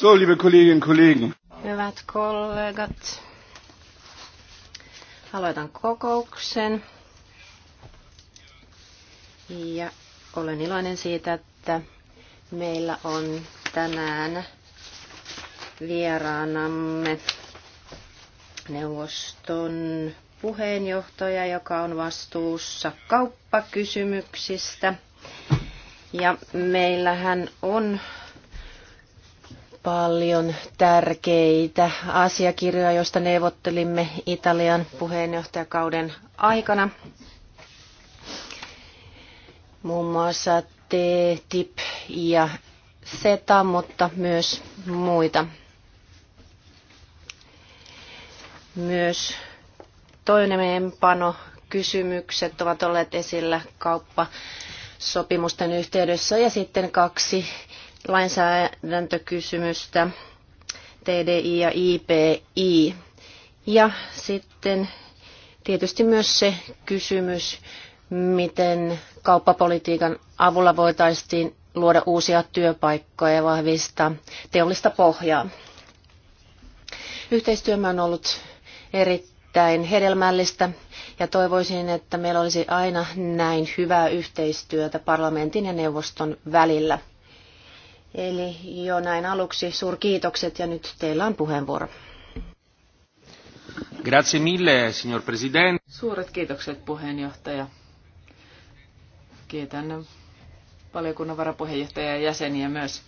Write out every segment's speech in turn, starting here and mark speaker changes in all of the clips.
Speaker 1: So, liebe Kolleginnen und Kollegen.
Speaker 2: Hyvät kollegat, aloitan kokouksen. Ja olen iloinen siitä, että meillä on tänään vieraanamme neuvoston puheenjohtaja, joka on vastuussa kauppakysymyksistä. Ja meillähän on paljon tärkeitä asiakirjoja, joista neuvottelimme Italian puheenjohtajakauden aikana. Muun muassa TTIP ja SETA, mutta myös muita. Myös toinen pano kysymykset ovat olleet esillä kauppasopimusten yhteydessä ja sitten kaksi lainsäädäntökysymystä, TDI ja IPI. Ja sitten tietysti myös se kysymys, miten kauppapolitiikan avulla voitaisiin luoda uusia työpaikkoja ja vahvistaa teollista pohjaa. Yhteistyömme on ollut erittäin hedelmällistä ja toivoisin, että meillä olisi aina näin hyvää yhteistyötä parlamentin ja neuvoston välillä. Eli jo näin aluksi suurkiitokset ja nyt teillä on puheenvuoro.
Speaker 1: Grazie mille, signor Presidente.
Speaker 3: Suuret kiitokset puheenjohtaja. Kiitän valiokunnan varapuheenjohtajaa ja jäseniä myös.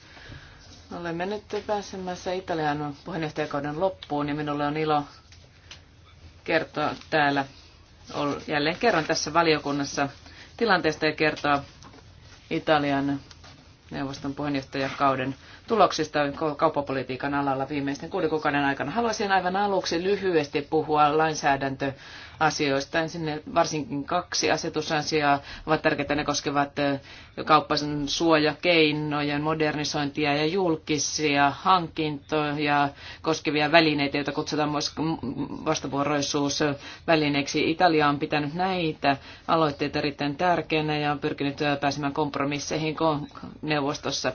Speaker 3: Olemme nyt pääsemässä Italian puheenjohtajakauden loppuun ja minulle on ilo kertoa täällä jälleen kerran tässä valiokunnassa tilanteesta ja kertoa Italian neuvoston puheenjohtajakauden tuloksista kauppapolitiikan alalla viimeisten kuuden kuukauden aikana. Haluaisin aivan aluksi lyhyesti puhua lainsäädäntöasioista. Sinne varsinkin kaksi asetusasiaa ovat tärkeitä. Ne koskevat kauppasen suojakeinojen modernisointia ja julkisia hankintoja koskevia välineitä, joita kutsutaan myös vastavuoroisuusvälineiksi. Italia on pitänyt näitä aloitteita erittäin tärkeänä ja on pyrkinyt pääsemään kompromisseihin neuvostossa.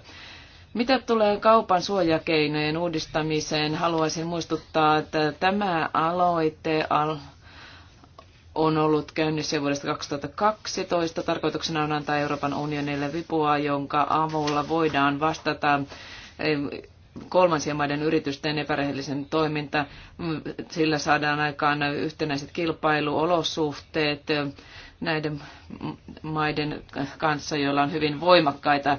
Speaker 3: Mitä tulee kaupan suojakeinojen uudistamiseen, haluaisin muistuttaa, että tämä aloite on ollut käynnissä jo vuodesta 2012. Tarkoituksena on antaa Euroopan unionille vipua, jonka avulla voidaan vastata eh, kolmansien maiden yritysten epärehellisen toiminta. Mm, sillä saadaan aikaan yhtenäiset kilpailuolosuhteet eh, näiden maiden kanssa, joilla on hyvin voimakkaita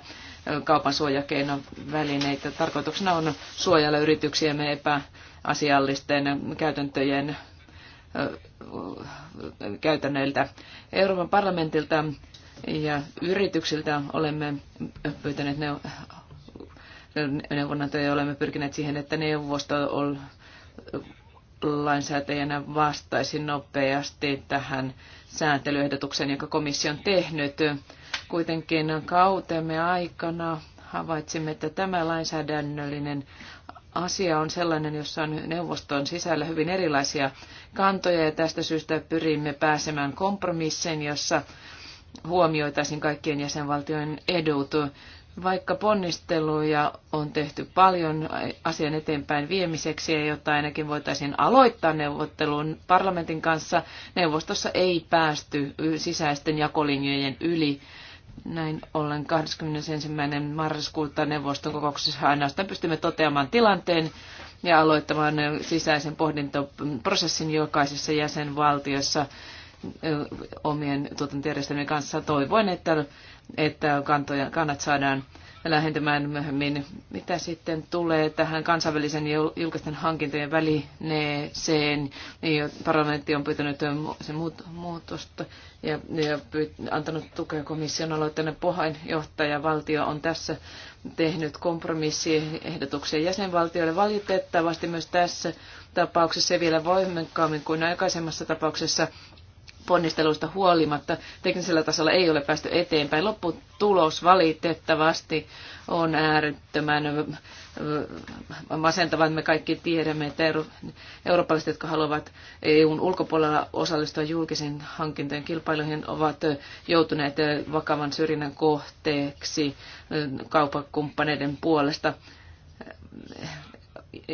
Speaker 3: kaupan suojakeinon välineitä. Tarkoituksena on suojella yrityksiämme epäasiallisten käytäntöjen käytännöiltä. Euroopan parlamentilta ja yrityksiltä olemme pyytäneet neuvonantoja ja olemme pyrkineet siihen, että neuvosto on lainsäätäjänä vastaisi nopeasti tähän sääntelyehdotukseen, jonka komissio on tehnyt. Kuitenkin kautemme aikana havaitsimme, että tämä lainsäädännöllinen asia on sellainen, jossa on neuvoston sisällä hyvin erilaisia kantoja ja tästä syystä pyrimme pääsemään kompromissiin, jossa huomioitaisiin kaikkien jäsenvaltioiden edut. Vaikka ponnisteluja on tehty paljon asian eteenpäin viemiseksi ja jotta ainakin voitaisiin aloittaa neuvottelun parlamentin kanssa, neuvostossa ei päästy sisäisten jakolinjojen yli näin ollen 21. marraskuuta neuvoston kokouksessa ainoastaan pystymme toteamaan tilanteen ja aloittamaan sisäisen pohdintoprosessin jokaisessa jäsenvaltiossa omien tuotantojärjestelmien kanssa toivoen, että, että kantoja, kannat saadaan lähentämään myöhemmin. Mitä sitten tulee tähän kansainvälisen julkisten hankintojen välineeseen, niin parlamentti on pyytänyt sen muutosta ja, ja pyyt, antanut tukea komission aloitteelle. Puheenjohtaja valtio on tässä tehnyt kompromissiehdotuksia jäsenvaltioille. Valitettavasti myös tässä tapauksessa ja vielä voimakkaammin kuin aikaisemmassa tapauksessa – ponnisteluista huolimatta teknisellä tasolla ei ole päästy eteenpäin. Lopputulos valitettavasti on äärettömän masentavan. Me kaikki tiedämme, että euro- eurooppalaiset, jotka haluavat EUn ulkopuolella osallistua julkisen hankintojen kilpailuihin, ovat joutuneet vakavan syrjinnän kohteeksi kaupakumppaneiden puolesta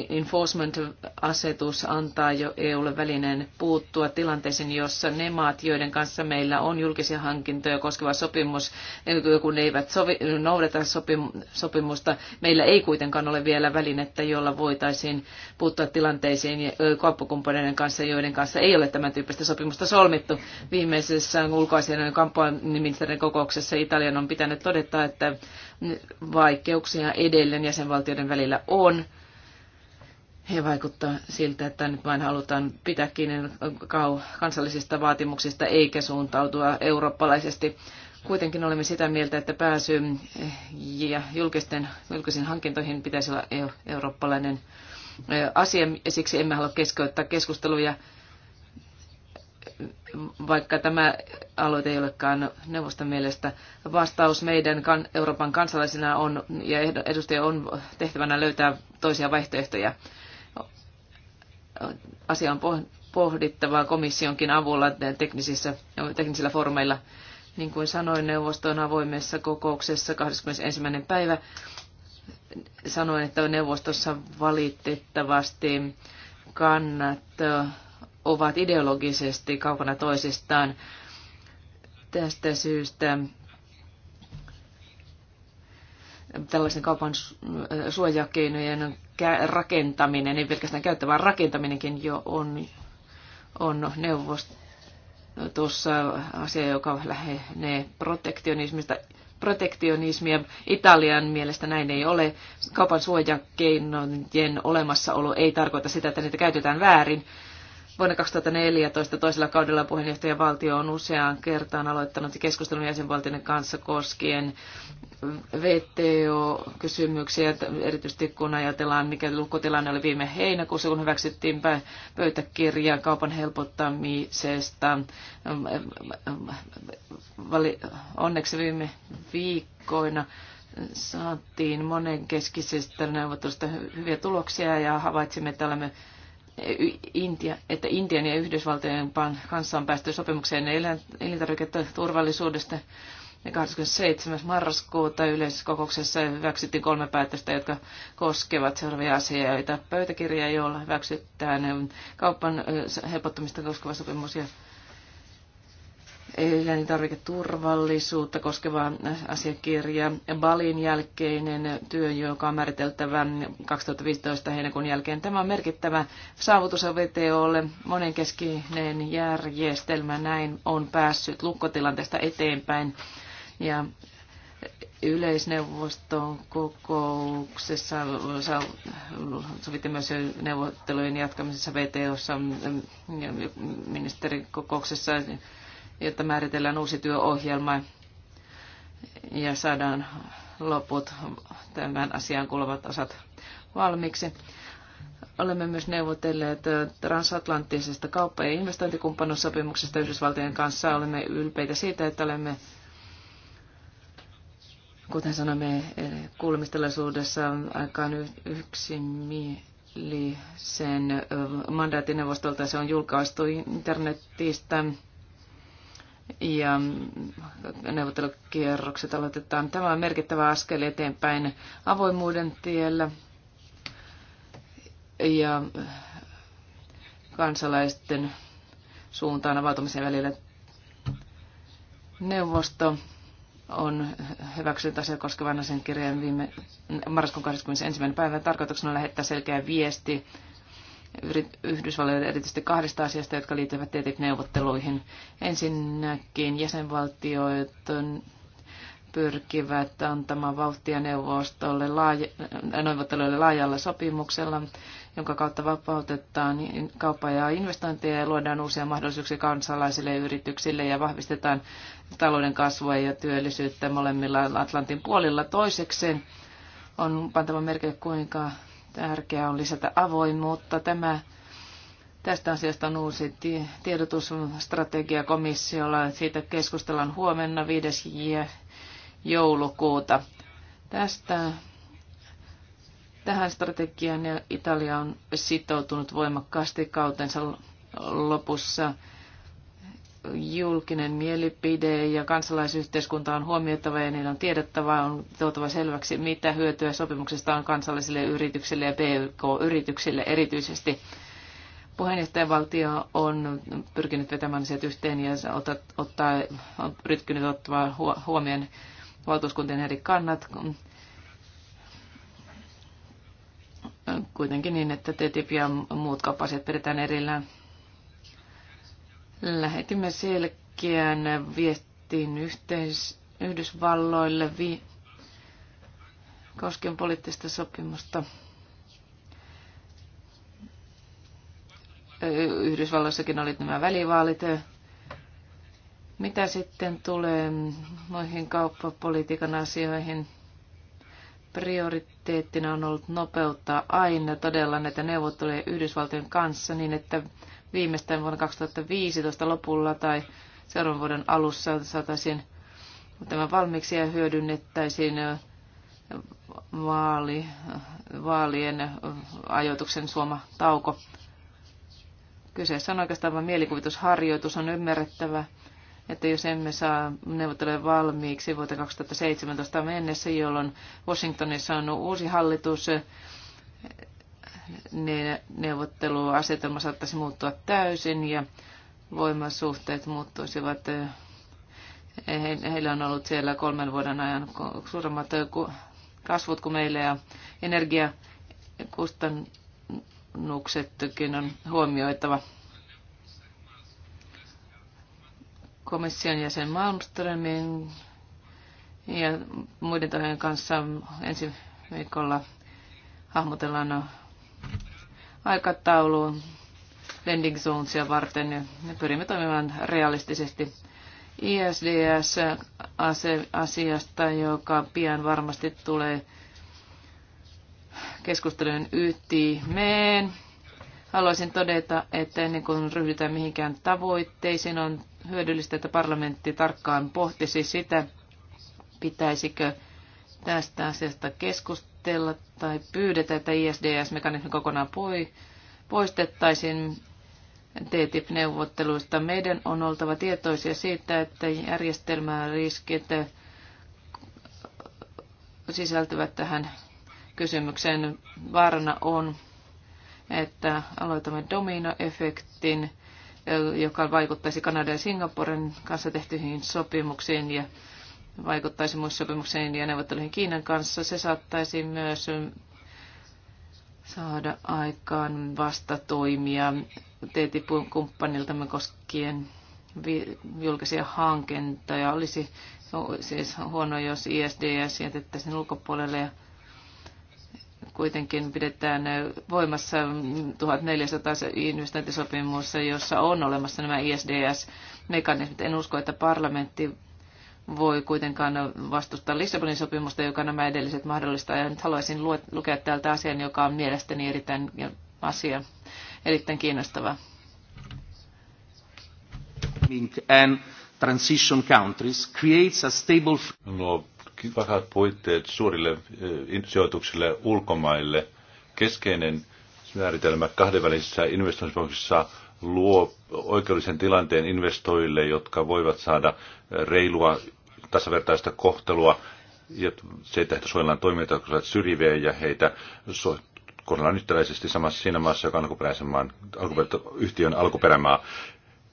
Speaker 3: enforcement-asetus antaa jo EUlle välineen puuttua tilanteeseen, jossa ne maat, joiden kanssa meillä on julkisia hankintoja koskeva sopimus, kun ne eivät sovi, noudata sopimusta, meillä ei kuitenkaan ole vielä välinettä, jolla voitaisiin puuttua tilanteisiin kauppakumppaneiden kanssa, joiden kanssa ei ole tämän tyyppistä sopimusta solmittu. Viimeisessä ulkoasian kampanjaministerin kokouksessa Italian on pitänyt todeta, että vaikeuksia edelleen jäsenvaltioiden välillä on he vaikuttaa siltä, että nyt vain halutaan pitää kiinni kansallisista vaatimuksista eikä suuntautua eurooppalaisesti. Kuitenkin olemme sitä mieltä, että pääsy eh, ja julkisten, julkisiin hankintoihin pitäisi olla eurooppalainen eh, asia, ja siksi emme halua keskeyttää keskusteluja, vaikka tämä aloite ei olekaan neuvoston mielestä. Vastaus meidän Euroopan kansalaisina on, ja edustaja on tehtävänä löytää toisia vaihtoehtoja asia on pohdittavaa komissionkin avulla teknisissä, teknisillä formeilla. Niin kuin sanoin neuvosto on avoimessa kokouksessa 21. päivä, sanoin, että neuvostossa valitettavasti kannat ovat ideologisesti kaukana toisistaan. Tästä syystä tällaisen kaupan suojakeinojen rakentaminen, ei pelkästään käyttö, vaan rakentaminenkin jo on, on neuvostossa asia, joka lähenee protektionismista protektionismia. Italian mielestä näin ei ole. Kaupan suojakeinojen olemassaolo ei tarkoita sitä, että niitä käytetään väärin, Vuonna 2014 toisella kaudella puheenjohtajavaltio on useaan kertaan aloittanut keskustelun jäsenvaltioiden kanssa koskien VTO-kysymyksiä, erityisesti kun ajatellaan, mikä lukkotilanne oli viime heinäkuussa, kun hyväksyttiin pöytäkirja kaupan helpottamisesta. Onneksi viime viikkoina saatiin keskisestä neuvottelusta hyviä tuloksia ja havaitsimme, että olemme Intia, että Intian ja Yhdysvaltojen kanssa on päästy sopimukseen elintarviketurvallisuudesta. Ja 27. marraskuuta yleiskokouksessa hyväksyttiin kolme päätöstä, jotka koskevat seuraavia asioita. Pöytäkirja, jolla hyväksytään kaupan helpottamista koskeva sopimus ja elintarviketurvallisuutta koskeva asiakirja. Balin jälkeinen työ, joka on määriteltävä 2015 heinäkuun jälkeen. Tämä on merkittävä saavutus VTOlle. Monenkeskinen järjestelmä näin on päässyt lukkotilanteesta eteenpäin. Ja yleisneuvoston kokouksessa sovitti myös neuvottelujen jatkamisessa VTOssa ministerikokouksessa kokouksessa jotta määritellään uusi työohjelma ja saadaan loput tämän asiaan kuuluvat osat valmiiksi. Olemme myös neuvotelleet transatlanttisesta kauppa- ja investointikumppanuussopimuksesta Yhdysvaltojen kanssa. Olemme ylpeitä siitä, että olemme, kuten sanomme kuulemistilaisuudessa, aikaan yksimielisen mandaatin neuvostolta. Se on julkaistu internetistä ja neuvottelukierrokset aloitetaan. Tämä on merkittävä askel eteenpäin avoimuuden tiellä ja kansalaisten suuntaan avautumisen välillä. Neuvosto on hyväksynyt asia koskevan asiakirjan viime marraskuun 21. päivä. Tarkoituksena lähettää selkeä viesti Yhdysvalloille erityisesti kahdesta asiasta, jotka liittyvät TTIP-neuvotteluihin. Ensinnäkin jäsenvaltioit pyrkivät antamaan vauhtia neuvostolle laaja, äh, neuvotteluille laajalla sopimuksella, jonka kautta vapautetaan kauppa- ja investointeja ja luodaan uusia mahdollisuuksia kansalaisille ja yrityksille ja vahvistetaan talouden kasvua ja työllisyyttä molemmilla Atlantin puolilla. Toisekseen on pantava merkille, kuinka Tärkeää on lisätä avoimuutta. Tämä, tästä asiasta on uusi tiedotusstrategia komissiolla. Siitä keskustellaan huomenna 5. joulukuuta. Tästä Tähän strategiaan Italia on sitoutunut voimakkaasti kautensa lopussa julkinen mielipide ja kansalaisyhteiskunta on huomioitava ja niillä on tiedettävä, on tuotava selväksi, mitä hyötyä sopimuksesta on kansallisille yrityksille ja PK-yrityksille erityisesti. Puheenjohtajavaltio on pyrkinyt vetämään sieltä yhteen ja ottaa, on pyrkinyt ottamaan huomioon valtuuskuntien eri kannat kuitenkin niin, että TTIP ja muut kapasiteet pidetään erillään. Lähetimme selkeän viestin yhteis- Yhdysvalloille vi- koskien poliittista sopimusta. Yhdysvalloissakin oli nämä välivaalit. Mitä sitten tulee noihin kauppapolitiikan asioihin? Prioriteettina on ollut nopeuttaa aina todella näitä neuvotteluja Yhdysvaltojen kanssa niin, että viimeistään vuonna 2015 lopulla tai seuraavan vuoden alussa saataisiin tämä valmiiksi ja hyödynnettäisiin vaali, vaalien ajoituksen suoma tauko. Kyseessä on oikeastaan vain mielikuvitusharjoitus. On ymmärrettävä, että jos emme saa neuvotteluja valmiiksi vuoteen 2017 mennessä, jolloin Washingtonissa on uusi hallitus, niin neuvotteluasetelma saattaisi muuttua täysin ja voimasuhteet muuttuisivat. Eh, heillä on ollut siellä kolmen vuoden ajan suuremmat eh, kasvut kuin meillä ja energiakustannuksetkin on huomioitava. Komission jäsen Malmströmin ja muiden tahojen kanssa ensi viikolla hahmotellaan aikatauluun lending zonesia varten. Me pyrimme toimimaan realistisesti ISDS-asiasta, joka pian varmasti tulee keskustelun ytimeen. Haluaisin todeta, että ennen kuin ryhdytään mihinkään tavoitteisiin, on hyödyllistä, että parlamentti tarkkaan pohtisi sitä, pitäisikö tästä asiasta keskustella suositella tai pyydetä, että ISDS-mekanismi kokonaan poistettaisiin TTIP-neuvotteluista. Meidän on oltava tietoisia siitä, että järjestelmään riskit sisältyvät tähän kysymykseen. Vaarana on, että aloitamme dominoefektin, joka vaikuttaisi Kanadan ja Singaporen kanssa tehtyihin sopimuksiin ja vaikuttaisi sopimuksiin ja neuvotteluihin Kiinan kanssa. Se saattaisi myös saada aikaan vastatoimia TTIP-kumppaniltamme koskien julkisia hankintoja. Olisi siis huono, jos ISDS jätettäisiin ulkopuolelle ja kuitenkin pidetään voimassa 1400 investointisopimuksessa, jossa on olemassa nämä ISDS-mekanismit. En usko, että parlamentti voi kuitenkaan vastustaa Lissabonin sopimusta, joka nämä edelliset mahdollistaa. Ja nyt haluaisin lukea täältä asian, joka on mielestäni erittäin asia, erittäin kiinnostava.
Speaker 1: And transition countries creates a stable... No, vakaat puitteet suurille eh, sijoituksille ulkomaille. Keskeinen määritelmä kahdenvälisissä investointisopimuksissa luo oikeudellisen tilanteen investoijille, jotka voivat saada reilua tasavertaista kohtelua ja se, että heitä suojellaan toimijoita, jotka ovat syrjiviä ja heitä so- kohdellaan yhtäläisesti samassa siinä maassa, joka on alkuperäisen maan, alkuperä, yhtiön alkuperämaa.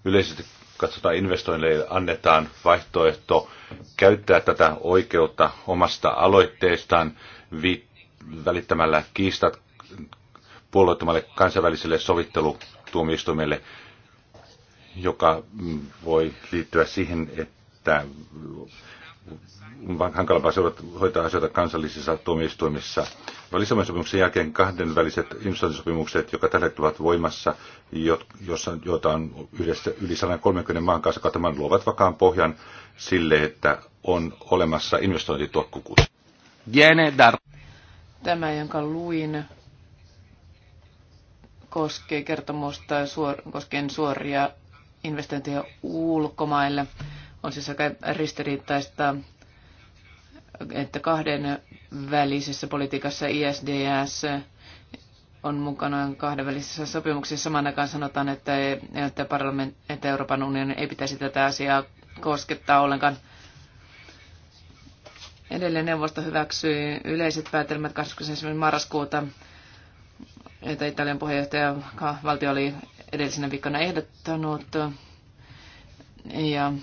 Speaker 1: Yleisesti katsotaan investoinneille annetaan vaihtoehto käyttää tätä oikeutta omasta aloitteestaan vi- välittämällä kiistat puolueettomalle kansainväliselle sovittelu tuomioistuimelle, joka voi liittyä siihen, että on hankalampaa seurata, hoitaa asioita kansallisissa tuomioistuimissa. Lissabonin sopimuksen jälkeen kahdenväliset investointisopimukset, jotka tällä hetkellä ovat voimassa, joita on yhdessä, yli 130 maan kanssa katsomaan, luovat vakaan pohjan sille, että on olemassa investointituokkukuus.
Speaker 3: Tämä, jonka luin, koskee kertomusta suor- koskien suoria investointeja ulkomaille. On siis aika ristiriitaista, että kahden välisessä politiikassa ISDS on mukana kahdenvälisissä sopimuksissa. Samaan aikaan sanotaan, että, että, parlament, että Euroopan unionin ei pitäisi tätä asiaa koskettaa ollenkaan. Edelleen neuvosto hyväksyi yleiset päätelmät 21. marraskuuta että Italian puheenjohtaja valtio oli edellisenä viikkona ehdottanut. Ja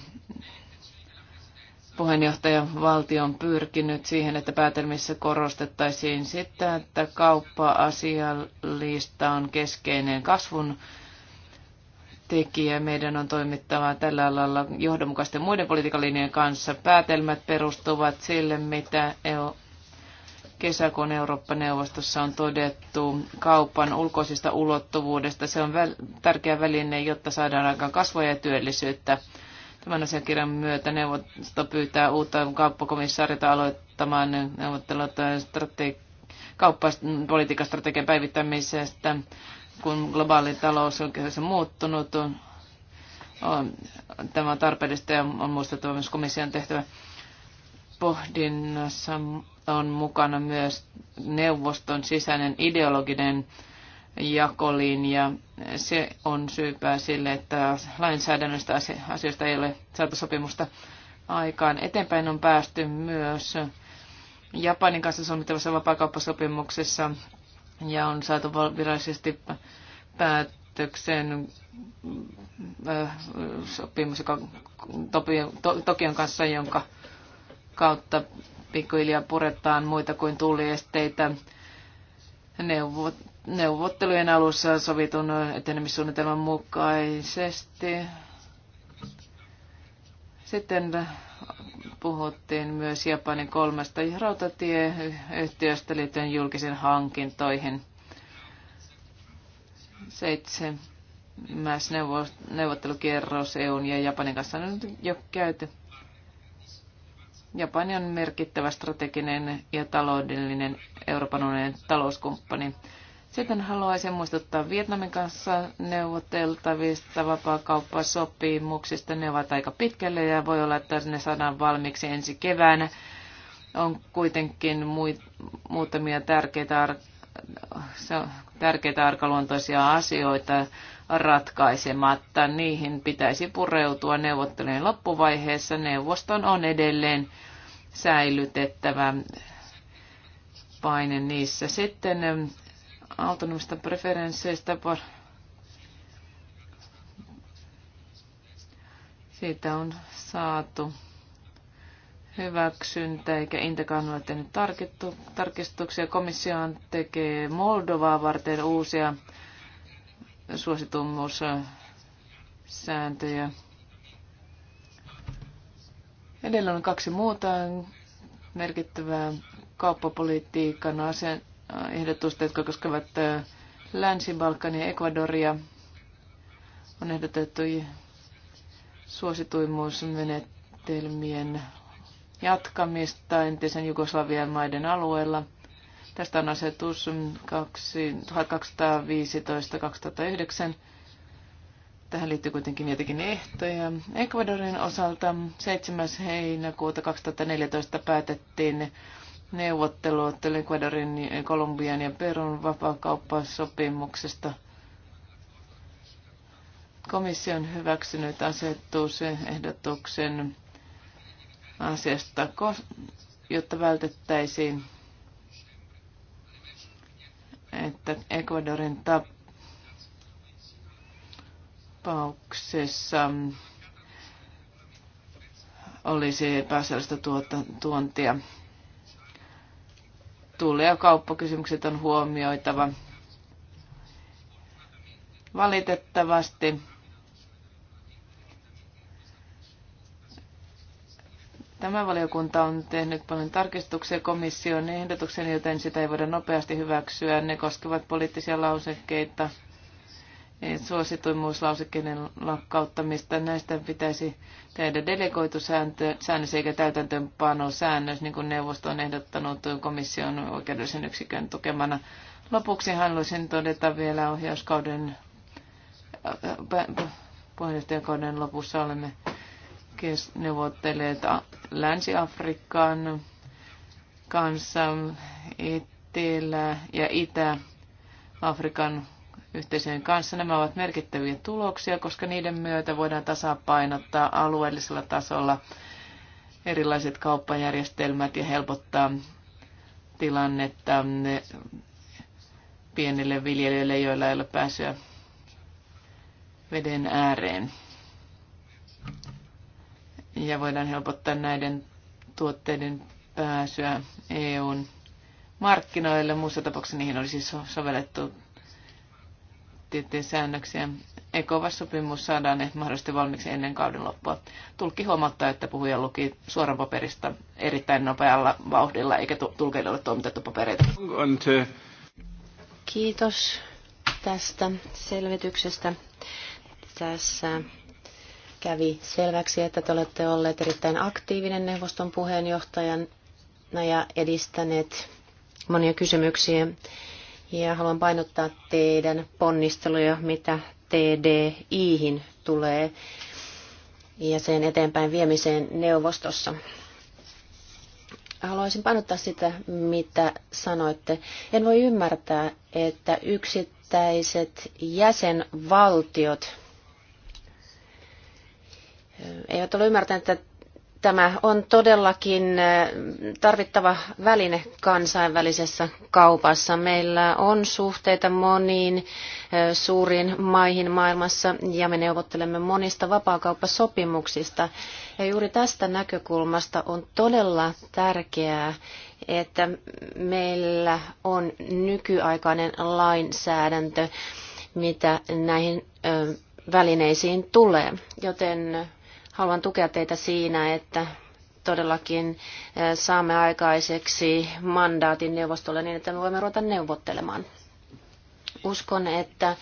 Speaker 3: puheenjohtaja valtio on pyrkinyt siihen, että päätelmissä korostettaisiin sitä, että kauppa-asialista on keskeinen kasvun tekijä. Meidän on toimittava tällä alalla johdonmukaisten muiden politiikan kanssa. Päätelmät perustuvat sille, mitä EU kesäkuun Eurooppa-neuvostossa on todettu kaupan ulkoisista ulottuvuudesta. Se on väl- tärkeä väline, jotta saadaan aikaan kasvua ja työllisyyttä. Tämän asiakirjan myötä neuvosto pyytää uutta kauppakomissaarita aloittamaan neuvottelut strate- kauppapolitiikan strategian päivittämisestä, kun globaali talous on kehys muuttunut. On, on, tämä on tarpeellista ja on muistettava myös komission tehtävä pohdinnassa on mukana myös neuvoston sisäinen ideologinen jakolinja. Se on syypää sille, että lainsäädännöstä asioista ei ole saatu sopimusta aikaan. Eteenpäin on päästy myös Japanin kanssa solmittavassa vapaakauppasopimuksessa ja on saatu virallisesti päätöksen äh, sopimus, joka Tokion kanssa, jonka kautta pikkuhiljaa puretaan muita kuin tulliesteitä. neuvottelujen alussa sovitun etenemissuunnitelman mukaisesti. Sitten puhuttiin myös Japanin kolmesta rautatieyhtiöstä liittyen julkisiin hankintoihin. Seitsemäs neuvottelukierros EUn ja Japanin kanssa on nyt jo käyty. Japani on merkittävä strateginen ja taloudellinen Euroopan unionin talouskumppani. Sitten haluaisin muistuttaa Vietnamin kanssa neuvoteltavista vapaakauppasopimuksista. Ne ovat aika pitkälle ja voi olla, että ne saadaan valmiiksi ensi keväänä. On kuitenkin muutamia tärkeitä, tärkeitä arkaluontoisia asioita ratkaisematta. Niihin pitäisi pureutua neuvottelujen loppuvaiheessa. Neuvoston on edelleen säilytettävä paine niissä. Sitten ähm, autonomista preferensseistä siitä on saatu hyväksyntä, eikä Intekaan ole tehnyt tarkistuksia. Komissio tekee Moldovaa varten uusia suositummuussääntöjä. Edellä on kaksi muuta merkittävää kauppapolitiikan asen, ehdotusta, jotka koskevat Länsi-Balkania ja Ecuadoria. On ehdotettu suosituimmuusmenetelmien jatkamista entisen Jugoslavian maiden alueella – Tästä on asetus 1215-2009. Tähän liittyy kuitenkin jotenkin ehtoja. Ecuadorin osalta 7. heinäkuuta 2014 päätettiin neuvottelut Ecuadorin, Kolumbian ja Perun vapaakauppasopimuksesta. Komissio on hyväksynyt asetusehdotuksen asiasta, jotta vältettäisiin että Ecuadorin tapauksessa olisi epäselvästä tuota, tuontia. Tulli- ja kauppakysymykset on huomioitava. Valitettavasti Tämä valiokunta on tehnyt paljon tarkistuksia komission ehdotuksen, joten sitä ei voida nopeasti hyväksyä. Ne koskevat poliittisia lausekkeita, suosituimmuuslausekkeiden lakkauttamista. Näistä pitäisi tehdä delegoitu säännös eikä täytäntöönpanosäännös, niin kuin neuvosto on ehdottanut komission oikeudellisen yksikön tukemana. Lopuksi haluaisin todeta vielä ohjauskauden äh, äh, puheenjohtajakauden lopussa olemme neuvottelee Länsi-Afrikan kanssa Etelä- ja Itä-Afrikan yhteisöjen kanssa. Nämä ovat merkittäviä tuloksia, koska niiden myötä voidaan tasapainottaa alueellisella tasolla erilaiset kauppajärjestelmät ja helpottaa tilannetta pienille viljelijöille, joilla ei ole pääsyä veden ääreen ja voidaan helpottaa näiden tuotteiden pääsyä EUn markkinoille. Muussa tapauksessa niihin olisi sovellettu tiettyjä säännöksiä. ECOVAS-sopimus saadaan mahdollisesti valmiiksi ennen kauden loppua. Tulkki huomauttaa, että puhuja luki suoran paperista erittäin nopealla vauhdilla, eikä tulkeille ole toimitettu papereita.
Speaker 2: Kiitos tästä selvityksestä. Tässä Kävi selväksi, että te olette olleet erittäin aktiivinen neuvoston puheenjohtajana ja edistäneet monia kysymyksiä. Ja haluan painottaa teidän ponnisteluja, mitä TDIhin tulee ja sen eteenpäin viemiseen neuvostossa. Haluaisin painottaa sitä, mitä sanoitte. En voi ymmärtää, että yksittäiset jäsenvaltiot eivät ole ymmärtäneet, että tämä on todellakin tarvittava väline kansainvälisessä kaupassa. Meillä on suhteita moniin suuriin maihin maailmassa ja me neuvottelemme monista vapaakauppasopimuksista. Ja juuri tästä näkökulmasta on todella tärkeää, että meillä on nykyaikainen lainsäädäntö, mitä näihin välineisiin tulee. Joten haluan tukea teitä siinä, että todellakin eh, saamme aikaiseksi mandaatin neuvostolle niin, että me voimme ruveta neuvottelemaan. Uskon, että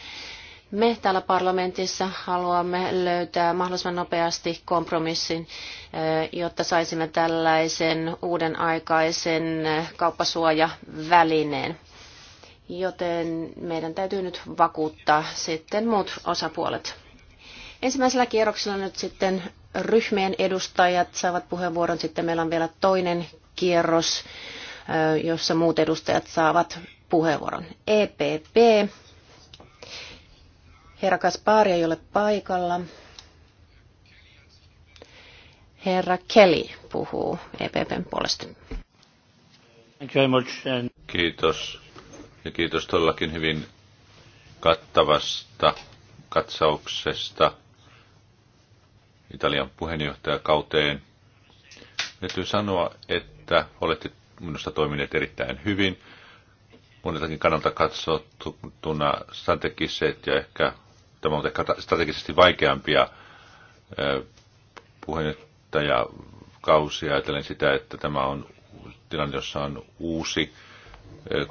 Speaker 2: me täällä parlamentissa haluamme löytää mahdollisimman nopeasti kompromissin, eh, jotta saisimme tällaisen uuden aikaisen eh, kauppasuojavälineen. Joten meidän täytyy nyt vakuuttaa sitten muut osapuolet. Ensimmäisellä kierroksella nyt sitten ryhmien edustajat saavat puheenvuoron. Sitten meillä on vielä toinen kierros, jossa muut edustajat saavat puheenvuoron. EPP. Herra Kaspari ei ole paikalla. Herra Kelly puhuu EPPn puolesta.
Speaker 1: Kiitos. Ja kiitos todellakin hyvin kattavasta katsauksesta Italian puheenjohtajakauteen. Täytyy sanoa, että olette minusta toimineet erittäin hyvin. Moneltakin kannalta katsottuna strategiset ja ehkä tämä on ehkä strategisesti vaikeampia puheenjohtajakausia Ajattelen sitä, että tämä on tilanne, jossa on uusi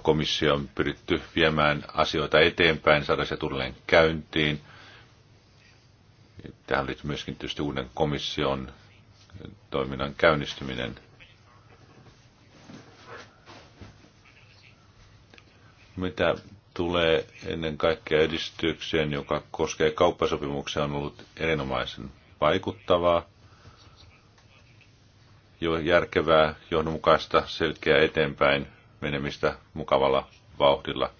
Speaker 1: komissio on pyritty viemään asioita eteenpäin, saada se tulleen käyntiin – Tähän liittyy myöskin tietysti uuden komission toiminnan käynnistyminen. Mitä tulee ennen kaikkea edistykseen, joka koskee kauppasopimuksia, on ollut erinomaisen vaikuttavaa, jo järkevää, johdonmukaista, selkeää eteenpäin menemistä mukavalla vauhdilla.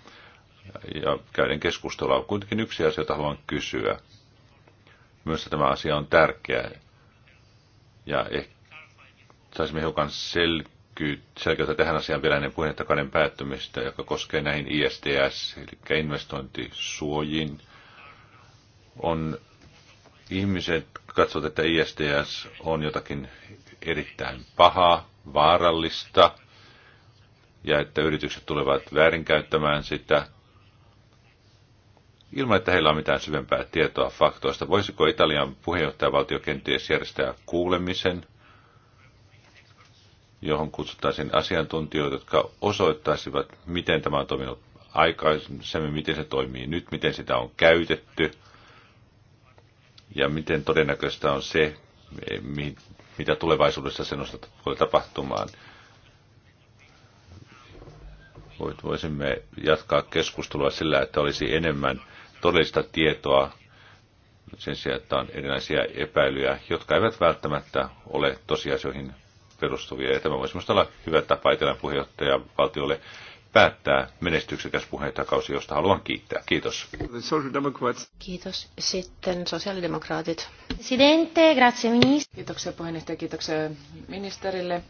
Speaker 1: Ja käyden keskustelua on kuitenkin yksi asia, jota haluan kysyä myös tämä asia on tärkeä. Ja ehkä saisimme hiukan selkeyttä tähän asiaan vielä ennen puheenjohtajakauden päättymistä, joka koskee näihin ISTS, eli investointisuojiin. On ihmiset katsovat, että ISTS on jotakin erittäin pahaa, vaarallista, ja että yritykset tulevat väärinkäyttämään sitä ilman, että heillä on mitään syvempää tietoa faktoista. Voisiko Italian puheenjohtajavaltio kenties järjestää kuulemisen, johon kutsuttaisiin asiantuntijoita, jotka osoittaisivat, miten tämä on toiminut aikaisemmin, miten se toimii nyt, miten sitä on käytetty ja miten todennäköistä on se, mitä tulevaisuudessa sen osalta voi tapahtumaan voisimme jatkaa keskustelua sillä, että olisi enemmän todellista tietoa sen sijaan, että on erinäisiä epäilyjä, jotka eivät välttämättä ole tosiasioihin perustuvia. Ja tämä voisi olla hyvä tapa Etelän puheenjohtaja valtiolle päättää menestyksekäs puheenjohtajakausi, josta haluan kiittää. Kiitos.
Speaker 2: Kiitos. Sitten sosiaalidemokraatit.
Speaker 3: Presidente, grazie ministeri. Kiitoksia puheenjohtaja, kiitoksia ministerille.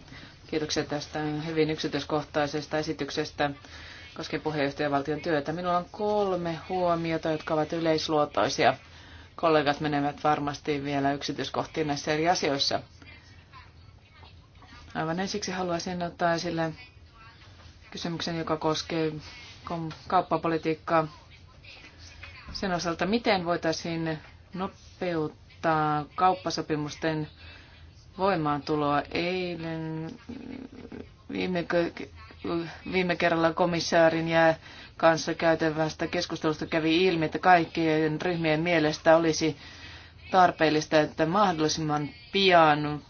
Speaker 3: Kiitoksia tästä hyvin yksityiskohtaisesta esityksestä Koskee puheenjohtajavaltion työtä. Minulla on kolme huomiota, jotka ovat yleisluotoisia. Kollegat menevät varmasti vielä yksityiskohtiin näissä eri asioissa. Aivan ensiksi haluaisin ottaa esille kysymyksen, joka koskee kauppapolitiikkaa sen osalta, miten voitaisiin nopeuttaa kauppasopimusten voimaantuloa. Eilen viime viime kerralla komissaarin ja kanssa käytävästä keskustelusta kävi ilmi, että kaikkien ryhmien mielestä olisi tarpeellista, että mahdollisimman pian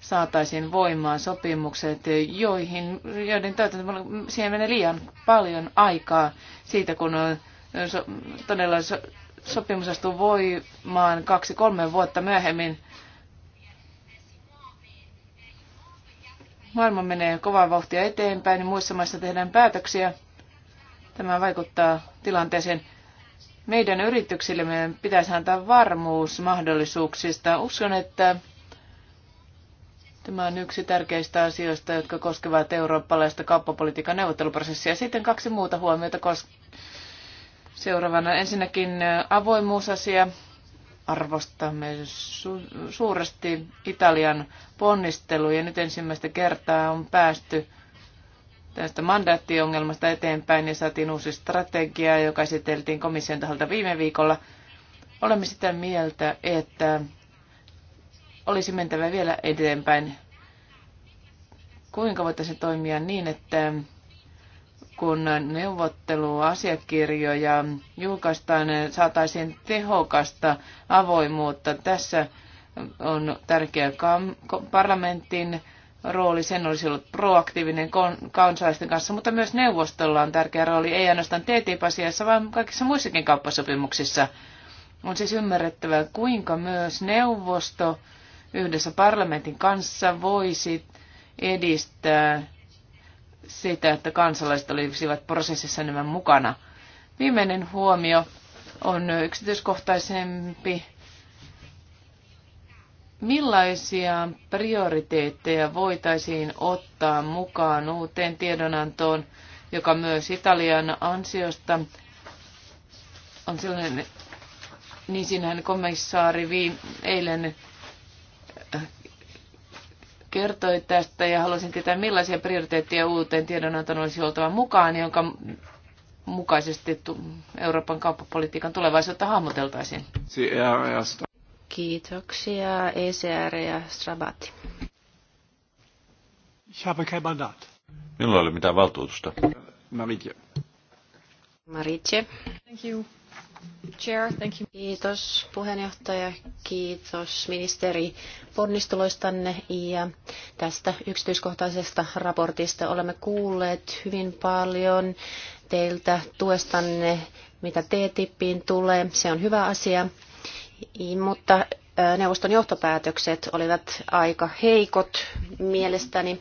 Speaker 3: saataisiin voimaan sopimukset, joihin, joiden täytäntöön siihen menee liian paljon aikaa siitä, kun on so, todella so, sopimus astuu voimaan kaksi-kolme vuotta myöhemmin. maailma menee kovaa vauhtia eteenpäin, niin muissa maissa tehdään päätöksiä. Tämä vaikuttaa tilanteeseen. Meidän yrityksillemme pitäisi antaa varmuus mahdollisuuksista. Uskon, että Tämä on yksi tärkeistä asioista, jotka koskevat eurooppalaista kauppapolitiikan neuvotteluprosessia. Sitten kaksi muuta huomiota seuraavana. Ensinnäkin avoimuusasia arvostamme su- suuresti Italian ponnisteluja. Nyt ensimmäistä kertaa on päästy tästä mandaattiongelmasta eteenpäin ja saatiin uusi strategia, joka esiteltiin komission taholta viime viikolla. Olemme sitä mieltä, että olisi mentävä vielä eteenpäin. Kuinka voitaisiin toimia niin, että kun neuvotteluasiakirjoja julkaistaan, saataisiin tehokasta avoimuutta. Tässä on tärkeä parlamentin rooli, sen olisi ollut proaktiivinen kansalaisten kanssa, mutta myös neuvostolla on tärkeä rooli, ei ainoastaan TTIP-asiassa, vaan kaikissa muissakin kauppasopimuksissa. On siis ymmärrettävä, kuinka myös neuvosto yhdessä parlamentin kanssa voisi edistää siitä, että kansalaiset olisivat prosessissa enemmän mukana. Viimeinen huomio on yksityiskohtaisempi. Millaisia prioriteetteja voitaisiin ottaa mukaan uuteen tiedonantoon, joka myös Italian ansiosta on sellainen, niin sinähän komissaari viime, eilen kertoi tästä ja haluaisin tietää, millaisia prioriteetteja uuteen tiedonantoon olisi oltava mukaan, jonka mukaisesti Euroopan kauppapolitiikan tulevaisuutta hahmoteltaisiin. Kiitoksia ECR ja Strabati.
Speaker 1: Ich habe kein Mandat. Minulla ei ole mitään valtuutusta. Maritje.
Speaker 2: Maritje. Thank you. Kiitos puheenjohtaja, kiitos ministeri ponnisteluistanne ja tästä yksityiskohtaisesta raportista. Olemme kuulleet hyvin paljon teiltä tuestanne, mitä TTIPiin tulee. Se on hyvä asia, mutta neuvoston johtopäätökset olivat aika heikot mielestäni.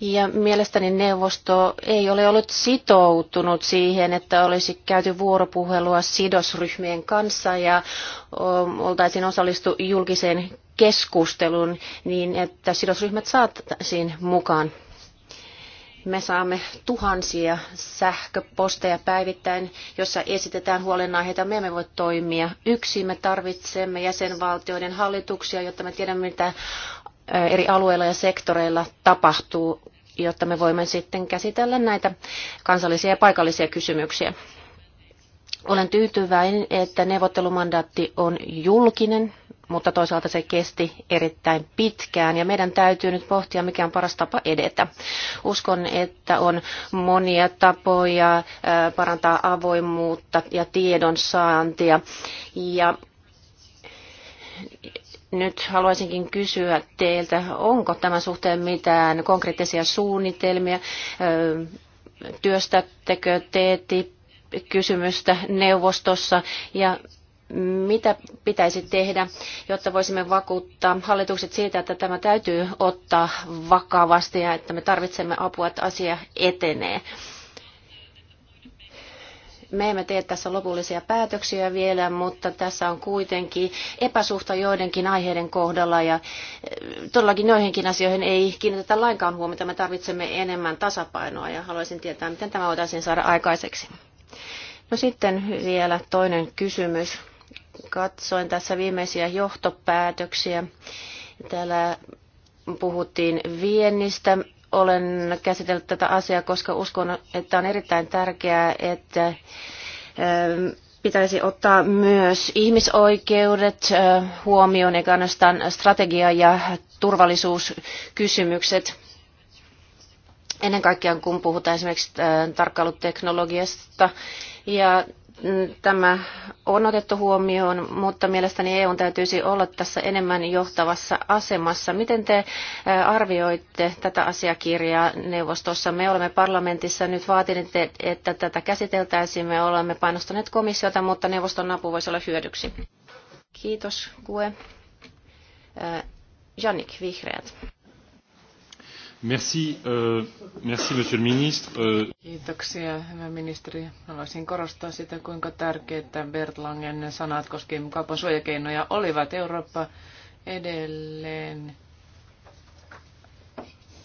Speaker 2: Ja mielestäni neuvosto ei ole ollut sitoutunut siihen, että olisi käyty vuoropuhelua sidosryhmien kanssa ja oltaisiin osallistu julkiseen keskusteluun niin, että sidosryhmät saataisiin mukaan. Me saamme tuhansia sähköposteja päivittäin, jossa esitetään huolenaiheita. Me emme voi toimia yksin. Me tarvitsemme jäsenvaltioiden hallituksia, jotta me tiedämme, mitä eri alueilla ja sektoreilla tapahtuu, jotta me voimme sitten käsitellä näitä kansallisia ja paikallisia kysymyksiä. Olen tyytyväinen, että neuvottelumandaatti on julkinen, mutta toisaalta se kesti erittäin pitkään ja meidän täytyy nyt pohtia, mikä on paras tapa edetä. Uskon, että on monia tapoja parantaa avoimuutta ja tiedon saantia ja nyt haluaisinkin kysyä teiltä, onko tämän suhteen mitään konkreettisia suunnitelmia? Työstättekö teeti kysymystä neuvostossa ja mitä pitäisi tehdä, jotta voisimme vakuuttaa hallitukset siitä, että tämä täytyy ottaa vakavasti ja että me tarvitsemme apua, että asia etenee? Me emme tee tässä lopullisia päätöksiä vielä, mutta tässä on kuitenkin epäsuhta joidenkin aiheiden kohdalla ja eh, todellakin joihinkin asioihin ei kiinnitetä lainkaan huomiota. Me tarvitsemme enemmän tasapainoa ja haluaisin tietää, miten tämä voitaisiin saada aikaiseksi. No sitten vielä toinen kysymys. Katsoin tässä viimeisiä johtopäätöksiä. Täällä puhuttiin viennistä olen käsitellyt tätä asiaa, koska uskon, että on erittäin tärkeää, että ähm, pitäisi ottaa myös ihmisoikeudet äh, huomioon, eikä ainoastaan strategia- ja turvallisuuskysymykset. Ennen kaikkea kun puhutaan esimerkiksi äh, tarkkailuteknologiasta ja tämä on otettu huomioon, mutta mielestäni EU täytyisi olla tässä enemmän johtavassa asemassa. Miten te arvioitte tätä asiakirjaa neuvostossa? Me olemme parlamentissa nyt vaatineet, että tätä käsiteltäisiin. Me olemme painostaneet komissiota, mutta neuvoston apu voisi olla hyödyksi. Kiitos, Kue. Janik Vihreät.
Speaker 1: Merci, euh, merci monsieur le ministre. Euh,
Speaker 3: Kiitoksia, hyvä ministeri. Haluaisin korostaa sitä, kuinka tärkeitä Langen sanat koskien kaupan suojakeinoja olivat. Eurooppa edelleen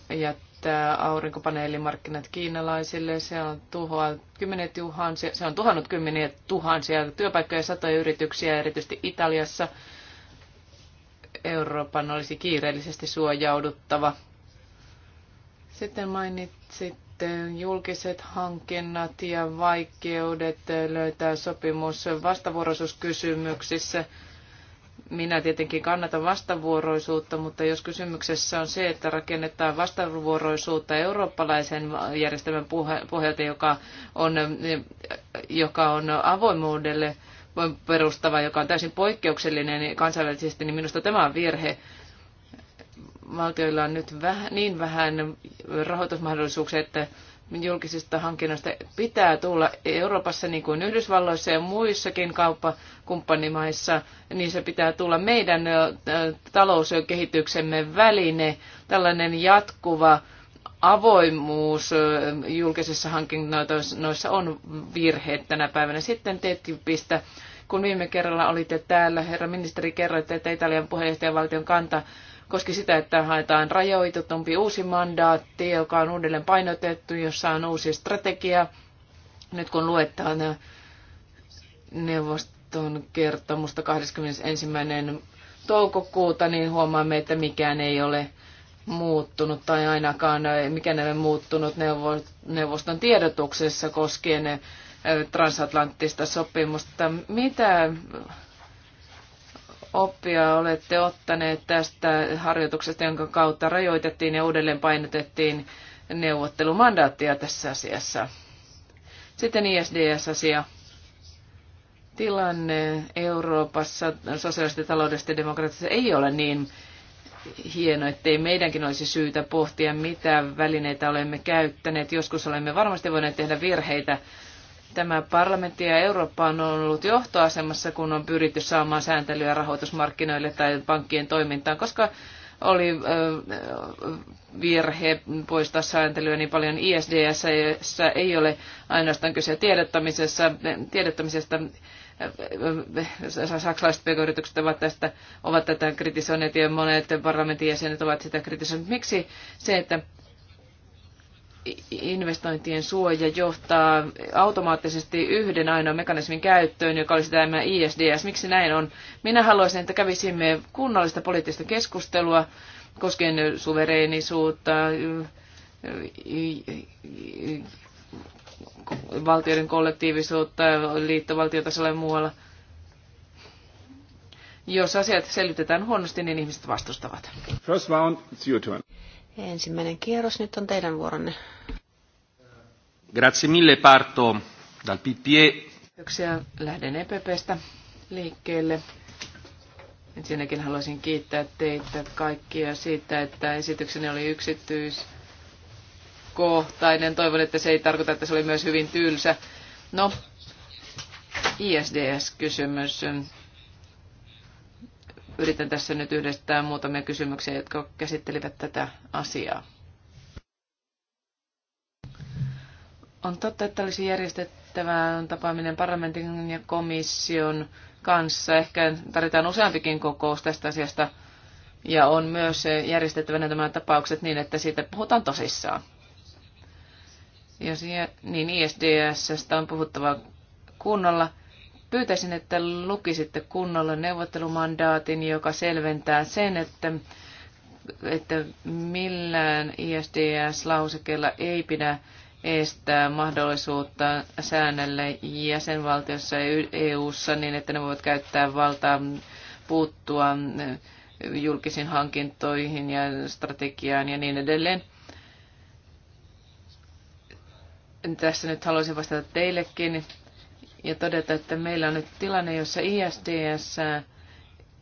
Speaker 3: jättää aurinkopaneelimarkkinat kiinalaisille. Se on, tuhoa kymmenet tuhansia, se on tuhannut kymmeniä tuhansia työpaikkoja, satoja yrityksiä, erityisesti Italiassa. Euroopan olisi kiireellisesti suojauduttava sitten mainitsit julkiset hankinnat ja vaikeudet löytää sopimus vastavuoroisuuskysymyksissä. Minä tietenkin kannatan vastavuoroisuutta, mutta jos kysymyksessä on se, että rakennetaan vastavuoroisuutta eurooppalaisen järjestelmän pohjalta, joka on, joka on avoimuudelle perustava, joka on täysin poikkeuksellinen kansainvälisesti, niin minusta tämä on virhe valtioilla on nyt vähän niin vähän rahoitusmahdollisuuksia, että julkisista hankinnoista pitää tulla Euroopassa niin kuin Yhdysvalloissa ja muissakin kauppakumppanimaissa, niin se pitää tulla meidän talouskehityksemme väline, tällainen jatkuva avoimuus julkisissa hankinnoissa on virhe tänä päivänä. Sitten TTIPistä, kun viime kerralla olitte täällä, herra ministeri, kerroitte, että Italian puheenjohtajavaltion kanta koski sitä, että haetaan rajoitetumpi uusi mandaatti, joka on uudelleen painotettu, jossa on uusi strategia. Nyt kun luetaan neuvoston kertomusta 21. toukokuuta, niin huomaamme, että mikään ei ole muuttunut tai ainakaan mikään ei ole muuttunut neuvoston tiedotuksessa koskien eh, transatlanttista sopimusta. Mitä oppia olette ottaneet tästä harjoituksesta, jonka kautta rajoitettiin ja uudelleen painotettiin neuvottelumandaattia tässä asiassa? Sitten ISDS-asia. Tilanne Euroopassa sosiaalisesti taloudesta ja demokratiassa ei ole niin hieno, ettei meidänkin olisi syytä pohtia, mitä välineitä olemme käyttäneet. Joskus olemme varmasti voineet tehdä virheitä, Tämä parlamentti ja Eurooppa on ollut johtoasemassa, kun on pyritty saamaan sääntelyä rahoitusmarkkinoille tai pankkien toimintaan, koska oli virhe poistaa sääntelyä niin paljon ISDS ei ole ainoastaan kyse tiedottamisessa, tiedottamisesta saksalaiset pk-yritykset ovat, tästä, ovat tätä kritisoineet ja monet parlamentin jäsenet ovat sitä kritisoineet. Miksi se, että investointien suoja johtaa automaattisesti yhden ainoan mekanismin käyttöön, joka olisi tämä ISDS. Miksi näin on? Minä haluaisin, että kävisimme kunnollista poliittista keskustelua koskien suvereenisuutta, valtioiden kollektiivisuutta liittovaltiotasolla ja muualla. Jos asiat selvitetään huonosti, niin ihmiset vastustavat.
Speaker 1: First round, it's turn.
Speaker 3: Ensimmäinen kierros, nyt on teidän vuoronne.
Speaker 1: Grazie mille, parto dal PPE.
Speaker 3: Kiitoksia, lähden EPPstä liikkeelle. Ensinnäkin haluaisin kiittää teitä kaikkia siitä, että esitykseni oli yksityiskohtainen. Toivon, että se ei tarkoita, että se oli myös hyvin tylsä. No, ISDS-kysymys. Yritän tässä nyt yhdistää muutamia kysymyksiä, jotka käsittelivät tätä asiaa. On totta, että olisi järjestettävä tapaaminen parlamentin ja komission kanssa. Ehkä tarvitaan useampikin kokous tästä asiasta. Ja on myös järjestettävä nämä tapaukset niin, että siitä puhutaan tosissaan. Ja niin ISDS on puhuttava kunnolla. Pyytäisin, että lukisitte kunnolla neuvottelumandaatin, joka selventää sen, että, että millään ISDS-lausekella ei pidä estää mahdollisuutta säännölle jäsenvaltiossa ja EU-ssa niin, että ne voivat käyttää valtaa puuttua julkisiin hankintoihin ja strategiaan ja niin edelleen. Tässä nyt haluaisin vastata teillekin ja todeta, että meillä on nyt tilanne, jossa ISDS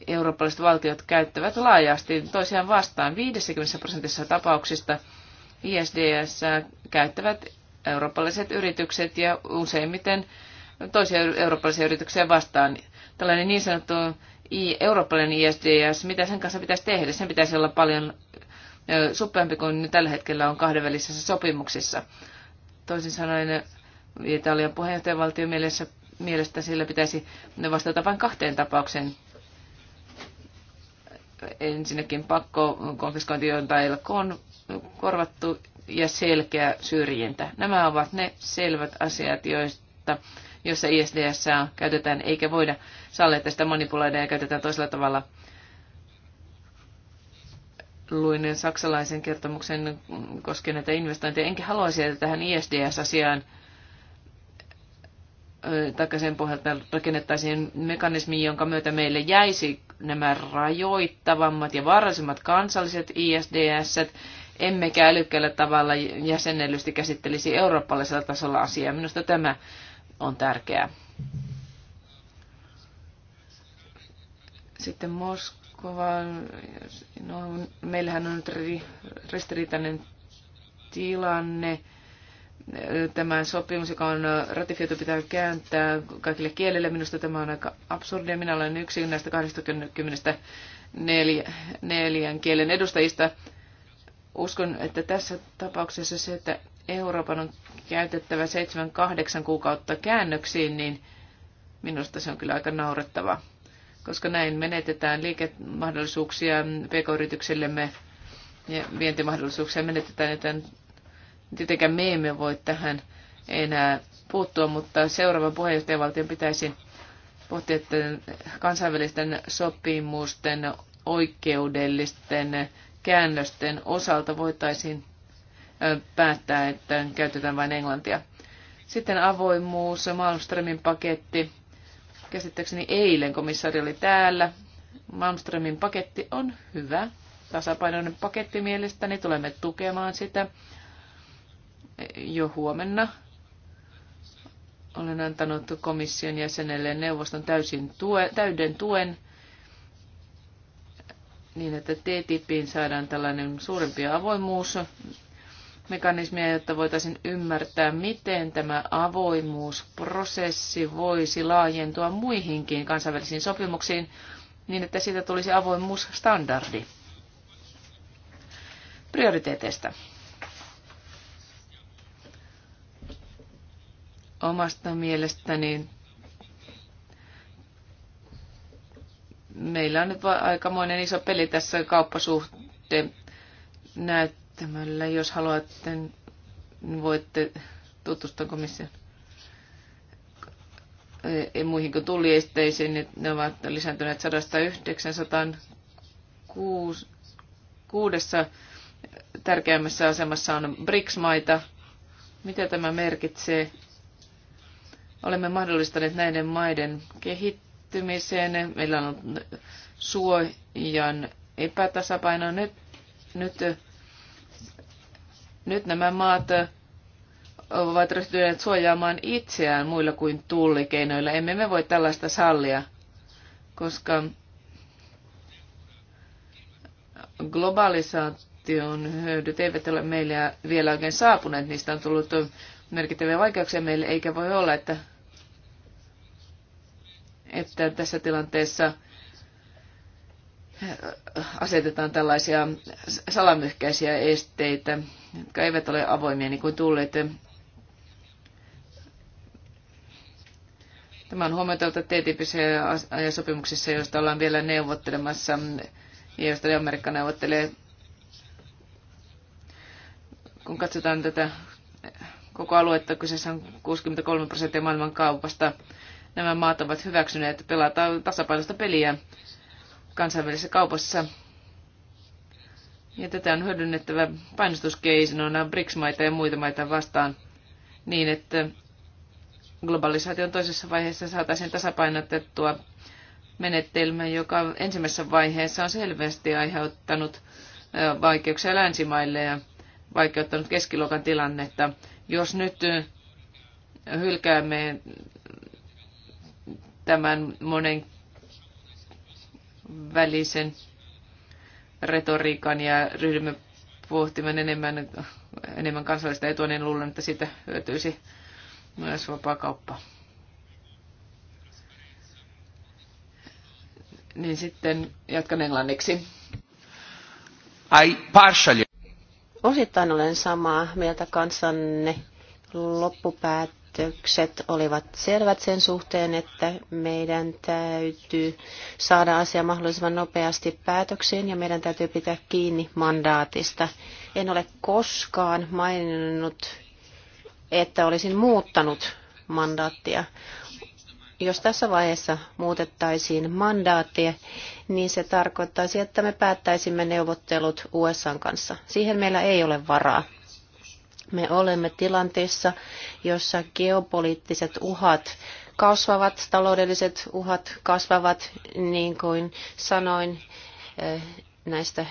Speaker 3: eurooppalaiset valtiot käyttävät laajasti toisiaan vastaan 50 prosentissa tapauksista ISDS käyttävät eurooppalaiset yritykset ja useimmiten toisia eurooppalaisia yrityksiä vastaan. Tällainen niin sanottu eurooppalainen ISDS, mitä sen kanssa pitäisi tehdä? Sen pitäisi olla paljon suppeampi kuin tällä hetkellä on kahdenvälisissä sopimuksissa. Toisin sanoen Italian puheenjohtajavaltion mielessä, mielestä sillä pitäisi vastata vain kahteen tapaukseen. Ensinnäkin pakko konfiskointi on tai on korvattu ja selkeä syrjintä. Nämä ovat ne selvät asiat, joista, joissa ISDS käytetään, eikä voida sallia tästä manipuloida ja käytetään toisella tavalla luin saksalaisen kertomuksen koskien näitä investointeja, enkä haluaisi, että tähän ISDS-asiaan tai sen pohjalta rakennettaisiin mekanismi, jonka myötä meille jäisi nämä rajoittavammat ja vaarallisimmat kansalliset isds -t, emmekä älykkäällä tavalla jäsennellysti käsittelisi eurooppalaisella tasolla asiaa. Minusta tämä on tärkeää. Sitten Moskova. No, meillähän on nyt ristiriitainen tilanne tämä sopimus, joka on ratifioitu, pitää kääntää kaikille kielille. Minusta tämä on aika absurdia. Minä olen yksi näistä 24 kielen edustajista. Uskon, että tässä tapauksessa se, että Euroopan on käytettävä 7-8 kuukautta käännöksiin, niin minusta se on kyllä aika naurettava, koska näin menetetään liikemahdollisuuksia pk-yrityksillemme ja vientimahdollisuuksia menetetään, joten Tietenkään me emme voi tähän enää puuttua, mutta seuraavan puheenjohtajavaltion pitäisi pohtia, että kansainvälisten sopimusten oikeudellisten käännösten osalta voitaisiin päättää, että käytetään vain englantia. Sitten avoimuus, Malmströmin paketti. Käsittääkseni eilen komissaari oli täällä. Malmströmin paketti on hyvä, tasapainoinen paketti mielestäni. Tulemme tukemaan sitä jo huomenna olen antanut komission jäsenelle neuvoston täysin tue, täyden tuen niin, että TTIPiin saadaan tällainen suurempi avoimuus mekanismia, jotta voitaisiin ymmärtää, miten tämä avoimuusprosessi voisi laajentua muihinkin kansainvälisiin sopimuksiin niin, että siitä tulisi avoimuusstandardi. Prioriteeteista. Omasta mielestäni meillä on nyt aikamoinen iso peli tässä kauppasuhteen näyttämällä. Jos haluatte, niin voitte tutustua komission e, muihin kuin tuliesteisiin, niin ne ovat lisääntyneet 10906 kuudessa tärkeimmässä asemassa on BRICS-maita. Mitä tämä merkitsee? Olemme mahdollistaneet näiden maiden kehittymisen. Meillä on ollut suojan epätasapaino. Nyt, nyt, nyt nämä maat ovat ryhtyneet suojaamaan itseään muilla kuin tullikeinoilla. Emme me voi tällaista sallia, koska globalisaation hyödyt eivät ole meille vielä oikein saapuneet. Niistä on tullut merkittäviä vaikeuksia meille, eikä voi olla, että, että tässä tilanteessa äh, asetetaan tällaisia salamyhkäisiä esteitä, jotka eivät ole avoimia niin kuin tulleet. Tämä on huomioitava ttip ja sopimuksissa, joista ollaan vielä neuvottelemassa ja joista Amerikka neuvottelee. Kun katsotaan tätä koko aluetta. Kyseessä on 63 prosenttia maailman kaupasta. Nämä maat ovat hyväksyneet pelata tasapainoista peliä kansainvälisessä kaupassa. Ja tätä on hyödynnettävä painostuskeisona BRICS-maita ja muita maita vastaan niin, että globalisaation toisessa vaiheessa saataisiin tasapainotettua menetelmä, joka ensimmäisessä vaiheessa on selvästi aiheuttanut vaikeuksia länsimaille ja vaikeuttanut keskiluokan tilannetta. Jos nyt hylkäämme tämän monen välisen retoriikan ja ryhdymme pohtimaan enemmän, enemmän kansallista etua, niin luulen, että siitä hyötyisi myös kauppa. Niin sitten jatkan englanniksi.
Speaker 1: I partially
Speaker 3: Osittain
Speaker 2: olen samaa mieltä kanssanne. Loppupäätökset olivat selvät sen suhteen, että meidän täytyy saada asia mahdollisimman nopeasti päätökseen ja meidän täytyy pitää kiinni mandaatista. En ole koskaan maininnut, että olisin muuttanut mandaattia. Jos tässä vaiheessa muutettaisiin mandaattia, niin se tarkoittaisi, että me päättäisimme neuvottelut USA kanssa. Siihen meillä ei ole varaa. Me olemme tilanteessa, jossa geopoliittiset uhat kasvavat, taloudelliset uhat kasvavat, niin kuin sanoin eh, näistä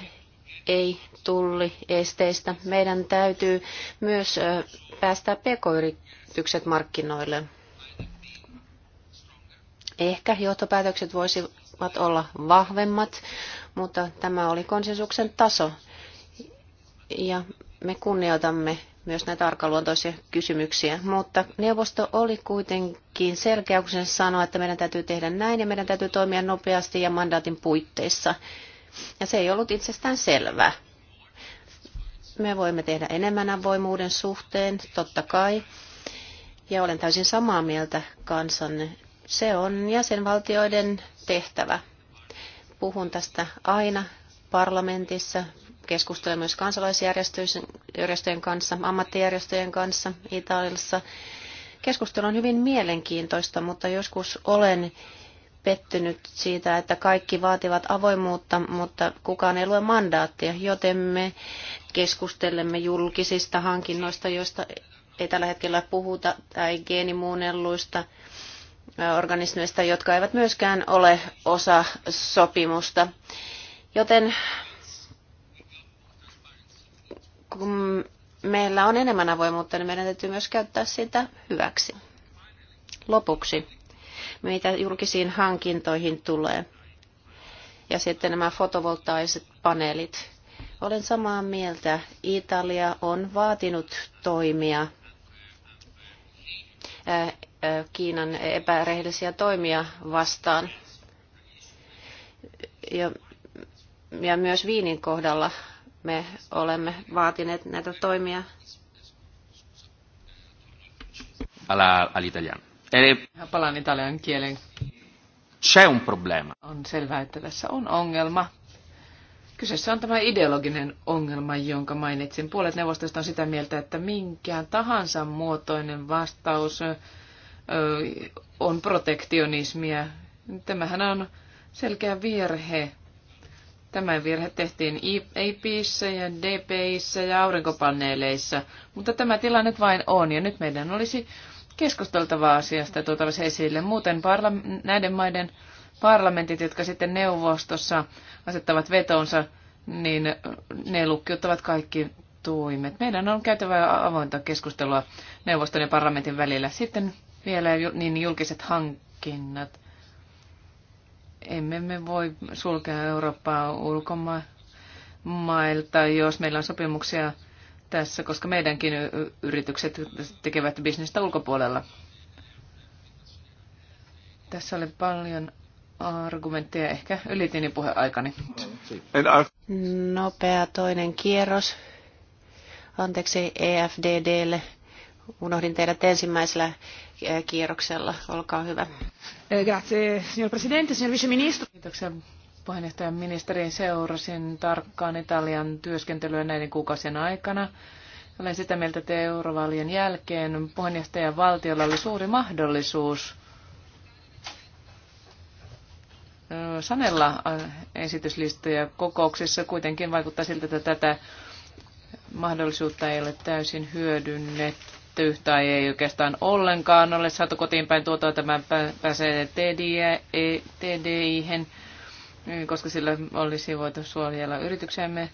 Speaker 2: ei tulli esteistä. Meidän täytyy myös eh, päästää pk-yritykset markkinoille. Ehkä johtopäätökset voisivat olla vahvemmat, mutta tämä oli konsensuksen taso. Ja me kunnioitamme myös näitä arkaluontoisia kysymyksiä, mutta neuvosto oli kuitenkin selkeä, kun se sanoi, että meidän täytyy tehdä näin ja meidän täytyy toimia nopeasti ja mandaatin puitteissa. Ja se ei ollut itsestään selvää. Me voimme tehdä enemmän avoimuuden suhteen, totta kai. Ja olen täysin samaa mieltä kansanne se on jäsenvaltioiden tehtävä. Puhun tästä aina parlamentissa, keskustelen myös kansalaisjärjestöjen kanssa, ammattijärjestöjen kanssa Italiassa. Keskustelu on hyvin mielenkiintoista, mutta joskus olen pettynyt siitä, että kaikki vaativat avoimuutta, mutta kukaan ei lue mandaattia, joten me keskustelemme julkisista hankinnoista, joista ei tällä hetkellä puhuta, tai geenimuunnelluista organismeista, jotka eivät myöskään ole osa sopimusta. Joten kun meillä on enemmän avoimuutta, niin meidän täytyy myös käyttää sitä hyväksi. Lopuksi, mitä julkisiin hankintoihin tulee. Ja sitten nämä fotovoltaiset paneelit. Olen samaa mieltä. Italia on vaatinut toimia Kiinan epärehellisiä toimia vastaan. Ja, ja myös Viinin kohdalla me olemme vaatineet näitä toimia. Alla, Eli...
Speaker 3: Palaan italian kielen.
Speaker 2: C'è un problema.
Speaker 3: On selvää, että tässä on ongelma. Kyseessä on tämä ideologinen ongelma, jonka mainitsin. Puolet neuvostosta on sitä mieltä, että minkään tahansa muotoinen vastaus on protektionismia. Tämähän on selkeä virhe. Tämä virhe tehtiin APissä ja DPissä ja aurinkopaneeleissa, mutta tämä tilanne vain on ja nyt meidän olisi keskusteltava asiasta ja se esille. Muuten parla- näiden maiden parlamentit, jotka sitten neuvostossa asettavat vetonsa, niin ne lukkiuttavat kaikki tuimet. Meidän on käytävä avointa keskustelua neuvoston ja parlamentin välillä. Sitten vielä niin julkiset hankinnat. Emme me voi sulkea Eurooppaa ulkomailta, jos meillä on sopimuksia tässä, koska meidänkin yritykset tekevät bisnestä ulkopuolella. Tässä oli paljon argumentteja. Ehkä ylitin puheaikani. Nopea toinen kierros.
Speaker 2: Anteeksi EFDDlle unohdin teidät ensimmäisellä kierroksella.
Speaker 3: Olkaa hyvä. Eh, grazie, signor Presidente, signor Viceministro. Kiitoksia puheenjohtajan ministeriin. Seurasin tarkkaan Italian työskentelyä näiden kuukausien aikana. Olen sitä mieltä, että eurovaalien jälkeen puheenjohtajan valtiolla oli suuri mahdollisuus sanella esityslistoja kokouksissa. Kuitenkin vaikuttaa siltä, että tätä mahdollisuutta ei ole täysin hyödynnetty tehty tai ei oikeastaan ollenkaan ole saatu kotiin päin tuotua. tämän pääsee TDIhen, koska sillä olisi voitu suojella yrityksemme.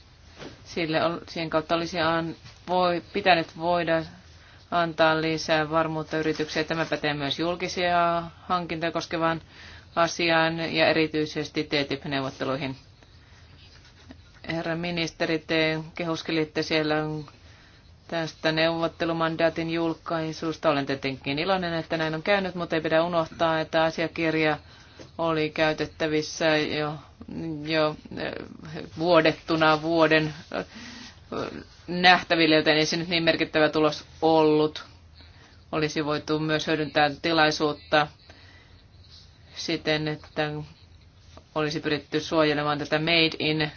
Speaker 3: Sille, siihen kautta olisi an, voi, pitänyt voida antaa lisää varmuutta yritykseen. Tämä pätee myös julkisia hankintoja koskevaan asiaan ja erityisesti TTIP-neuvotteluihin. Herra ministeri, te kehuskelitte siellä tästä neuvottelumandaatin julkaisusta. Olen tietenkin iloinen, että näin on käynyt, mutta ei pidä unohtaa, että asiakirja oli käytettävissä jo, jo eh, vuodettuna vuoden eh, nähtäville, joten ei se nyt niin merkittävä tulos ollut. Olisi voitu myös hyödyntää tilaisuutta siten, että olisi pyritty suojelemaan tätä Made in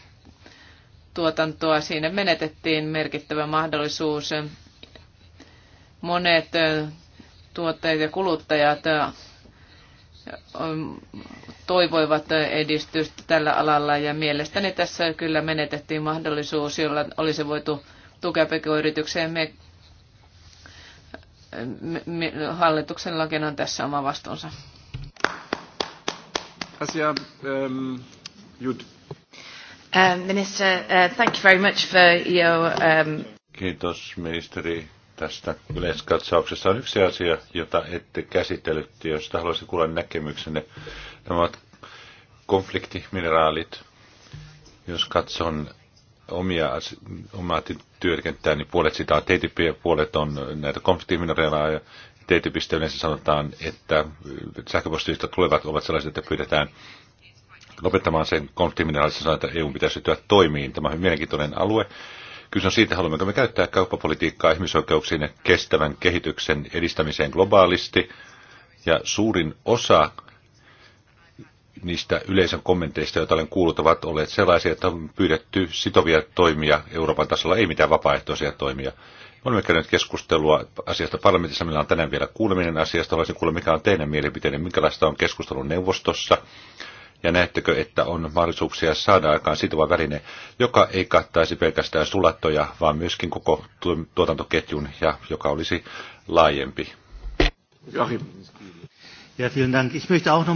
Speaker 3: tuotantoa. Siinä menetettiin merkittävä mahdollisuus. Monet tuottajat ja kuluttajat toivoivat edistystä tällä alalla ja mielestäni tässä kyllä menetettiin mahdollisuus, jolla olisi voitu tukea pk-yritykseen. Me, me, hallituksen lakena on tässä oma vastuunsa.
Speaker 1: Asia, ähm,
Speaker 3: Um, Minister, uh, thank you very much for your, um...
Speaker 1: Kiitos ministeri tästä yleiskatsauksesta. On yksi asia, jota ette käsitellyt, jos haluaisin kuulla näkemyksenne. Nämä ovat konfliktimineraalit. Jos katson omia, omaa työkenttää, niin puolet sitä on TTIP ja puolet on näitä konfliktimineraaleja. TTIPistä yleensä sanotaan, että sähköpostiystä tulevat ovat sellaiset, että pyydetään lopettamaan sen konfliktimineraalisessa sanoa, että EU pitäisi ryhtyä toimiin. Tämä on mielenkiintoinen alue. Kysyn siitä, haluammeko me käyttää kauppapolitiikkaa ihmisoikeuksien ja kestävän kehityksen edistämiseen globaalisti. Ja suurin osa niistä yleisön kommenteista, joita olen kuullut, ovat olleet sellaisia, että on pyydetty sitovia toimia Euroopan tasolla, ei mitään vapaaehtoisia toimia. Olemme käyneet keskustelua asiasta parlamentissa. Meillä on tänään vielä kuuleminen asiasta. Haluaisin kuulla, mikä on teidän mielipiteenne, minkälaista on keskustelu neuvostossa ja näettekö, että on mahdollisuuksia saada aikaan sitova väline, joka ei kattaisi pelkästään sulattoja, vaan myöskin koko tuotantoketjun ja joka olisi laajempi? Ja, vielen Dank. Ich möchte auch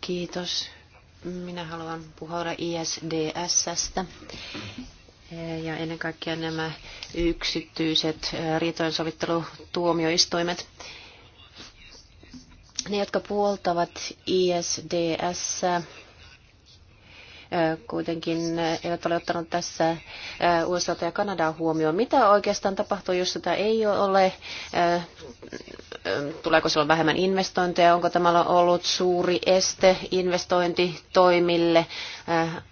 Speaker 1: Kiitos.
Speaker 2: Minä haluan puhua ISDSstä ja ennen kaikkea nämä yksityiset äh, riitojen sovittelutuomioistuimet. tuomioistuimet ne, jotka puoltavat ISDS, kuitenkin eivät ole ottaneet tässä USA ja Kanadaa huomioon. Mitä oikeastaan tapahtuu, jos sitä ei ole? Tuleeko silloin vähemmän investointeja? Onko tämä ollut suuri este investointitoimille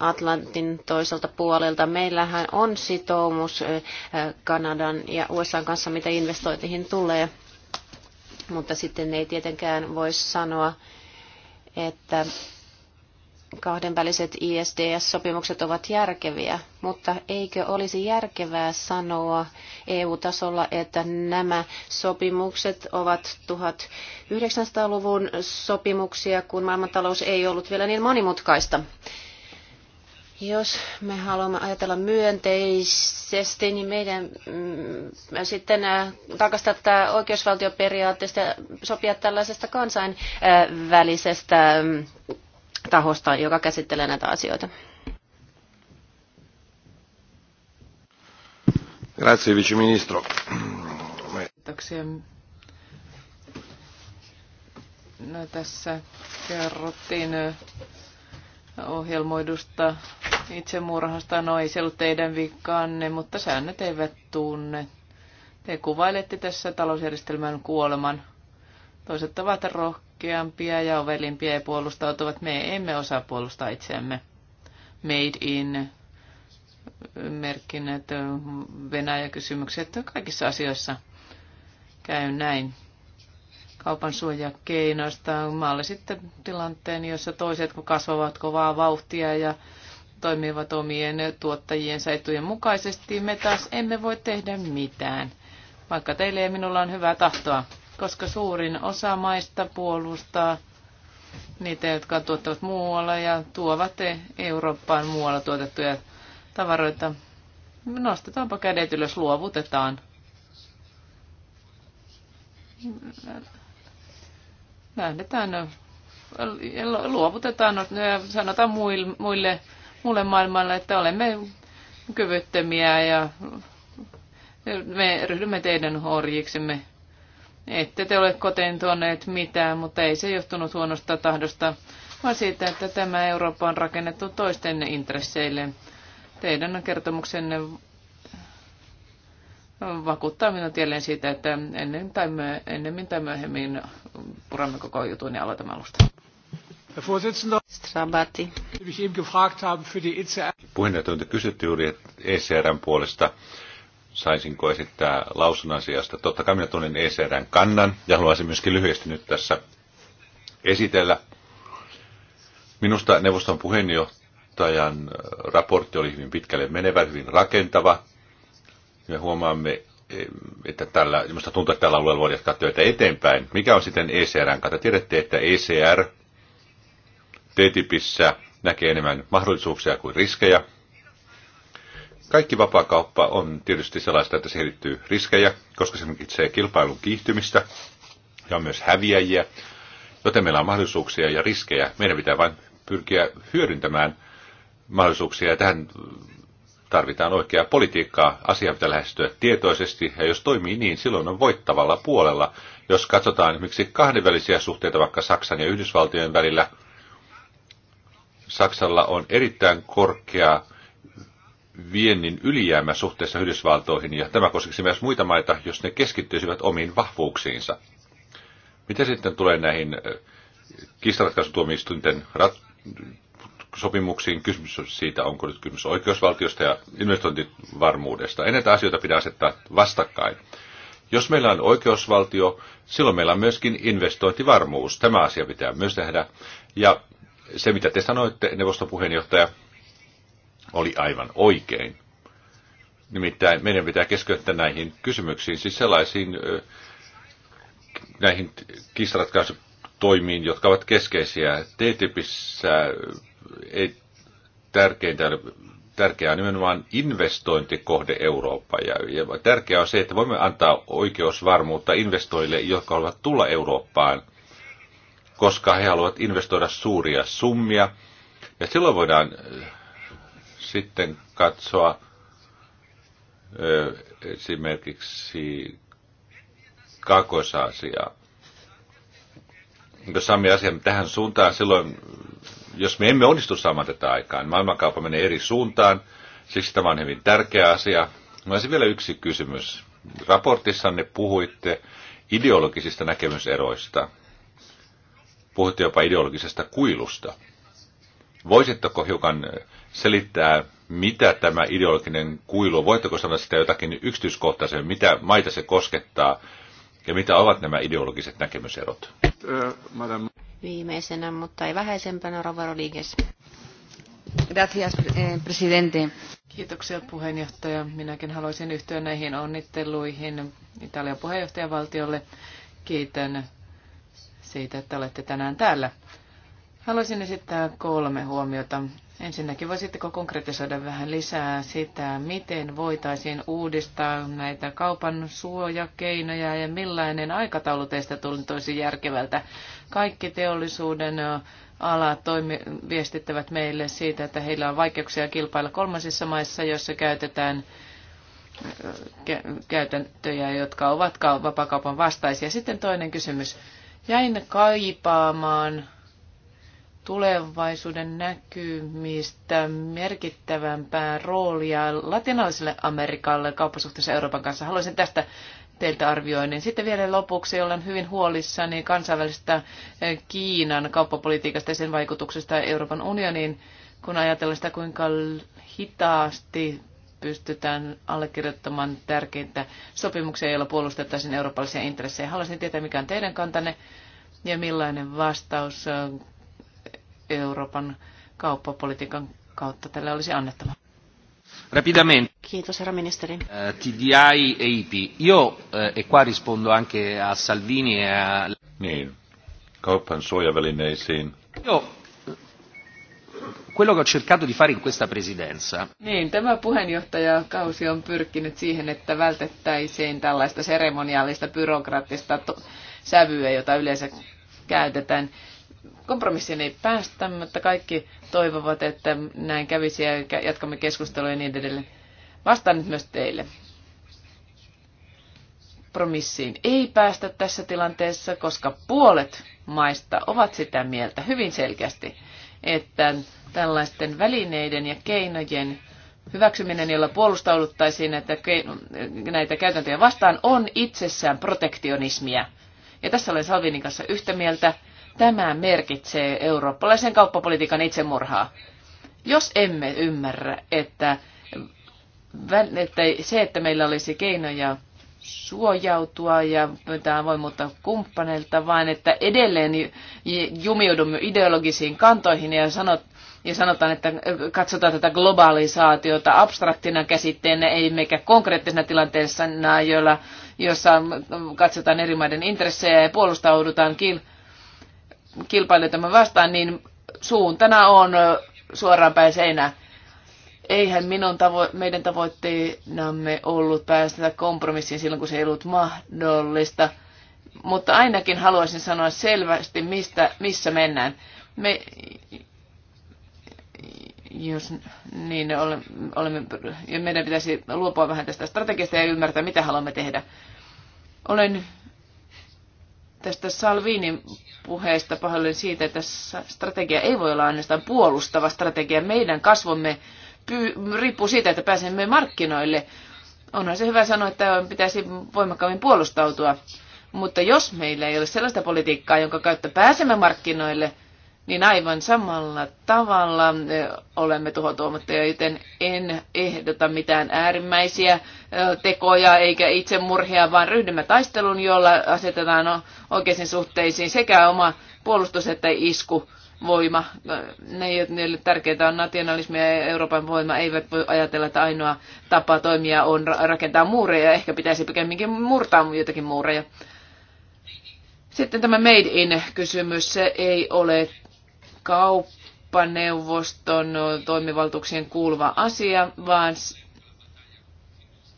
Speaker 2: Atlantin toiselta puolelta? Meillähän on sitoumus Kanadan ja USA kanssa, mitä investointeihin tulee mutta sitten ei tietenkään voi sanoa, että kahdenväliset ISDS-sopimukset ovat järkeviä, mutta eikö olisi järkevää sanoa EU-tasolla, että nämä sopimukset ovat 1900-luvun sopimuksia, kun maailmantalous ei ollut vielä niin monimutkaista. Jos me haluamme ajatella myönteisesti, niin meidän mm, sitten äh, tarkastaa tämä oikeusvaltioperiaatteesta ja sopia tällaisesta kansainvälisestä mm, tahosta, joka käsittelee näitä asioita.
Speaker 1: Grazie, viceministro.
Speaker 3: Kiitoksia. No, tässä kerrottiin ohjelmoidusta itsemurhasta. No ei se ollut teidän vikkaanne, mutta säännöt eivät tunne. Te kuvailette tässä talousjärjestelmän kuoleman. Toiset ovat rohkeampia ja ovelimpia ja puolustautuvat. Me emme osaa puolustaa itseämme. Made in merkinnät, Venäjä-kysymykset, kaikissa asioissa käy näin kaupan suojakeinoista. Maalle sitten tilanteen, jossa toiset kasvavat kovaa vauhtia ja toimivat omien tuottajiensa etujen mukaisesti, me taas emme voi tehdä mitään, vaikka teille ja minulla on hyvää tahtoa, koska suurin osa maista puolustaa niitä, jotka tuottavat muualla ja tuovat Eurooppaan muualla tuotettuja tavaroita. Nostetaanpa kädet ylös, luovutetaan lähdetään, äh, luovutetaan ja äh, sanotaan muille, muille, muille maailmalle, että olemme kyvyttömiä ja me ryhdymme teidän horjiksemme. Ette te ole koteen tuoneet mitään, mutta ei se johtunut huonosta tahdosta, vaan siitä, että tämä Eurooppa on rakennettu toisten intresseille. Teidän kertomuksenne vakuuttaa minut jälleen siitä, että ennen tai myö, ennemmin tai myöhemmin puramme koko jutun ja aloitamme alusta. Herr
Speaker 1: e Puheenjohtaja, kysytty juuri ECRn e puolesta, saisinko esittää lausun asiasta. Totta kai minä tunnen ECRn kannan ja haluaisin myöskin lyhyesti nyt tässä esitellä. Minusta neuvoston puheenjohtajan raportti oli hyvin pitkälle menevä, hyvin rakentava me huomaamme, että tällä, minusta tuntuu, että tällä alueella voi jatkaa työtä eteenpäin. Mikä on sitten ECRn kanta? Tiedätte, että ECR TTIPissä näkee enemmän mahdollisuuksia kuin riskejä. Kaikki vapaakauppa on tietysti sellaista, että siihen liittyy riskejä, koska se merkitsee kilpailun kiihtymistä ja on myös häviäjiä. Joten meillä on mahdollisuuksia ja riskejä. Meidän pitää vain pyrkiä hyödyntämään mahdollisuuksia. Ja tähän tarvitaan oikeaa politiikkaa. Asia pitää lähestyä tietoisesti, ja jos toimii niin, silloin on voittavalla puolella. Jos katsotaan esimerkiksi kahdenvälisiä suhteita vaikka Saksan ja Yhdysvaltojen välillä, Saksalla on erittäin korkea viennin ylijäämä suhteessa Yhdysvaltoihin, ja tämä koskisi myös muita maita, jos ne keskittyisivät omiin vahvuuksiinsa. Mitä sitten tulee näihin äh, kiistaratkaisutuomioistuinten rat- sopimuksiin. Kysymys on siitä, onko nyt kysymys oikeusvaltiosta ja investointivarmuudesta. Ennen näitä asioita pitää asettaa vastakkain. Jos meillä on oikeusvaltio, silloin meillä on myöskin investointivarmuus. Tämä asia pitää myös tehdä. Ja se, mitä te sanoitte, neuvoston puheenjohtaja, oli aivan oikein. Nimittäin meidän pitää keskeyttää näihin kysymyksiin, siis sellaisiin näihin kiistaratkaisutoimiin, jotka ovat keskeisiä. TTIPissä ei tärkeintä tärkeää on nimenomaan investointikohde Eurooppa. Ja, ja tärkeää on se, että voimme antaa oikeusvarmuutta investoille, jotka haluavat tulla Eurooppaan, koska he haluavat investoida suuria summia. Ja silloin voidaan eh, sitten katsoa eh, esimerkiksi kaakoisa aasiaa Jos saamme asian tähän suuntaan, silloin jos me emme onnistu saamaan tätä aikaan, maailmankauppa menee eri suuntaan, siksi tämä on hyvin tärkeä asia. Mä olisin vielä yksi kysymys. Raportissanne puhuitte ideologisista näkemyseroista. Puhuitte jopa ideologisesta kuilusta. Voisitteko hiukan selittää, mitä tämä ideologinen kuilu on? Voitteko sanoa sitä jotakin yksityiskohtaisemmin, mitä maita se koskettaa ja mitä ovat nämä ideologiset näkemyserot? Äh, madame
Speaker 3: viimeisenä, mutta ei vähäisempänä, Rova Rodriguez. Gracias, eh, presidente. Kiitoksia puheenjohtaja. Minäkin haluaisin yhtyä näihin onnitteluihin Italian puheenjohtajavaltiolle. Kiitän siitä, että olette tänään täällä. Haluaisin esittää kolme huomiota. Ensinnäkin voisitteko konkretisoida vähän lisää sitä, miten voitaisiin uudistaa näitä kaupan suojakeinoja ja millainen aikataulu teistä tuntuisi järkevältä. Kaikki teollisuuden alat toimi, viestittävät meille siitä, että heillä on vaikeuksia kilpailla kolmansissa maissa, joissa käytetään käytäntöjä, jotka ovat vapaakaupan vastaisia. Sitten toinen kysymys. Jäin kaipaamaan tulevaisuuden näkymistä merkittävämpää roolia latinalaiselle Amerikalle kauppasuhteessa Euroopan kanssa. Haluaisin tästä teiltä arvioinnin. Sitten vielä lopuksi olen hyvin huolissani kansainvälistä eh, Kiinan kauppapolitiikasta ja sen vaikutuksesta Euroopan unioniin, kun ajatellaan sitä, kuinka hitaasti pystytään allekirjoittamaan tärkeintä sopimuksia, joilla puolustettaisiin eurooppalaisia intressejä. Haluaisin tietää, mikä on teidän kantanne ja millainen vastaus eh, Euroopan kauppapolitiikan kautta tälle olisi annettava. Rapidamente. Kiitos, herra ministeri. Uh,
Speaker 1: eh, TDI e IP. Io, uh, e qua rispondo anche a Salvini e a... Niin, kaupan suojavälineisiin. Joo, quello che ho cercato di fare in questa presidenza.
Speaker 3: Niin, tämä puheenjohtajakausi on pyrkinyt siihen, että vältettäisiin tällaista seremoniaalista byrokraattista sävyä, jota yleensä käytetään. Kompromissiin ei päästä, mutta kaikki toivovat, että näin kävisi ja jatkamme keskustelua ja niin edelleen. Vastaan nyt myös teille. Kompromissiin ei päästä tässä tilanteessa, koska puolet maista ovat sitä mieltä hyvin selkeästi, että tällaisten välineiden ja keinojen hyväksyminen, jolla puolustauduttaisiin näitä, näitä käytäntöjä vastaan, on itsessään protektionismia. Ja tässä olen Salvinin kanssa yhtä mieltä. Tämä merkitsee eurooppalaisen kauppapolitiikan itsemurhaa. Jos emme ymmärrä, että, että se, että meillä olisi keinoja suojautua ja pyytää avoimuutta kumppaneilta, vaan että edelleen jumiudumme ideologisiin kantoihin ja sanot, ja sanotaan, että katsotaan tätä globalisaatiota abstraktina käsitteenä, ei meikä konkreettisena tilanteessa, joilla, jossa katsotaan eri maiden intressejä ja puolustaudutaan kil, kilpailijoitamme vastaan, niin suuntana on suoraan päin seinää. Eihän minun tavo- meidän tavoitteenamme ollut päästä kompromissiin silloin, kun se ei ollut mahdollista. Mutta ainakin haluaisin sanoa selvästi, mistä, missä mennään. Me, jos niin ole, olemme, meidän pitäisi luopua vähän tästä strategiasta ja ymmärtää, mitä haluamme tehdä. Olen tästä Salvinin puheesta pahoin siitä, että strategia ei voi olla ainoastaan puolustava strategia. Meidän kasvomme pyy- riippuu siitä, että pääsemme markkinoille. Onhan se hyvä sanoa, että pitäisi voimakkaammin puolustautua. Mutta jos meillä ei ole sellaista politiikkaa, jonka kautta pääsemme markkinoille, niin aivan samalla tavalla e, olemme tuhotuomattuja, joten en ehdota mitään äärimmäisiä e, tekoja eikä itsemurhia, vaan ryhdymme taistelun, jolla asetetaan oikeisiin suhteisiin sekä oma puolustus että isku voima. E, ne, joille tärkeintä on nationalismi ja Euroopan voima, eivät voi ajatella, että ainoa tapa toimia on rakentaa muureja. Ehkä pitäisi pikemminkin murtaa jotakin muureja. Sitten tämä made in kysymys, se ei ole kauppaneuvoston toimivaltuuksien kuuluva asia, vaan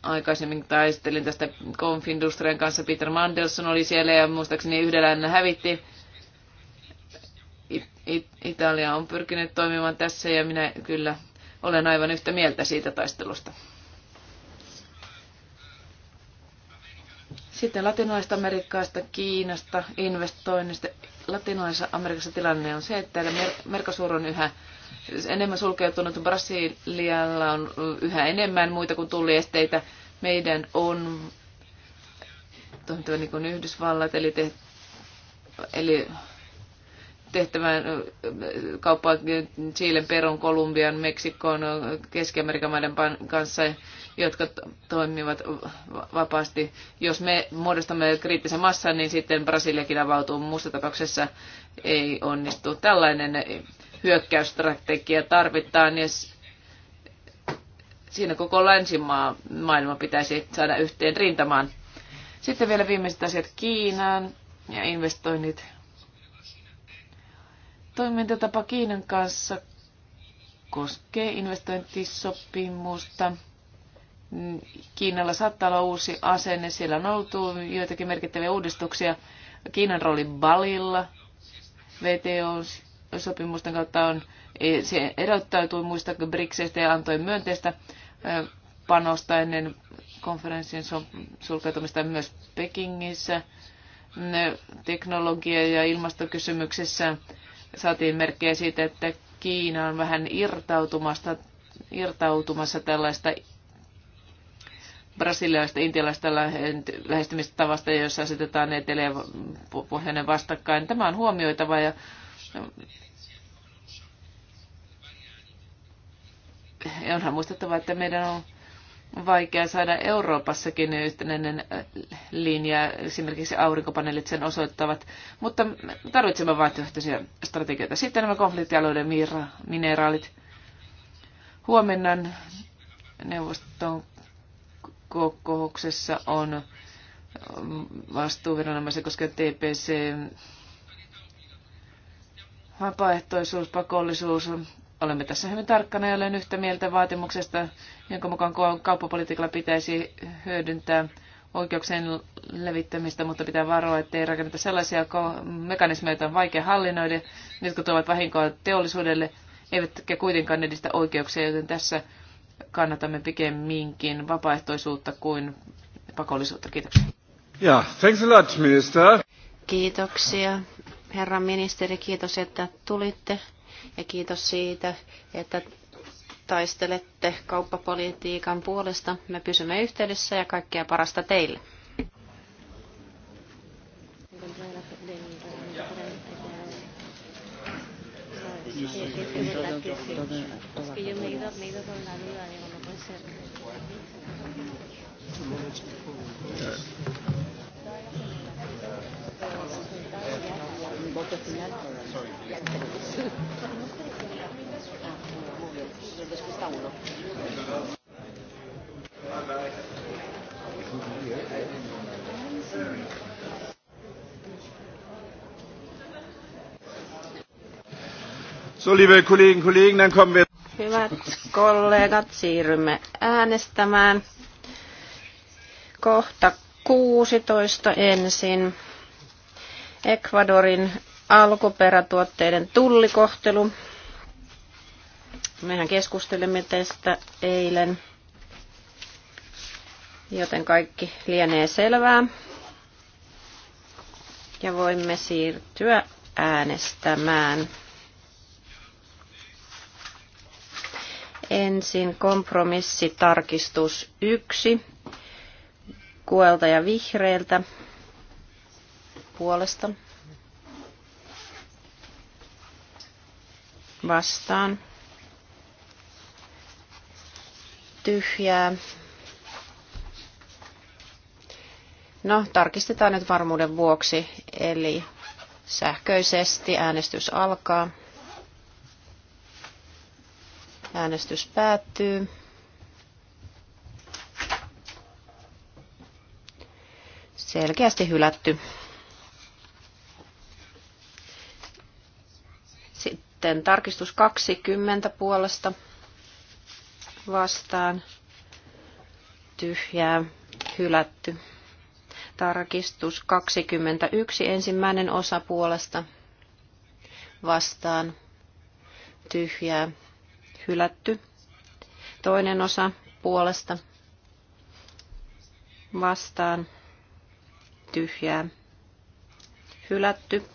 Speaker 3: aikaisemmin taistelin tästä Konfindustrian kanssa. Peter Mandelson oli siellä ja muistaakseni yhdellä hän hävitti. It- It- Italia on pyrkinyt toimimaan tässä ja minä kyllä olen aivan yhtä mieltä siitä taistelusta. Sitten latinalaisesta Amerikasta, Kiinasta, investoinnista. Latinalaisessa Amerikassa tilanne on se, että Mer- Mercosur on yhä enemmän sulkeutunut. Brasilialla on yhä enemmän muita kuin tulliesteitä. Meidän on toimittava niin kuin Yhdysvallat, eli, te, eli tehtävän kauppaa Chilen, Peron, Kolumbian, Meksikon, Keski-Amerikan maiden kanssa jotka toimivat vapaasti. Jos me muodostamme kriittisen massan, niin sitten Brasiliakin avautuu. Muussa tapauksessa ei onnistu. Tällainen hyökkäysstrategia tarvitaan ja siinä koko länsimaa maailma pitäisi saada yhteen rintamaan. Sitten vielä viimeiset asiat Kiinaan ja investoinnit. Toimintatapa Kiinan kanssa koskee investointisopimusta Kiinalla saattaa olla uusi asenne, siellä on ollut joitakin merkittäviä uudistuksia. Kiinan rooli Balilla, VTO-sopimusten kautta on, e, se erottautui muista BRICSistä ja antoi myönteistä e, panosta ennen konferenssin sulkeutumista myös Pekingissä. Teknologia- ja ilmastokysymyksissä saatiin merkkejä siitä, että Kiina on vähän irtautumasta, irtautumassa tällaista brasilialaista, intialaista lähestymistavasta, jossa asetetaan etelä- ja pohjoinen vastakkain. Tämä on huomioitava ja onhan muistettava, että meidän on vaikea saada Euroopassakin yhtenäinen äh, linja. Esimerkiksi aurinkopaneelit sen osoittavat, mutta tarvitsemme vaihtoehtoisia strategioita. Sitten nämä konfliktialueiden mineraalit. Huomenna neuvoston kokouksessa on vastuuviranomaisen koskeva TPC vapaaehtoisuus, pakollisuus. Olemme tässä hyvin tarkkana ja olen yhtä mieltä vaatimuksesta, jonka mukaan kauppapolitiikalla pitäisi hyödyntää oikeuksien levittämistä, mutta pitää varoa, ettei rakenneta sellaisia mekanismeja, joita on vaikea hallinnoida, jotka tuovat vahinkoa teollisuudelle, eivätkä kuitenkaan edistä oikeuksia, joten tässä kannatamme pikemminkin vapaaehtoisuutta kuin pakollisuutta. Kiitoksia.
Speaker 1: Ja, thanks a lot, minister.
Speaker 2: Kiitoksia, herra ministeri. Kiitos, että tulitte ja kiitos siitä, että taistelette kauppapolitiikan puolesta. Me pysymme yhteydessä ja kaikkea parasta teille.
Speaker 1: Es Thank you. So, liebe Kollegen, Kollegen, dann kommen wir... Hyvät
Speaker 2: kollegat, siirrymme äänestämään. Kohta 16 ensin. Ecuadorin alkuperätuotteiden tullikohtelu. Mehän keskustelimme tästä eilen, joten kaikki lienee selvää. Ja voimme siirtyä äänestämään. Ensin kompromissitarkistus 1 kuelta ja vihreiltä puolesta. Vastaan. Tyhjää. No, tarkistetaan nyt varmuuden vuoksi, eli sähköisesti äänestys alkaa. Äänestys päättyy. Selkeästi hylätty. Sitten tarkistus 20 puolesta vastaan. Tyhjää, hylätty. Tarkistus 21 ensimmäinen osa puolesta vastaan. Tyhjää, hylätty. Toinen osa puolesta vastaan tyhjää hylätty.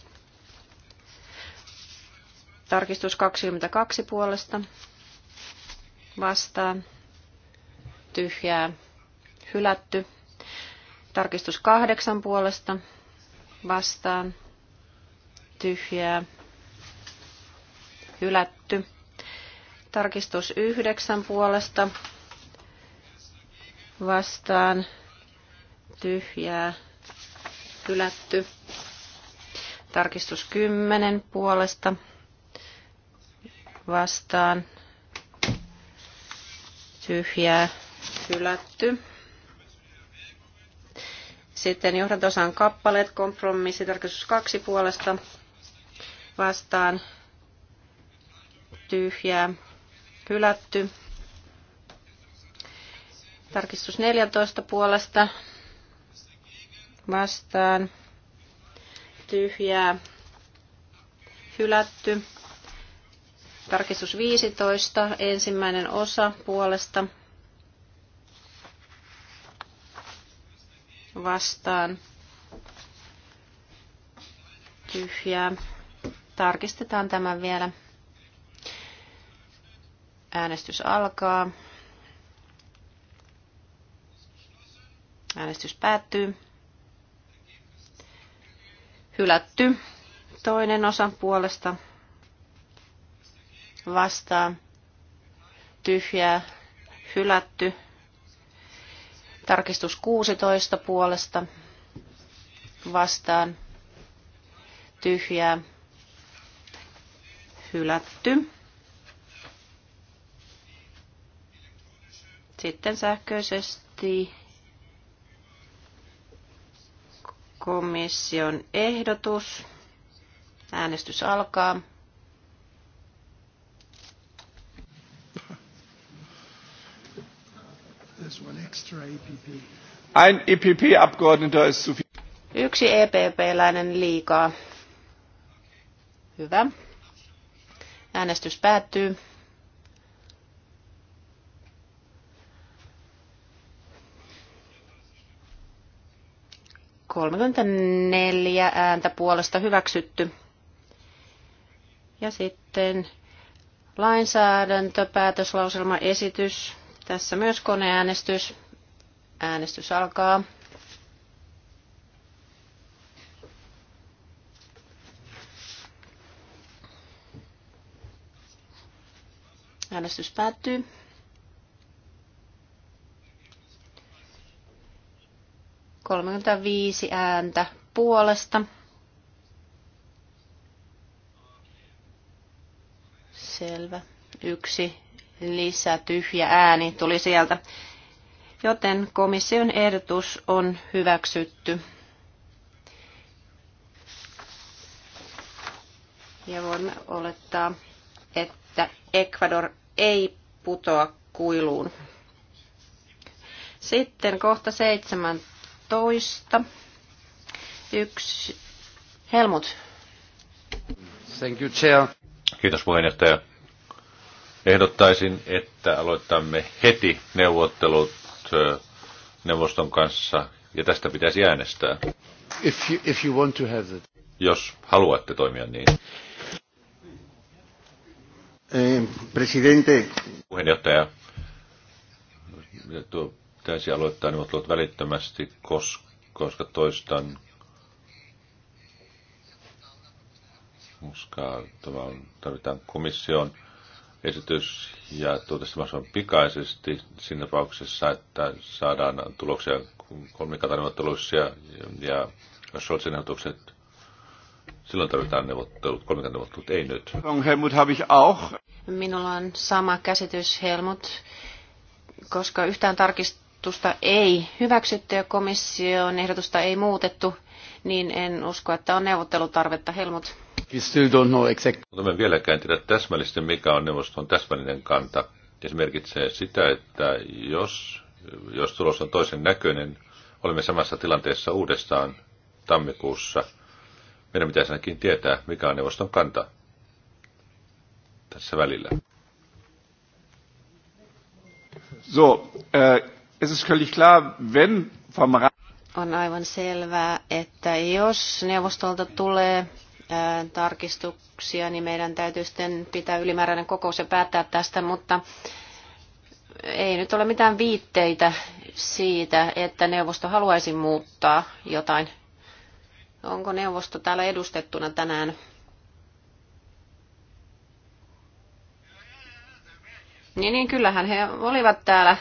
Speaker 2: Tarkistus 22 puolesta vastaan tyhjää hylätty. Tarkistus 8 puolesta vastaan tyhjää hylätty. Tarkistus yhdeksän puolesta vastaan tyhjää hylätty. Tarkistus kymmenen puolesta vastaan tyhjää
Speaker 3: hylätty.
Speaker 2: Sitten johdantosan kappaleet, kompromissi, tarkistus kaksi puolesta vastaan tyhjää hylätty. Tarkistus 14 puolesta vastaan tyhjää hylätty. Tarkistus 15, ensimmäinen osa puolesta vastaan tyhjää. Tarkistetaan tämän vielä. Äänestys alkaa. Äänestys päättyy. Hylätty. Toinen osa puolesta. vastaa, Tyhjää. Hylätty. Tarkistus 16 puolesta. Vastaan. Tyhjää. Hylätty. Sitten sähköisesti komission ehdotus. Äänestys alkaa.
Speaker 3: Ein
Speaker 1: EPP-Abgeordneter ist zu viel.
Speaker 2: Yksi EPP-läinen liikaa. Hyvä. Äänestys päättyy. 34 ääntä puolesta hyväksytty. Ja sitten lainsäädäntö, päätöslauselma, esitys. Tässä myös koneäänestys. Äänestys alkaa. Äänestys päättyy. 35 ääntä puolesta. Selvä. Yksi tyhjä ääni tuli sieltä. Joten komission ehdotus on hyväksytty. Ja voimme olettaa, että Ecuador ei putoa kuiluun. Sitten kohta 17. 12. Yksi. Helmut.
Speaker 1: Thank you, Chair. Kiitos puheenjohtaja. Ehdottaisin, että aloitamme heti neuvottelut äh, neuvoston kanssa ja tästä pitäisi äänestää. If you, if you want to have it. Jos haluatte toimia niin. Eh, presidente. Puheenjohtaja, tuo pitäisi aloittaa neuvottelut välittömästi, koska toistan, koska tarvitaan komission esitys ja tuotaisi mahdollisimman pikaisesti siinä tapauksessa, että saadaan tuloksia kolmikantaneuvotteluissa ja, ja Scholzin ehdotukset. Silloin tarvitaan neuvottelut, neuvottelut, ei nyt. Helmut habe ich auch.
Speaker 2: Minulla on sama käsitys, Helmut, koska yhtään tarkist ehdotusta ei hyväksytty ja komission ehdotusta ei muutettu, niin en usko, että on neuvottelutarvetta. Helmut.
Speaker 1: Mutta me vieläkään tiedä täsmällisesti, mikä on neuvoston täsmällinen kanta. Ja se merkitsee sitä, että jos, jos tulos on toisen näköinen, olemme samassa tilanteessa uudestaan tammikuussa. Meidän pitäisi ainakin tietää, mikä on neuvoston kanta tässä välillä. So, äh, es ist völlig klar, wenn vom Rat
Speaker 2: on aivan selvää, että jos neuvostolta tulee ää, tarkistuksia, niin meidän täytyy sitten pitää ylimääräinen kokous ja päättää tästä, mutta ei nyt ole mitään viitteitä siitä, että neuvosto haluaisi muuttaa jotain. Onko neuvosto täällä edustettuna tänään? Niin, niin kyllähän he olivat täällä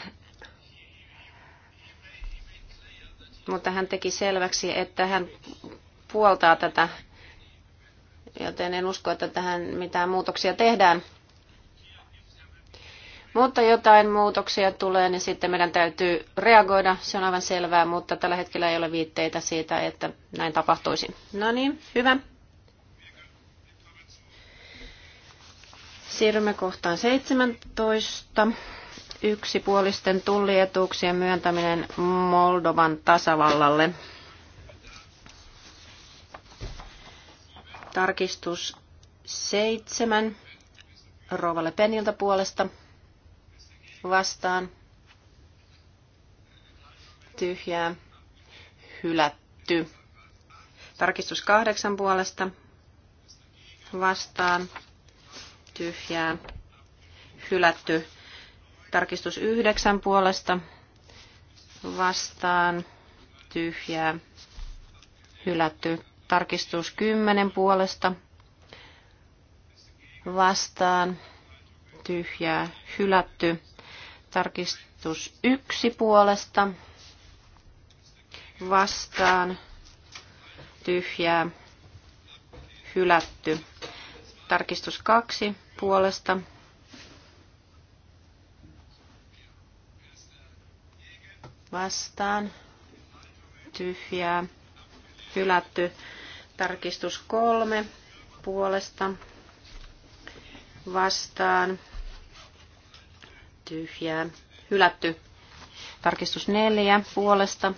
Speaker 2: mutta hän teki selväksi, että hän puoltaa tätä, joten en usko, että tähän mitään muutoksia tehdään. Mutta jotain muutoksia tulee, niin sitten meidän täytyy reagoida, se on aivan selvää, mutta tällä hetkellä ei ole viitteitä siitä, että näin tapahtuisi. No niin, hyvä. Siirrymme kohtaan 17 yksipuolisten tullietuuksien myöntäminen Moldovan tasavallalle. Tarkistus seitsemän Rovalle Peniltä puolesta vastaan. Tyhjää. Hylätty. Tarkistus kahdeksan puolesta vastaan. Tyhjää. Hylätty Tarkistus yhdeksän puolesta vastaan tyhjää hylätty. Tarkistus kymmenen puolesta vastaan tyhjää hylätty. Tarkistus yksi puolesta vastaan tyhjää hylätty. Tarkistus kaksi puolesta vastaan, tyhjää, hylätty. Tarkistus kolme puolesta vastaan, tyhjää, hylätty. Tarkistus neljä puolesta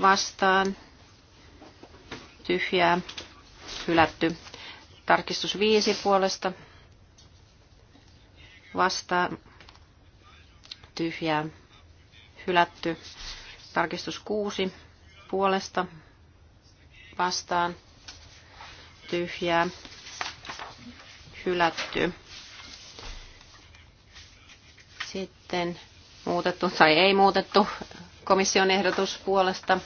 Speaker 2: vastaan, tyhjää, hylätty. Tarkistus viisi puolesta vastaan, tyhjää, hylätty. Tarkistus 6 puolesta vastaan tyhjää hylätty. Sitten muutettu tai ei muutettu komission ehdotus puolesta.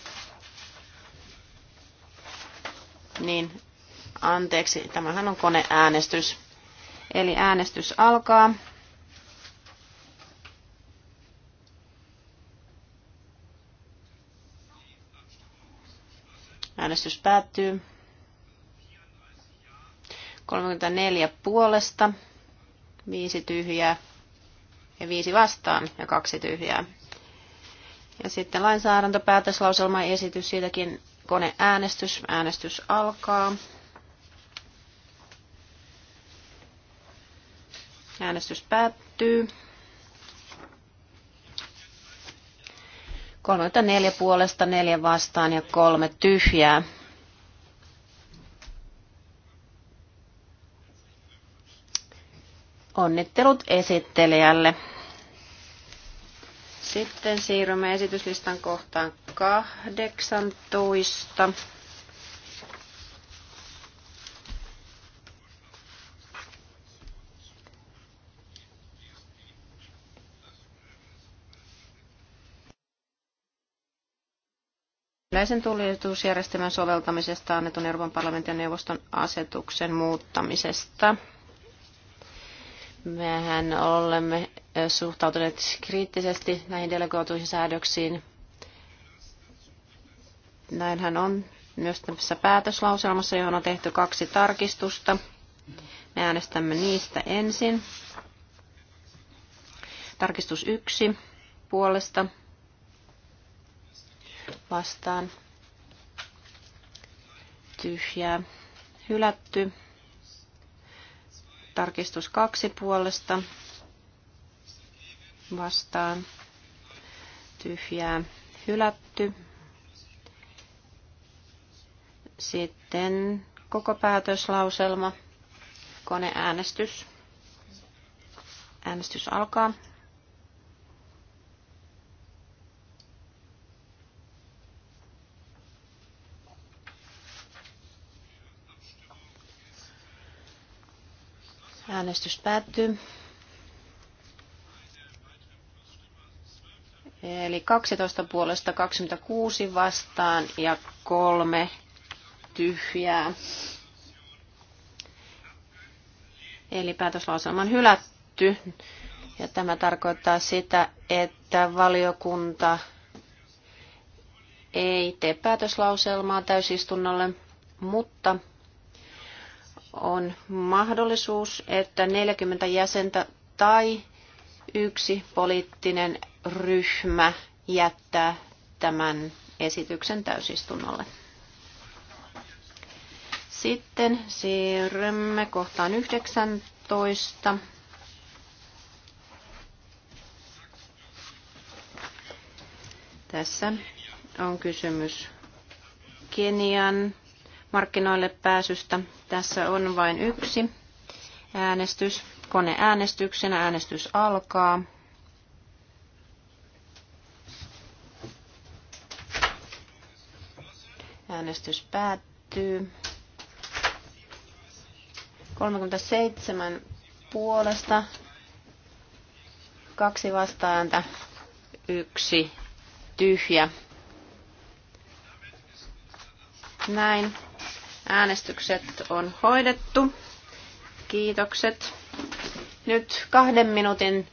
Speaker 2: Niin, anteeksi, tämähän on koneäänestys. Eli äänestys alkaa. Äänestys päättyy. 34 puolesta, 5 tyhjää ja 5 vastaan ja 2 tyhjää. Ja sitten lainsäädäntöpäätöslauselma esitys, siitäkin koneäänestys. Äänestys alkaa. Äänestys päättyy. 34 puolesta, 4 vastaan ja 3 tyhjää. Onnittelut esittelijälle. Sitten siirrymme esityslistan kohtaan 18. sisäisen tuljetusjärjestelmän soveltamisesta annetun Euroopan parlamentin ja neuvoston asetuksen muuttamisesta. Mehän olemme suhtautuneet kriittisesti näihin delegoituihin säädöksiin. Näinhän on myös tässä päätöslauselmassa, johon on tehty kaksi tarkistusta. Me äänestämme niistä ensin. Tarkistus yksi puolesta vastaan tyhjää hylätty. Tarkistus kaksi puolesta vastaan tyhjää hylätty. Sitten koko päätöslauselma, koneäänestys. Äänestys alkaa. Äänestys päättyy. Eli 12 puolesta 26 vastaan ja kolme tyhjää. Eli päätöslauselma on hylätty. Ja tämä tarkoittaa sitä, että valiokunta ei tee päätöslauselmaa täysistunnolle, mutta on mahdollisuus, että 40 jäsentä tai yksi poliittinen ryhmä jättää tämän esityksen täysistunnolle. Sitten siirrymme kohtaan 19. Tässä on kysymys Kenian markkinoille pääsystä. Tässä on vain yksi äänestys. kone äänestyksenä äänestys alkaa. Äänestys päättyy. 37 puolesta, kaksi vastaääntä, yksi tyhjä. Näin Äänestykset on hoidettu. Kiitokset. Nyt kahden minuutin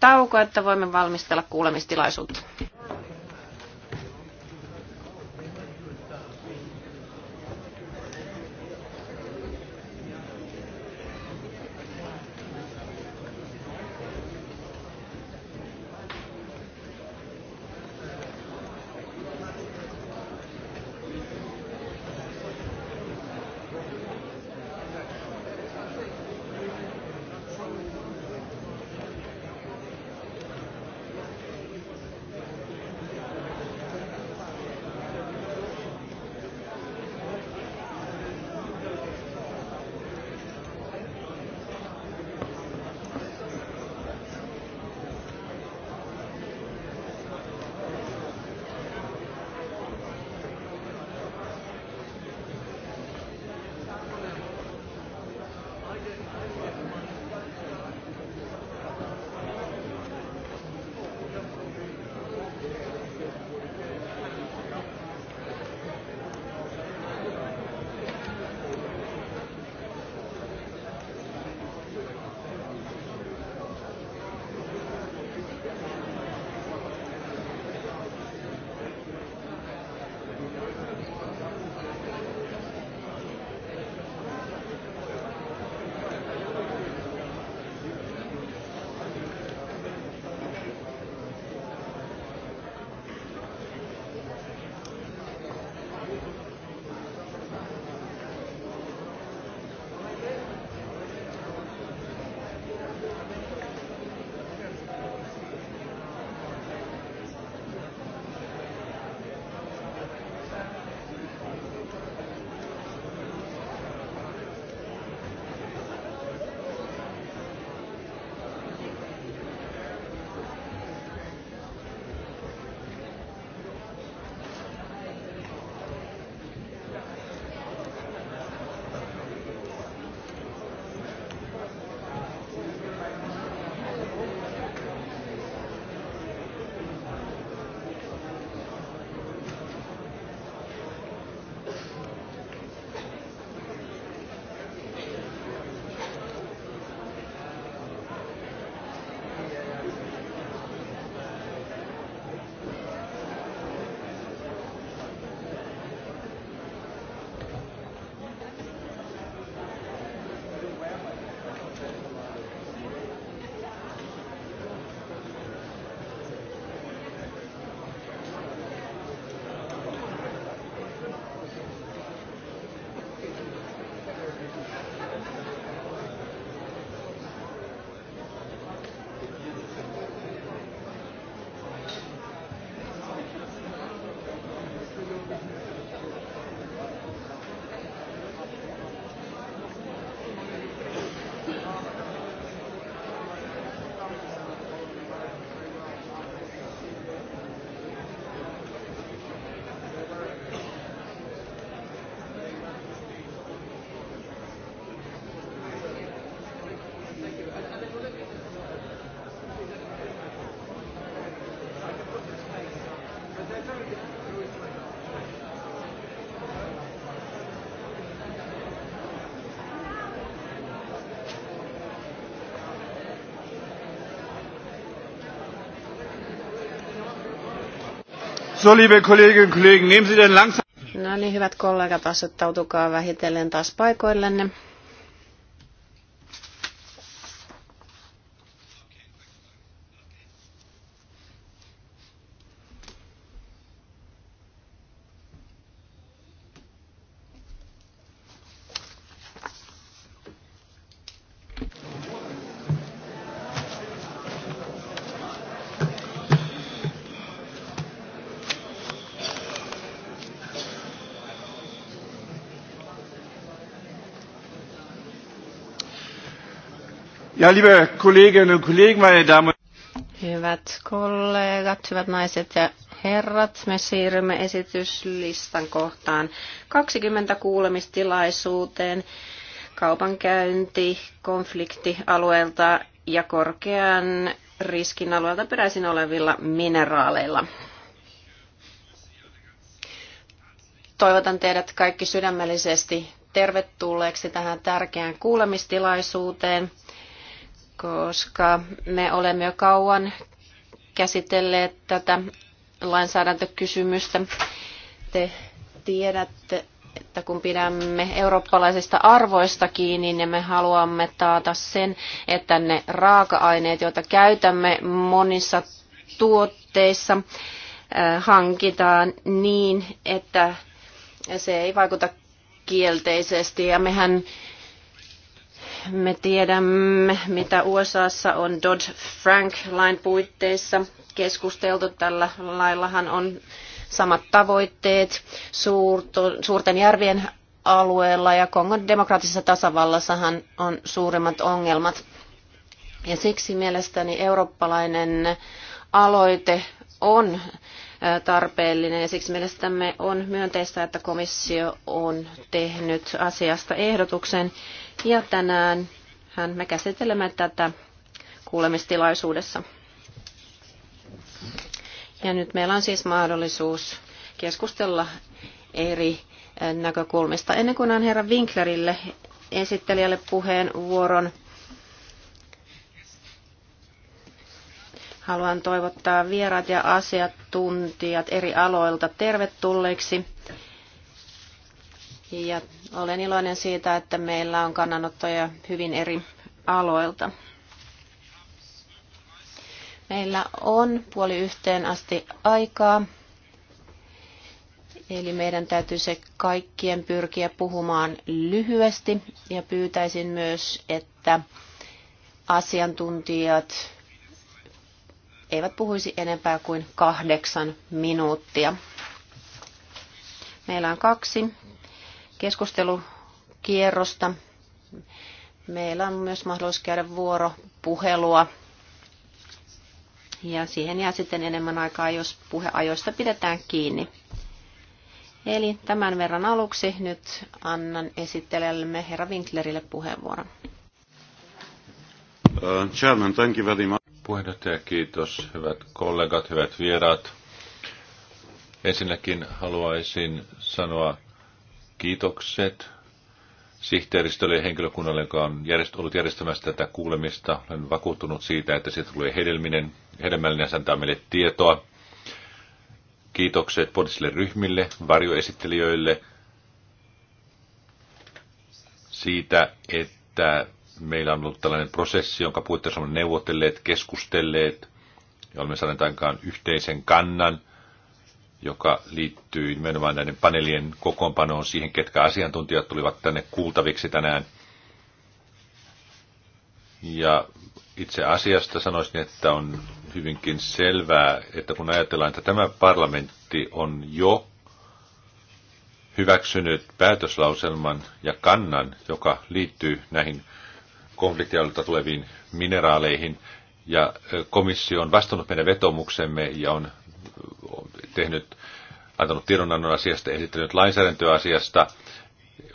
Speaker 2: tauko, että voimme valmistella kuulemistilaisuutta.
Speaker 1: So, liebe Kolleginnen und Kollegen, nehmen Sie denn langsam...
Speaker 2: No niin, hyvät kollegat, asettautukaa vähitellen taas paikoillenne.
Speaker 1: Ja, liebe Kolleginnen und Kollegen, meine Damen
Speaker 2: Hyvät kollegat, hyvät naiset ja herrat, me siirrymme esityslistan kohtaan 20 kuulemistilaisuuteen kaupankäynti konfliktialueelta ja korkean riskin alueelta peräisin olevilla mineraaleilla. Toivotan teidät kaikki sydämellisesti tervetulleeksi tähän tärkeään kuulemistilaisuuteen koska me olemme jo kauan käsitelleet tätä lainsäädäntökysymystä. Te tiedätte, että kun pidämme eurooppalaisista arvoista kiinni, niin me haluamme taata sen, että ne raaka-aineet, joita käytämme monissa tuotteissa, äh, hankitaan niin, että se ei vaikuta kielteisesti. Ja mehän me tiedämme, mitä USAssa on Dodd-Frank-lain puitteissa keskusteltu. Tällä laillahan on samat tavoitteet suurto, suurten järvien alueella ja Kongon demokraattisessa tasavallassahan on suurimmat ongelmat. Ja siksi mielestäni eurooppalainen aloite on tarpeellinen ja siksi mielestämme on myönteistä, että komissio on tehnyt asiasta ehdotuksen ja tänään hän me käsittelemme tätä kuulemistilaisuudessa. Ja nyt meillä on siis mahdollisuus keskustella eri näkökulmista. Ennen kuin on herra Winklerille esittelijälle puheenvuoron, Haluan toivottaa vieraat ja asiantuntijat eri aloilta tervetulleiksi. Ja olen iloinen siitä, että meillä on kannanottoja hyvin eri aloilta. Meillä on puoli yhteen asti aikaa. Eli meidän täytyy se kaikkien pyrkiä puhumaan lyhyesti ja pyytäisin myös, että asiantuntijat eivät puhuisi enempää kuin kahdeksan minuuttia. Meillä on kaksi keskustelukierrosta. Meillä on myös mahdollisuus käydä vuoropuhelua. Ja siihen jää sitten enemmän aikaa, jos puheajoista pidetään kiinni. Eli tämän verran aluksi nyt annan esittelijällemme herra Winklerille puheenvuoron.
Speaker 1: Uh, chairman, thank you very much puheenjohtaja, kiitos. Hyvät kollegat, hyvät vieraat. Ensinnäkin haluaisin sanoa kiitokset sihteeristölle ja henkilökunnalle, joka on järjest, ollut järjestämässä tätä kuulemista. Olen vakuuttunut siitä, että siitä tulee hedelminen, hedelmällinen antaa meille tietoa. Kiitokset poliisille ryhmille, varjoesittelijöille siitä, että meillä on ollut tällainen prosessi, jonka puitteissa olemme neuvotelleet, keskustelleet ja olemme saaneet aikaan yhteisen kannan, joka liittyy nimenomaan näiden paneelien kokoonpanoon siihen, ketkä asiantuntijat tulivat tänne kuultaviksi tänään. Ja itse asiasta sanoisin, että on hyvinkin selvää, että kun ajatellaan, että tämä parlamentti on jo hyväksynyt päätöslauselman ja kannan, joka liittyy näihin konfliktialueelta tuleviin mineraaleihin. Ja komissio on vastannut meidän vetomuksemme ja on tehnyt, antanut tiedonannon asiasta, esittänyt lainsäädäntöä asiasta.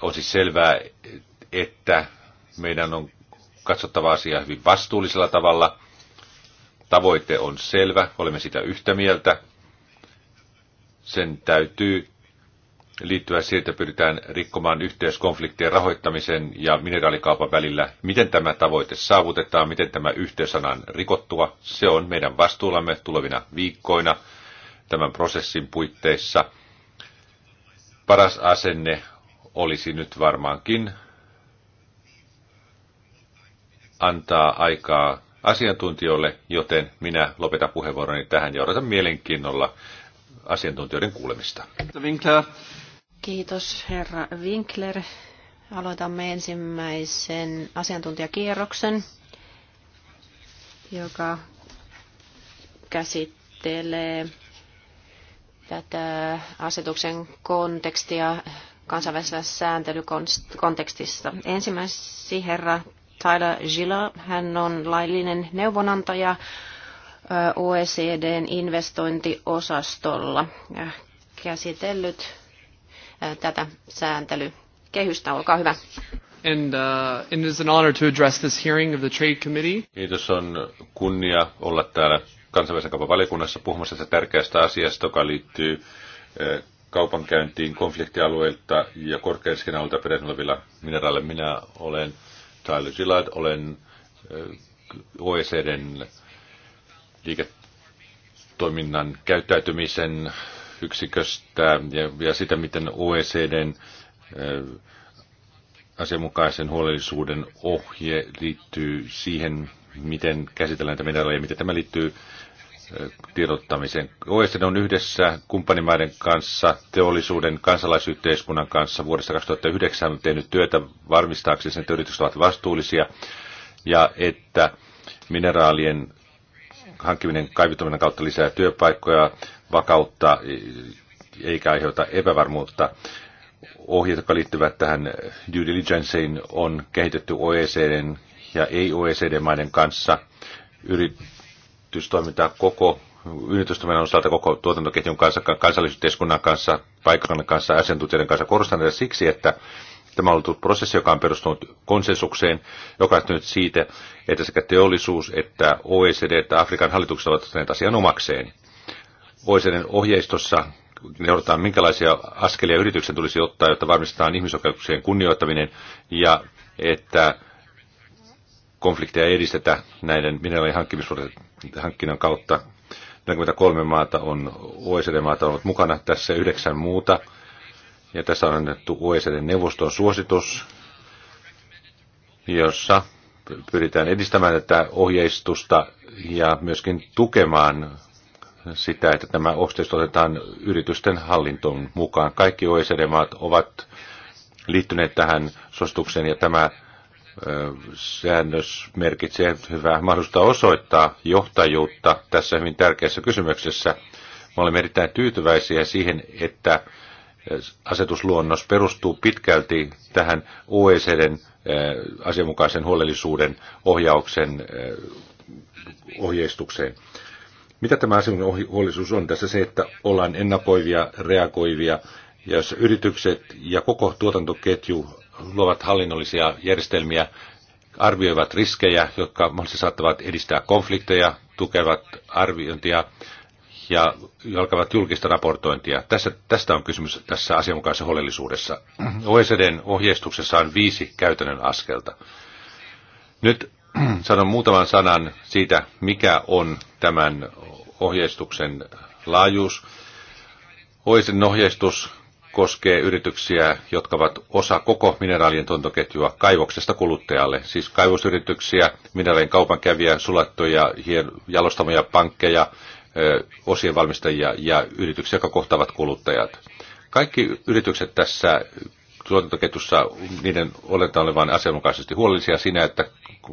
Speaker 1: On siis selvää, että meidän on katsottava asiaa hyvin vastuullisella tavalla. Tavoite on selvä, olemme sitä yhtä mieltä. Sen täytyy liittyvä siihen, että pyritään rikkomaan yhteiskonfliktien rahoittamisen ja mineraalikaupan välillä. Miten tämä tavoite saavutetaan, miten tämä yhteysanan rikottua, se on meidän vastuullamme tulevina viikkoina tämän prosessin puitteissa. Paras asenne olisi nyt varmaankin antaa aikaa asiantuntijoille, joten minä lopetan puheenvuoroni tähän ja odotan mielenkiinnolla asiantuntijoiden kuulemista.
Speaker 2: Winkler. Kiitos herra Winkler. Aloitamme ensimmäisen asiantuntijakierroksen, joka käsittelee tätä asetuksen kontekstia kansainvälisessä sääntelykontekstissa. Ensimmäiseksi herra Tyler Gila, hän on laillinen neuvonantaja OECDn investointiosastolla ja äh, käsitellyt tätä sääntelykehystä. Olkaa hyvä.
Speaker 1: And, uh, and it is an honor to address this
Speaker 2: hearing of the Trade Committee.
Speaker 1: Kiitos on kunnia olla täällä kansainvälisen kaupan valiokunnassa puhumassa tästä tärkeästä asiasta, joka liittyy kaupankäyntiin konfliktialueilta ja korkeiskin alueilta peräisin mineraaleilla. Minä olen Tyler Gillard, olen OECDn liiketoiminnan käyttäytymisen yksiköstä ja, ja sitä, miten OECDn äh, asianmukaisen huolellisuuden ohje liittyy siihen, miten käsitellään näitä ja miten tämä liittyy äh, tiedottamiseen. OECD on yhdessä kumppanimaiden kanssa, teollisuuden, kansalaisyhteiskunnan kanssa vuodesta 2009 tehnyt työtä varmistaakseen sen, että yritykset ovat vastuullisia ja että mineraalien hankkiminen kaivittaminen kautta lisää työpaikkoja, vakautta eikä aiheuta epävarmuutta. Ohjeet, jotka liittyvät tähän due diligenceen, on kehitetty OECDn ja ei-OECD-maiden kanssa. Yritystoiminta koko yritystoiminnan osalta koko tuotantoketjun kanssa, kansallisyhteiskunnan kanssa, paikallinen kanssa, asiantuntijoiden kanssa. Korostan tätä siksi, että Tämä on ollut prosessi, joka on perustunut konsensukseen, joka on nyt siitä, että sekä teollisuus että OECD että Afrikan hallitukset ovat ottaneet asian omakseen. OECDn ohjeistossa neuvotaan, minkälaisia askelia yrityksen tulisi ottaa, jotta varmistetaan ihmisoikeuksien kunnioittaminen ja että konflikteja ei edistetä näiden mineraalihankkinnan kautta. 43 maata on OECD-maata ollut mukana, tässä yhdeksän muuta. Ja tässä on annettu OECD-neuvoston suositus, jossa pyritään edistämään tätä ohjeistusta ja myöskin tukemaan sitä, että tämä ostajat otetaan yritysten hallintoon mukaan. Kaikki OECD-maat ovat liittyneet tähän suositukseen ja tämä säännös merkitsee hyvää mahdollisuutta osoittaa johtajuutta tässä hyvin tärkeässä kysymyksessä. Me olemme erittäin tyytyväisiä siihen, että asetusluonnos perustuu pitkälti tähän OECDn asianmukaisen huolellisuuden ohjauksen ohjeistukseen. Mitä tämä asian huolisuus on tässä se, että ollaan ennakoivia, reagoivia, ja jos yritykset ja koko tuotantoketju luovat hallinnollisia järjestelmiä, arvioivat riskejä, jotka mahdollisesti saattavat edistää konflikteja, tukevat arviointia ja alkavat julkista raportointia. Tässä, tästä on kysymys tässä asianmukaisessa huolellisuudessa. OECDn ohjeistuksessa on viisi käytännön askelta. Nyt sanon muutaman sanan siitä, mikä on tämän ohjeistuksen laajuus. Oisen ohjeistus koskee yrityksiä, jotka ovat osa koko mineraalien tuontoketjua kaivoksesta kuluttajalle. Siis kaivosyrityksiä, mineraalien kaupankäviä, sulattuja, jalostamoja, pankkeja, osien valmistajia ja yrityksiä, jotka kohtaavat kuluttajat. Kaikki yritykset tässä tuotantoketjussa niiden oletaan olevan asianmukaisesti huolellisia siinä, että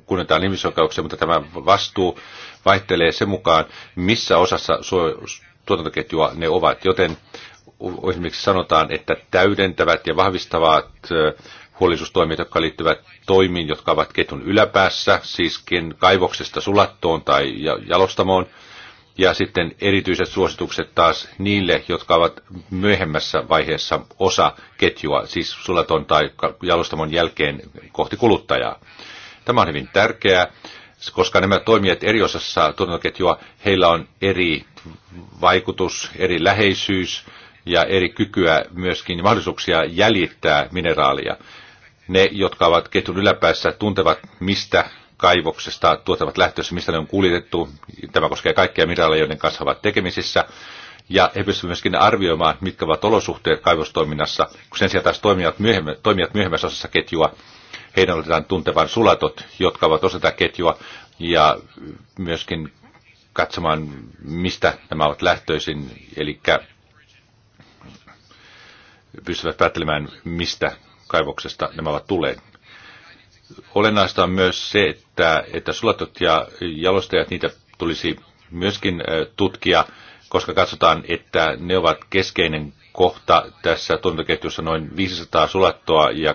Speaker 1: kunnetaan ihmisoikeuksia, mutta tämä vastuu vaihtelee sen mukaan, missä osassa tuotantoketjua ne ovat, joten esimerkiksi sanotaan, että täydentävät ja vahvistavat huolisuustoimet, jotka liittyvät toimiin, jotka ovat ketun yläpäässä, siiskin kaivoksesta sulattoon tai jalostamoon, ja sitten erityiset suositukset taas niille, jotka ovat myöhemmässä vaiheessa osa ketjua, siis sulaton tai jalostamon jälkeen kohti kuluttajaa. Tämä on hyvin tärkeää, koska nämä toimijat eri osassa tuotantoketjua, heillä on eri vaikutus, eri läheisyys ja eri kykyä myöskin mahdollisuuksia jäljittää mineraalia. Ne, jotka ovat ketjun yläpäässä, tuntevat, mistä kaivoksesta tuottavat lähtöissä, mistä ne on kuljetettu. Tämä koskee kaikkia mineraaleja, joiden kanssa ovat tekemisissä. Ja he pystyvät myöskin arvioimaan, mitkä ovat olosuhteet kaivostoiminnassa, kun sen sijaan taas toimijat, myöhemmä, toimijat myöhemmässä osassa ketjua, heidän otetaan tuntevan sulatot, jotka ovat osa tätä ketjua, ja myöskin katsomaan, mistä nämä ovat lähtöisin, eli pystyvät päättelemään, mistä kaivoksesta nämä ovat tulleet. Olennaista on myös se, että, että sulatot ja jalostajat, niitä tulisi myöskin tutkia, koska katsotaan, että ne ovat keskeinen kohta tässä tuotantoketjussa noin 500 sulattoa ja,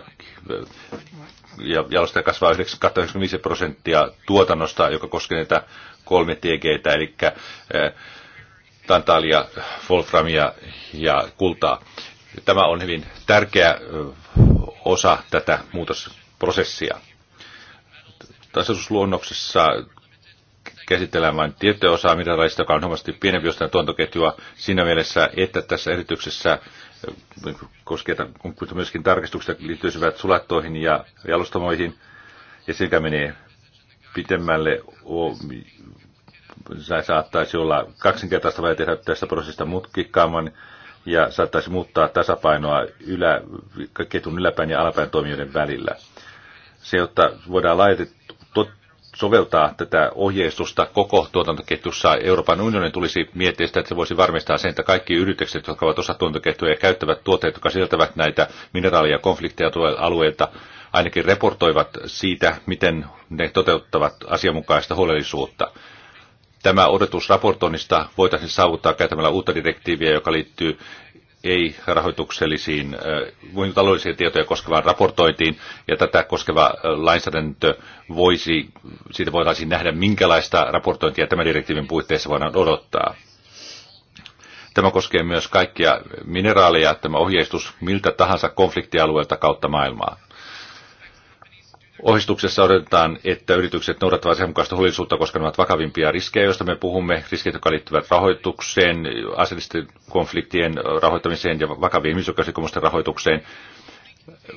Speaker 1: ja jalostaja kasvaa 95 prosenttia tuotannosta, joka koskee näitä kolme TGtä, eli tantalia, wolframia ja kultaa. Tämä on hyvin tärkeä osa tätä muutos, prosessia. Tasoitusluonnoksessa käsitellään vain tiettyä osaa mineraalista, joka on huomattavasti pienempi jostain tuontoketjua siinä mielessä, että tässä erityksessä äh, niin koskee myöskin tarkistukset liittyisivät sulattoihin ja jalostamoihin, ja sekä menee pitemmälle se saattaisi olla kaksinkertaista vai tehdä tästä prosessista mutkikkaamman ja saattaisi muuttaa tasapainoa ylä, ketun yläpäin ja alapäin toimijoiden välillä se, jotta voidaan laitettu, soveltaa tätä ohjeistusta koko tuotantoketjussa. Euroopan unionin tulisi miettiä sitä, että se voisi varmistaa sen, että kaikki yritykset, jotka ovat osa tuotantoketjua ja käyttävät tuotteita, jotka sieltävät näitä mineraalia konflikteja alueilta, ainakin raportoivat siitä, miten ne toteuttavat asianmukaista huolellisuutta. Tämä odotus raportoinnista voitaisiin saavuttaa käytämällä uutta direktiiviä, joka liittyy ei-rahoituksellisiin äh, taloudellisia tietoja koskevaan raportointiin, ja tätä koskeva äh, lainsäädäntö voisi, siitä voitaisiin nähdä, minkälaista raportointia tämän direktiivin puitteissa voidaan odottaa. Tämä koskee myös kaikkia mineraaleja, tämä ohjeistus miltä tahansa konfliktialueelta kautta maailmaa. Ohjeistuksessa odotetaan, että yritykset noudattavat sen mukaista huolellisuutta, koska ne ovat vakavimpia riskejä, joista me puhumme, riskit, jotka liittyvät rahoitukseen, aseellisten konfliktien rahoittamiseen ja vakavien ihmisoikeusrikomusten rahoitukseen.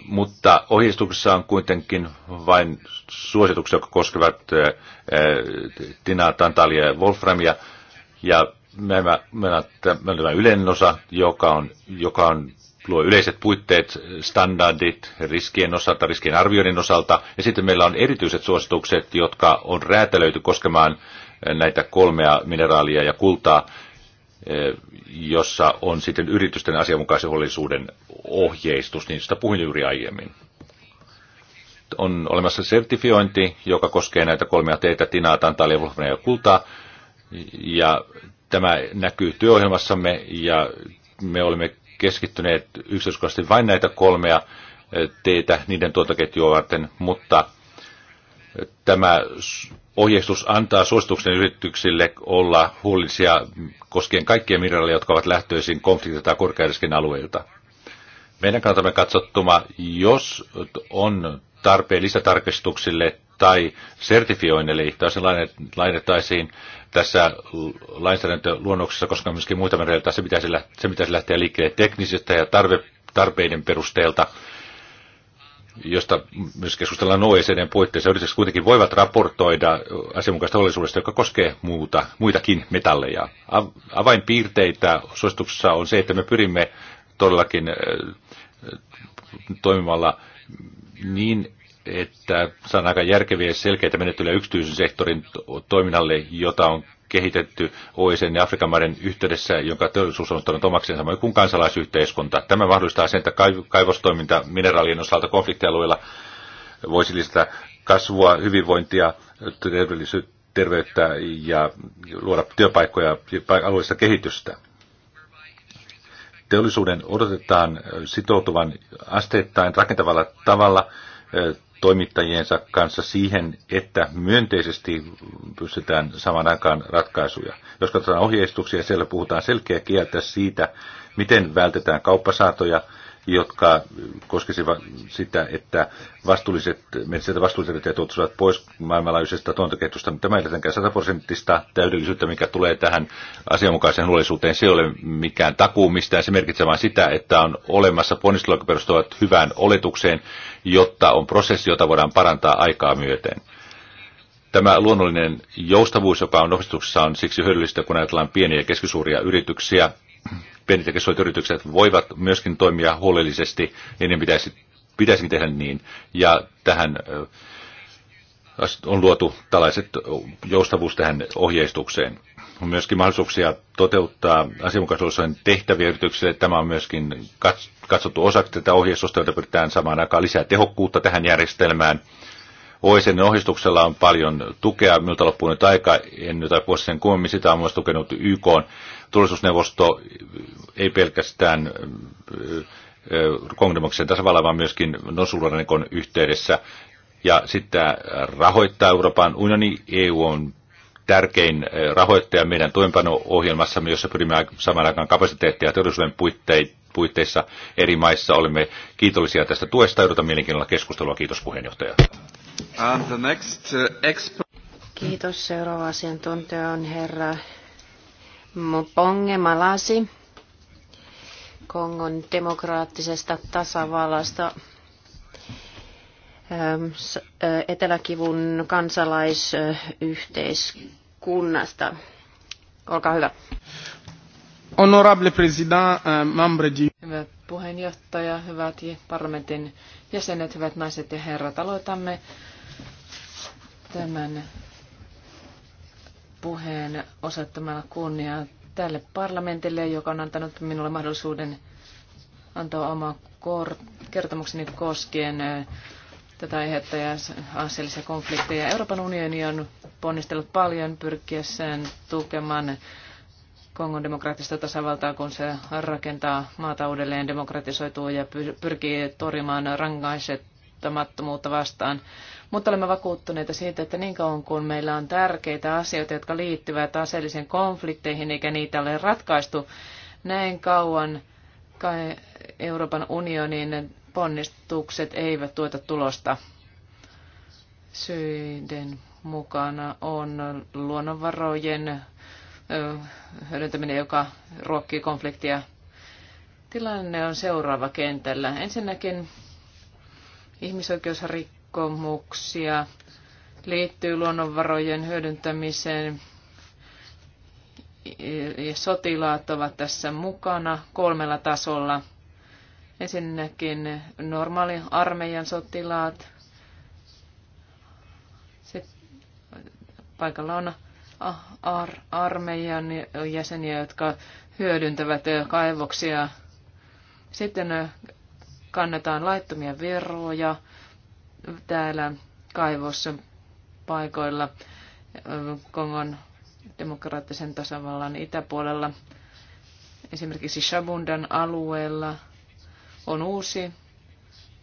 Speaker 1: Mutta ohjeistuksessa on kuitenkin vain suosituksia, jotka koskevat Tinaa, Tantalia ja Wolframia. Ja meillä on yleinen osa, joka on, joka on luo yleiset puitteet, standardit riskien osalta, riskien arvioinnin osalta, ja sitten meillä on erityiset suositukset, jotka on räätälöity koskemaan näitä kolmea mineraalia ja kultaa, eh, jossa on sitten yritysten asianmukaisen huolellisuuden ohjeistus, niin sitä puhuin juuri aiemmin. On olemassa sertifiointi, joka koskee näitä kolmea teitä, tinaa, tantaalia, ja kultaa, ja tämä näkyy työohjelmassamme, ja me olemme keskittyneet yksityiskohtaisesti vain näitä kolmea eh, teitä niiden tuotaketjua varten, mutta eh, tämä ohjeistus antaa suosituksen yrityksille olla huolisia koskien kaikkia mineraaleja, jotka ovat lähtöisin konflikti- tai korkeariskin alueilta. Meidän kannaltamme katsottuma, jos on tarpeen lisätarkistuksille tai sertifioin, eli taas laitettaisiin tässä lainsäädäntöluonnoksessa, koska myöskin muita mereiltä se se pitäisi lähteä liikkeelle teknisestä ja tarve, tarpeiden perusteelta, josta myös keskustellaan OECDn puitteissa. Yritykset kuitenkin voivat raportoida asianmukaista osallisuudesta, joka koskee muuta, muitakin metalleja. Avainpiirteitä suosituksessa on se, että me pyrimme todellakin äh, toimimalla niin, että saadaan aika järkeviä ja selkeitä menettelyjä yksityisen sektorin toiminnalle, jota on kehitetty OECD ja Afrikan maiden yhteydessä, jonka teollisuus on ottanut omakseen samoin kuin kansalaisyhteiskunta. Tämä mahdollistaa sen, että kaivostoiminta mineraalien osalta konfliktialueilla voisi lisätä kasvua, hyvinvointia, terveyttä ja luoda työpaikkoja ja alueellista kehitystä. Teollisuuden odotetaan sitoutuvan asteittain rakentavalla tavalla toimittajiensa kanssa siihen, että myönteisesti pystytään saman aikaan ratkaisuja. Jos katsotaan ohjeistuksia, siellä puhutaan selkeä kieltä siitä, miten vältetään kauppasaatoja – jotka koskisivat sitä, että vastuulliset, metsät vastuulliset tuottaisivat pois maailmanlaajuisesta mutta Tämä ei tietenkään sataprosenttista täydellisyyttä, mikä tulee tähän asianmukaiseen huolellisuuteen. Se ei ole mikään takuu mistään. Se merkitsee vain sitä, että on olemassa ponnistelua, jotka perustuvat hyvään oletukseen, jotta on prosessi, jota voidaan parantaa aikaa myöten. Tämä luonnollinen joustavuus, joka on omistuksessa, on siksi hyödyllistä, kun ajatellaan pieniä ja keskisuuria yrityksiä, pienet ja keskisuuret yritykset voivat myöskin toimia huolellisesti, ja niin pitäisi, pitäisikin tehdä niin. Ja tähän äh, on luotu tällaiset äh, joustavuus tähän ohjeistukseen. On myöskin mahdollisuuksia toteuttaa asianmukaisuuden tehtäviä yrityksille. Tämä on myöskin katsottu osaksi tätä ohjeistusta, jota pyritään samaan aikaan lisää tehokkuutta tähän järjestelmään. OECDn ohjeistuksella on paljon tukea, miltä loppuu nyt aika, en nyt puhu sen kummemmin, sitä on myös tukenut YK turvallisuusneuvosto ei pelkästään kongdemoksen tasavallan, vaan myöskin Nosulorenikon yhteydessä. Ja sitten rahoittaa Euroopan unioni. EU on tärkein rahoittaja meidän toimenpano-ohjelmassamme, jossa pyrimme samaan aikaan kapasiteettia teollisuuden puitteissa eri maissa. Olemme kiitollisia tästä tuesta. Odotan mielenkiinnolla keskustelua. Kiitos puheenjohtaja.
Speaker 2: And the next, uh, Kiitos. Seuraava asiantuntija on herra Muponge Malasi Kongon demokraattisesta tasavallasta ähm, äh, eteläkivun kansalaisyhteiskunnasta. Olkaa hyvä. Honorable president, ähm, membre du...
Speaker 3: Hyvä puheenjohtaja, hyvät parlamentin jäsenet, hyvät naiset ja herrat, aloitamme tämän puheen osoittamalla kunniaa tälle parlamentille, joka on antanut minulle mahdollisuuden antaa oma kertomukseni koskien tätä aihetta ja aseellisia konflikteja. Euroopan unioni on ponnistellut paljon pyrkiessään tukemaan Kongon demokraattista tasavaltaa, kun se rakentaa maata uudelleen, demokratisoituu ja pyrkii torjumaan rangaisettamattomuutta vastaan. Mutta olemme vakuuttuneita siitä, että niin kauan kuin meillä on tärkeitä asioita, jotka liittyvät aseellisiin konflikteihin, eikä niitä ole ratkaistu, näin kauan Euroopan unionin ponnistukset eivät tuota tulosta. Syiden mukana on luonnonvarojen hyödyntäminen, joka ruokkii konfliktia. Tilanne on seuraava kentällä. Ensinnäkin ihmisoikeusrikkoja rikkomuksia liittyy luonnonvarojen hyödyntämiseen ja sotilaat ovat tässä mukana kolmella tasolla. Ensinnäkin normaali armeijan sotilaat. Sitten paikalla on ar- armeijan jäseniä, jotka hyödyntävät kaivoksia. Sitten kannetaan laittomia veroja, täällä kaivossa paikoilla Kongon demokraattisen tasavallan itäpuolella. Esimerkiksi Shabundan alueella on uusi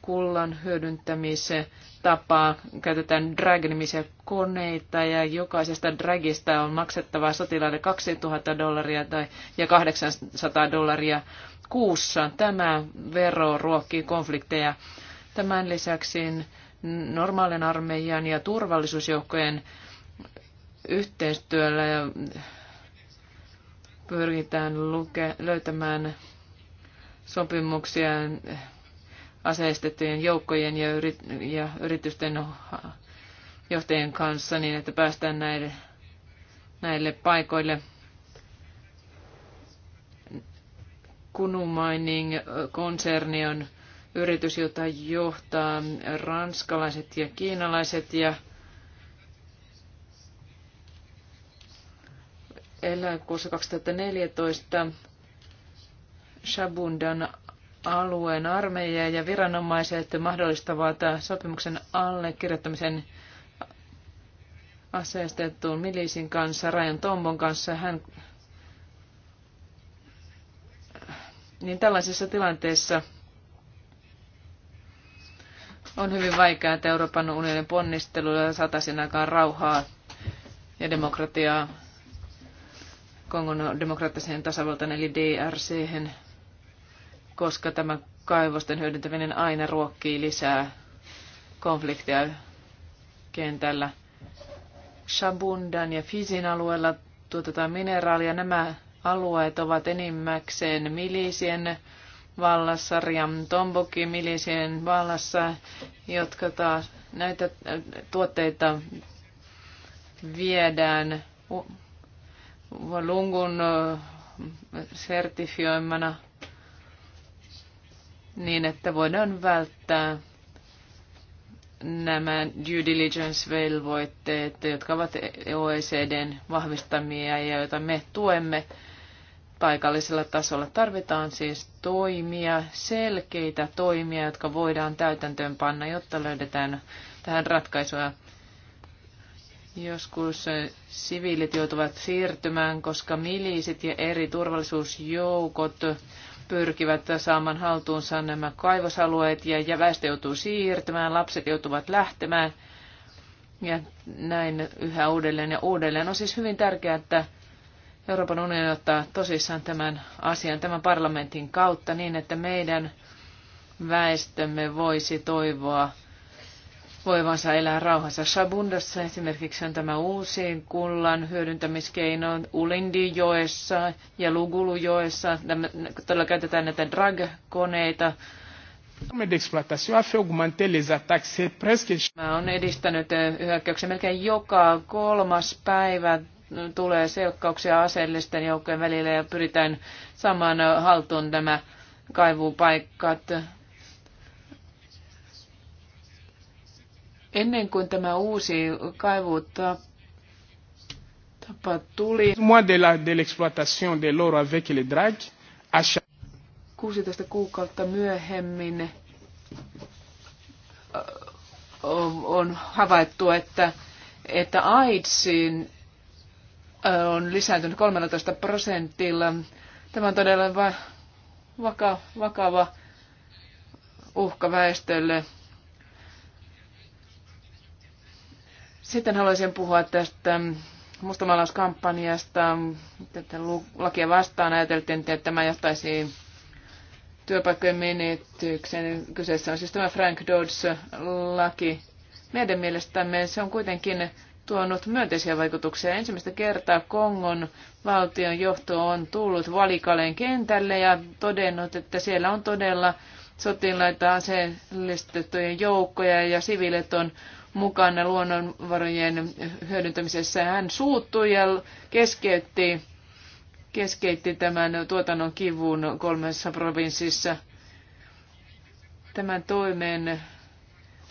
Speaker 3: kullan hyödyntämisen tapaa. Käytetään drag-nimisiä koneita ja jokaisesta dragista on maksettava sotilaille 2000 dollaria tai, ja 800 dollaria kuussa. Tämä vero ruokkii konflikteja. Tämän lisäksi normaalin armeijan ja turvallisuusjoukkojen yhteistyöllä ja pyritään luke, löytämään sopimuksia aseistettujen joukkojen ja, yrit, ja yritysten johtajien kanssa niin, että päästään näille, näille paikoille. Kunu Mining konserni on yritys, jota johtaa ranskalaiset ja kiinalaiset ja elokuussa 2014 Shabundan alueen armeija ja viranomaiset mahdollistavat sopimuksen allekirjoittamisen aseistettuun milisin kanssa, Rajan Tombon kanssa. Hän, niin tällaisessa tilanteessa on hyvin vaikeaa, että Euroopan unionin ponnisteluilla saataisiin aikaan rauhaa ja demokratiaa Kongon demokraattiseen tasavaltaan eli DRC, koska tämä kaivosten hyödyntäminen aina ruokkii lisää konflikteja kentällä. Shabundan ja Fizin alueella tuotetaan mineraalia. Nämä alueet ovat enimmäkseen milisien vallassa, Riam Tombokin milisien vallassa, jotka taas näitä äh, tuotteita viedään Lungun äh, sertifioimana niin, että voidaan välttää nämä due diligence-velvoitteet, jotka ovat OECDn vahvistamia ja joita me tuemme paikallisella tasolla. Tarvitaan siis toimia, selkeitä toimia, jotka voidaan täytäntöön panna, jotta löydetään tähän ratkaisua, Joskus siviilit joutuvat siirtymään, koska miliisit ja eri turvallisuusjoukot pyrkivät saamaan haltuunsa nämä kaivosalueet ja väestö joutuu siirtymään, lapset joutuvat lähtemään ja näin yhä uudelleen ja uudelleen. On siis hyvin tärkeää, että Euroopan unioni ottaa tosissaan tämän asian tämän parlamentin kautta niin, että meidän väestömme voisi toivoa voivansa elää rauhassa. Shabundassa esimerkiksi on tämä uusiin kullan hyödyntämiskeino Ulindijoessa ja Lugulujoessa. Todella käytetään näitä drag-koneita. Tämä on edistänyt hyökkäyksiä melkein joka kolmas päivä tulee selkkauksia aseellisten joukkojen välillä ja pyritään saamaan haltuun nämä kaivupaikat. Ennen kuin tämä uusi kaivuutta tapa tuli.
Speaker 2: de la de l'exploitation de l'or avec les dragues,
Speaker 3: 16 kuukautta myöhemmin on havaittu, että, että AIDSin on lisääntynyt 13 prosentilla. Tämä on todella va- vaka- vakava uhka väestölle. Sitten haluaisin puhua tästä mustamaalauskampanjasta. Tätä lakia vastaan ajateltiin, että tämä johtaisi työpaikkojen menetykseen. Kyseessä on siis tämä Frank Dodds-laki. Meidän mielestämme se on kuitenkin tuonut myönteisiä vaikutuksia. Ensimmäistä kertaa Kongon valtion johto on tullut Valikaleen kentälle ja todennut, että siellä on todella sotilaita, aseellistettuja joukkoja ja siviilit on mukana luonnonvarojen hyödyntämisessä. Hän suuttui ja keskeytti, keskeytti tämän tuotannon kivun kolmessa provinssissa. Tämän toimeen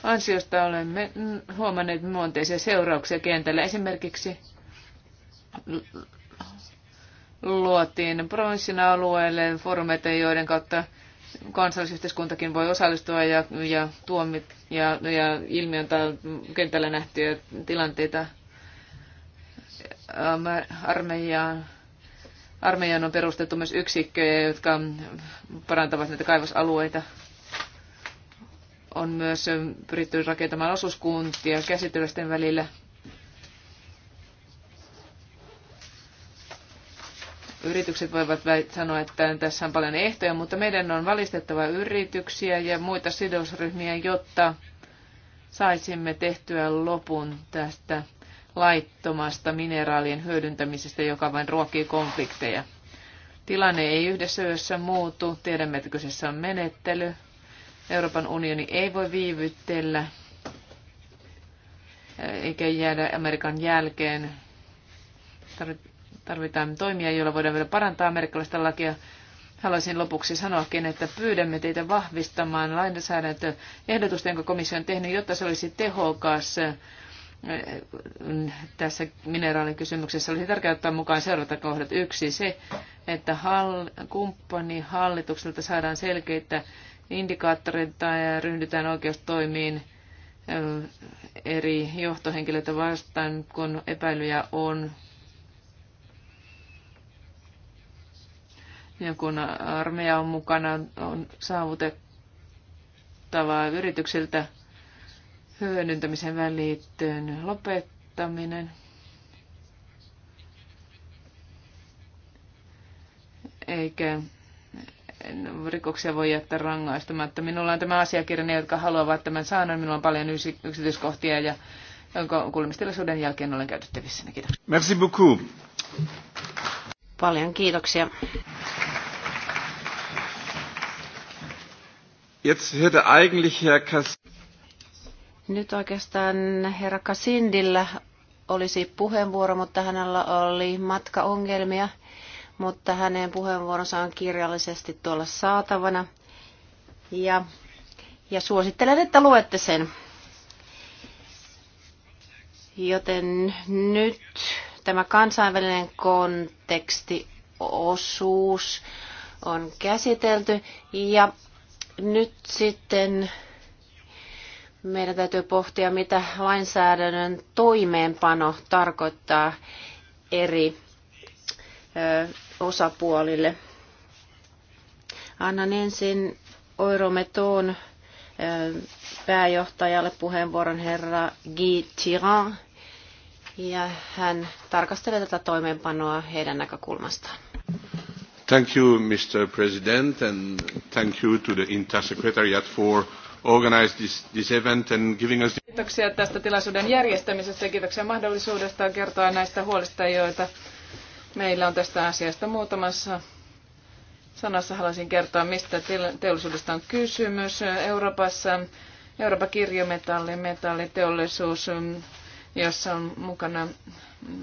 Speaker 3: ansiosta olemme huomanneet myönteisiä seurauksia kentällä. Esimerkiksi luotiin provinssin alueelle foorumeita, joiden kautta kansallisyhteiskuntakin voi osallistua ja, ja, tuomit, ja, ja ilmiön tai kentällä nähtyjä tilanteita armeijaan. Armeijaan on perustettu myös yksikköjä, jotka parantavat näitä kaivosalueita. On myös pyritty rakentamaan osuuskuntia käsityöläisten välillä. Yritykset voivat sanoa, että tässä on paljon ehtoja, mutta meidän on valistettava yrityksiä ja muita sidosryhmiä, jotta saisimme tehtyä lopun tästä laittomasta mineraalien hyödyntämisestä, joka vain ruokkii konflikteja. Tilanne ei yhdessä yössä muutu, tiedämme, että kyseessä on menettely, Euroopan unioni ei voi viivyttellä eh, eikä jäädä Amerikan jälkeen. Tarvitaan toimia, joilla voidaan vielä parantaa amerikkalaista lakia. Haluaisin lopuksi sanoakin, että pyydämme teitä vahvistamaan lainsäädäntöehdotusta, jonka komissio on tehnyt, jotta se olisi tehokas eh, tässä mineraalikysymyksessä olisi tärkeää ottaa mukaan seurata kohdat. Yksi se, että hall, kumppani hallitukselta saadaan selkeitä indikaattoreita ja ryhdytään oikeustoimiin eri johtohenkilöitä vastaan, kun epäilyjä on. Ja kun armeija on mukana, on saavutettavaa yrityksiltä hyödyntämisen välittöön lopettaminen. Eikä rikoksia voi jättää rangaistamatta. Minulla on tämä asiakirja, ne jotka haluavat tämän saanan, minulla on paljon yksityiskohtia ja jonka kuulemistilaisuuden jälkeen olen käytettävissä. Niin, kiitos.
Speaker 1: Merci beaucoup.
Speaker 3: Paljon kiitoksia.
Speaker 2: Jetzt hätte eigentlich Herr Kass... Nyt oikeastaan herra Kasindillä olisi puheenvuoro, mutta hänellä oli matkaongelmia mutta hänen puheenvuoronsa on kirjallisesti tuolla saatavana. Ja, ja suosittelen, että luette sen. Joten nyt tämä kansainvälinen kontekstiosuus on käsitelty ja nyt sitten meidän täytyy pohtia, mitä lainsäädännön toimeenpano tarkoittaa eri osapuolille. Annan ensin Eurometoon pääjohtajalle puheenvuoron herra Guy Tirant, ja hän tarkastelee tätä toimeenpanoa heidän näkökulmastaan.
Speaker 1: Thank you, Mr. President, and thank you to the Inter Secretariat for organizing this, this event and giving us...
Speaker 3: Kiitoksia tästä tilaisuuden järjestämisestä ja kiitoksia mahdollisuudesta kertoa näistä huolista, joita Meillä on tästä asiasta muutamassa sanassa haluaisin kertoa, mistä teollisuudesta on kysymys. Euroopassa Euroopan kirjometalli, metalliteollisuus, mm, jossa on mukana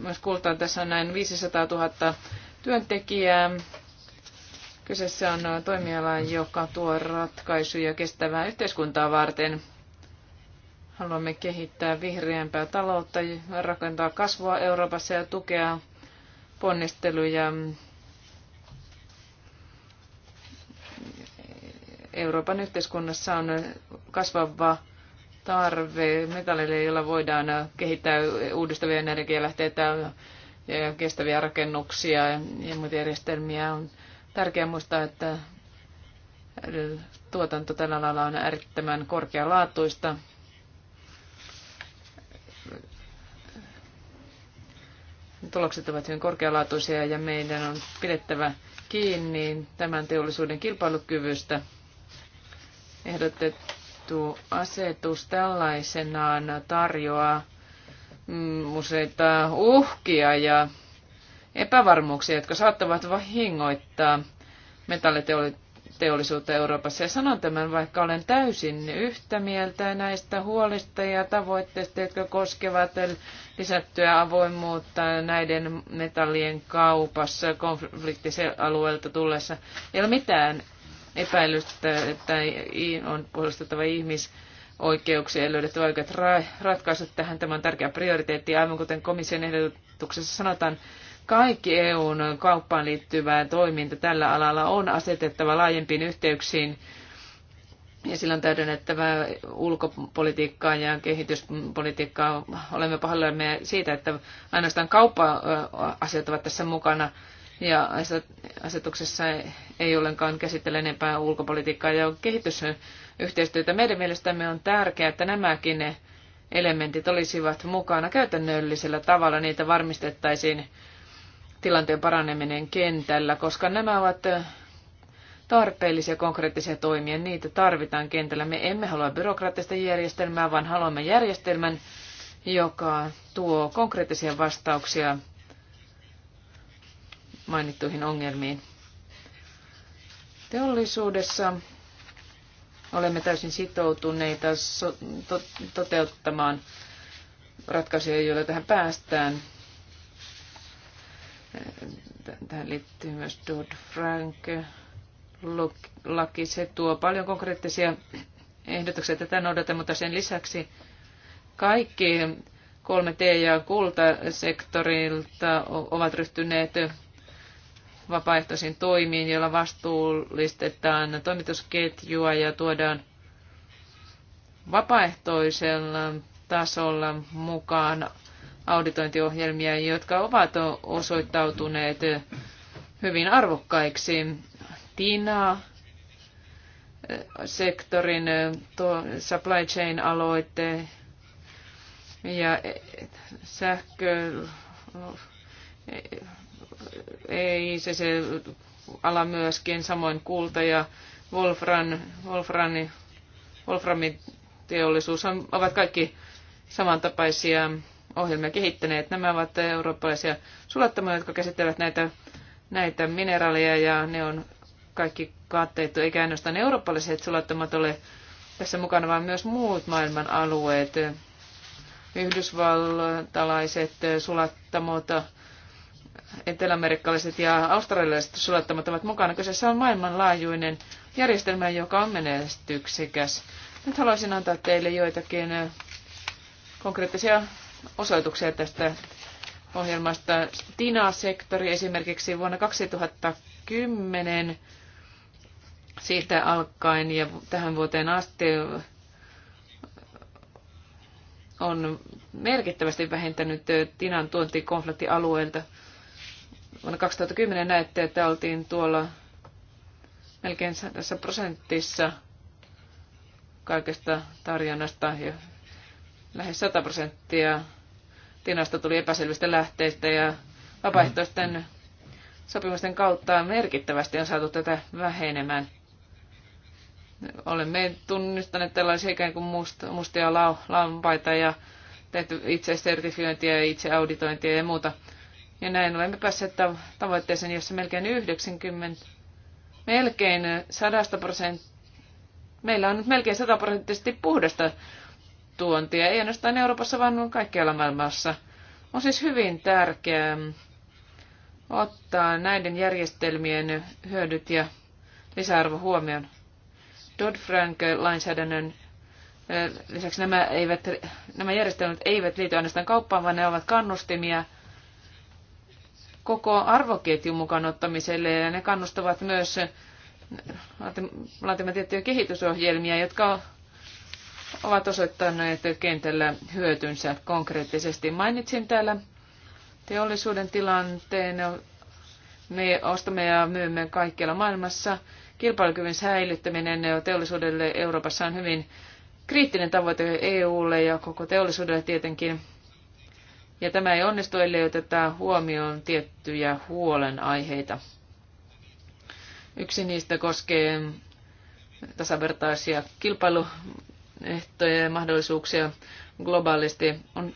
Speaker 3: myös kultaa. Tässä on näin 500 000 työntekijää. Kyseessä on toimiala, joka tuo ratkaisuja kestävää yhteiskuntaa varten. Haluamme kehittää vihreämpää taloutta, rakentaa kasvua Euroopassa ja tukea ponnisteluja Euroopan yhteiskunnassa on kasvava tarve metalleille, joilla voidaan kehittää uudistavia energialähteitä ja kestäviä rakennuksia ja muita järjestelmiä. On tärkeää muistaa, että tuotanto tällä lailla on äärettömän korkealaatuista Tulokset ovat hyvin korkealaatuisia ja meidän on pidettävä kiinni tämän teollisuuden kilpailukyvystä. Ehdotettu asetus tällaisenaan tarjoaa mm, useita uhkia ja epävarmuuksia, jotka saattavat vahingoittaa metalliteollisuutta teollisuutta Euroopassa. Ja sanon tämän, vaikka olen täysin yhtä mieltä näistä huolista ja tavoitteista, jotka koskevat lisättyä avoimuutta näiden metallien kaupassa alueelta tullessa. Ei ole mitään epäilystä, että on puolustettava ihmis oikeuksia ja löydettävä oikeat ratkaisut tähän. Tämä on tärkeä prioriteetti, aivan kuten komission ehdotuksessa sanotaan, kaikki EUn kauppaan liittyvää toiminta tällä alalla on asetettava laajempiin yhteyksiin ja silloin täydennettävä ulkopolitiikkaa ja kehityspolitiikkaa. Olemme pahoillamme siitä, että ainoastaan kauppa-asiat ovat tässä mukana ja asetuksessa ei ollenkaan käsittele enempää ulkopolitiikkaa ja kehitysyhteistyötä. Meidän mielestämme on tärkeää, että nämäkin elementit olisivat mukana käytännöllisellä tavalla, niitä varmistettaisiin tilanteen paraneminen kentällä, koska nämä ovat tarpeellisia konkreettisia toimia. Niitä tarvitaan kentällä. Me emme halua byrokraattista järjestelmää, vaan haluamme järjestelmän, joka tuo konkreettisia vastauksia mainittuihin ongelmiin. Teollisuudessa olemme täysin sitoutuneita toteuttamaan ratkaisuja, joilla tähän päästään. Tähän liittyy myös Dodd-Frank laki. Se tuo paljon konkreettisia ehdotuksia tätä noudata, mutta sen lisäksi kaikki kolme T- ja kultasektorilta ovat ryhtyneet vapaaehtoisiin toimiin, joilla vastuullistetaan toimitusketjua ja tuodaan vapaaehtoisella tasolla mukaan auditointiohjelmia, jotka ovat osoittautuneet hyvin arvokkaiksi. Tiinaa eh, sektorin eh, tuo supply chain aloite ja eh, sähkö ei se, se ala myöskin, samoin kulta ja Wolfram, Wolfram, Wolframin teollisuus on, ovat kaikki samantapaisia ohjelmia kehittäneet. Nämä ovat eurooppalaisia sulattamoja, jotka käsittelevät näitä, näitä mineraaleja ja ne on kaikki kaatteettu, eikä ainoastaan eurooppalaiset sulattamat ole tässä mukana, vaan myös muut maailman alueet. Yhdysvaltalaiset sulattamot, eteläamerikkalaiset ja australialaiset sulattamot ovat mukana. Kyseessä on maailmanlaajuinen järjestelmä, joka on menestyksekäs. Nyt haluaisin antaa teille joitakin konkreettisia osoituksia tästä ohjelmasta. Tina-sektori esimerkiksi vuonna 2010 siitä alkaen ja tähän vuoteen asti on merkittävästi vähentänyt Tinan tuonti konfliktialueelta. Vuonna 2010 näette, että oltiin tuolla melkein 100 prosentissa kaikesta tarjonnasta ja lähes 100 prosenttia Tinasta tuli epäselvistä lähteistä ja vapaaehtoisten sopimusten kautta merkittävästi on saatu tätä vähenemään. Olemme tunnistaneet tällaisia ikään kuin must, mustia lau, lampaita ja tehty itse sertifiointia ja itse auditointia ja muuta. Ja näin olemme päässeet tavoitteeseen, jossa melkein 90, melkein 100 prosenttia, meillä on nyt melkein 100 prosenttisesti puhdasta tuontia, ei ainoastaan Euroopassa, vaan kaikkialla maailmassa. On siis hyvin tärkeää ottaa näiden järjestelmien hyödyt ja lisäarvo huomioon. Dodd-Frank-lainsäädännön eh, lisäksi nämä, eivät, nämä järjestelmät eivät liity ainoastaan kauppaan, vaan ne ovat kannustimia koko arvoketjun mukaan ottamiselle ja ne kannustavat myös eh, laatimaan tiettyjä kehitysohjelmia, jotka ovat osoittaneet kentällä hyötynsä konkreettisesti. Mainitsin täällä teollisuuden tilanteen. Me ostamme ja myymme kaikkialla maailmassa. Kilpailukyvyn säilyttäminen teollisuudelle Euroopassa on hyvin kriittinen tavoite EUlle ja koko teollisuudelle tietenkin. Ja tämä ei onnistu, ellei oteta huomioon tiettyjä huolenaiheita. Yksi niistä koskee tasavertaisia kilpailu ehtoja ja mahdollisuuksia globaalisti. On,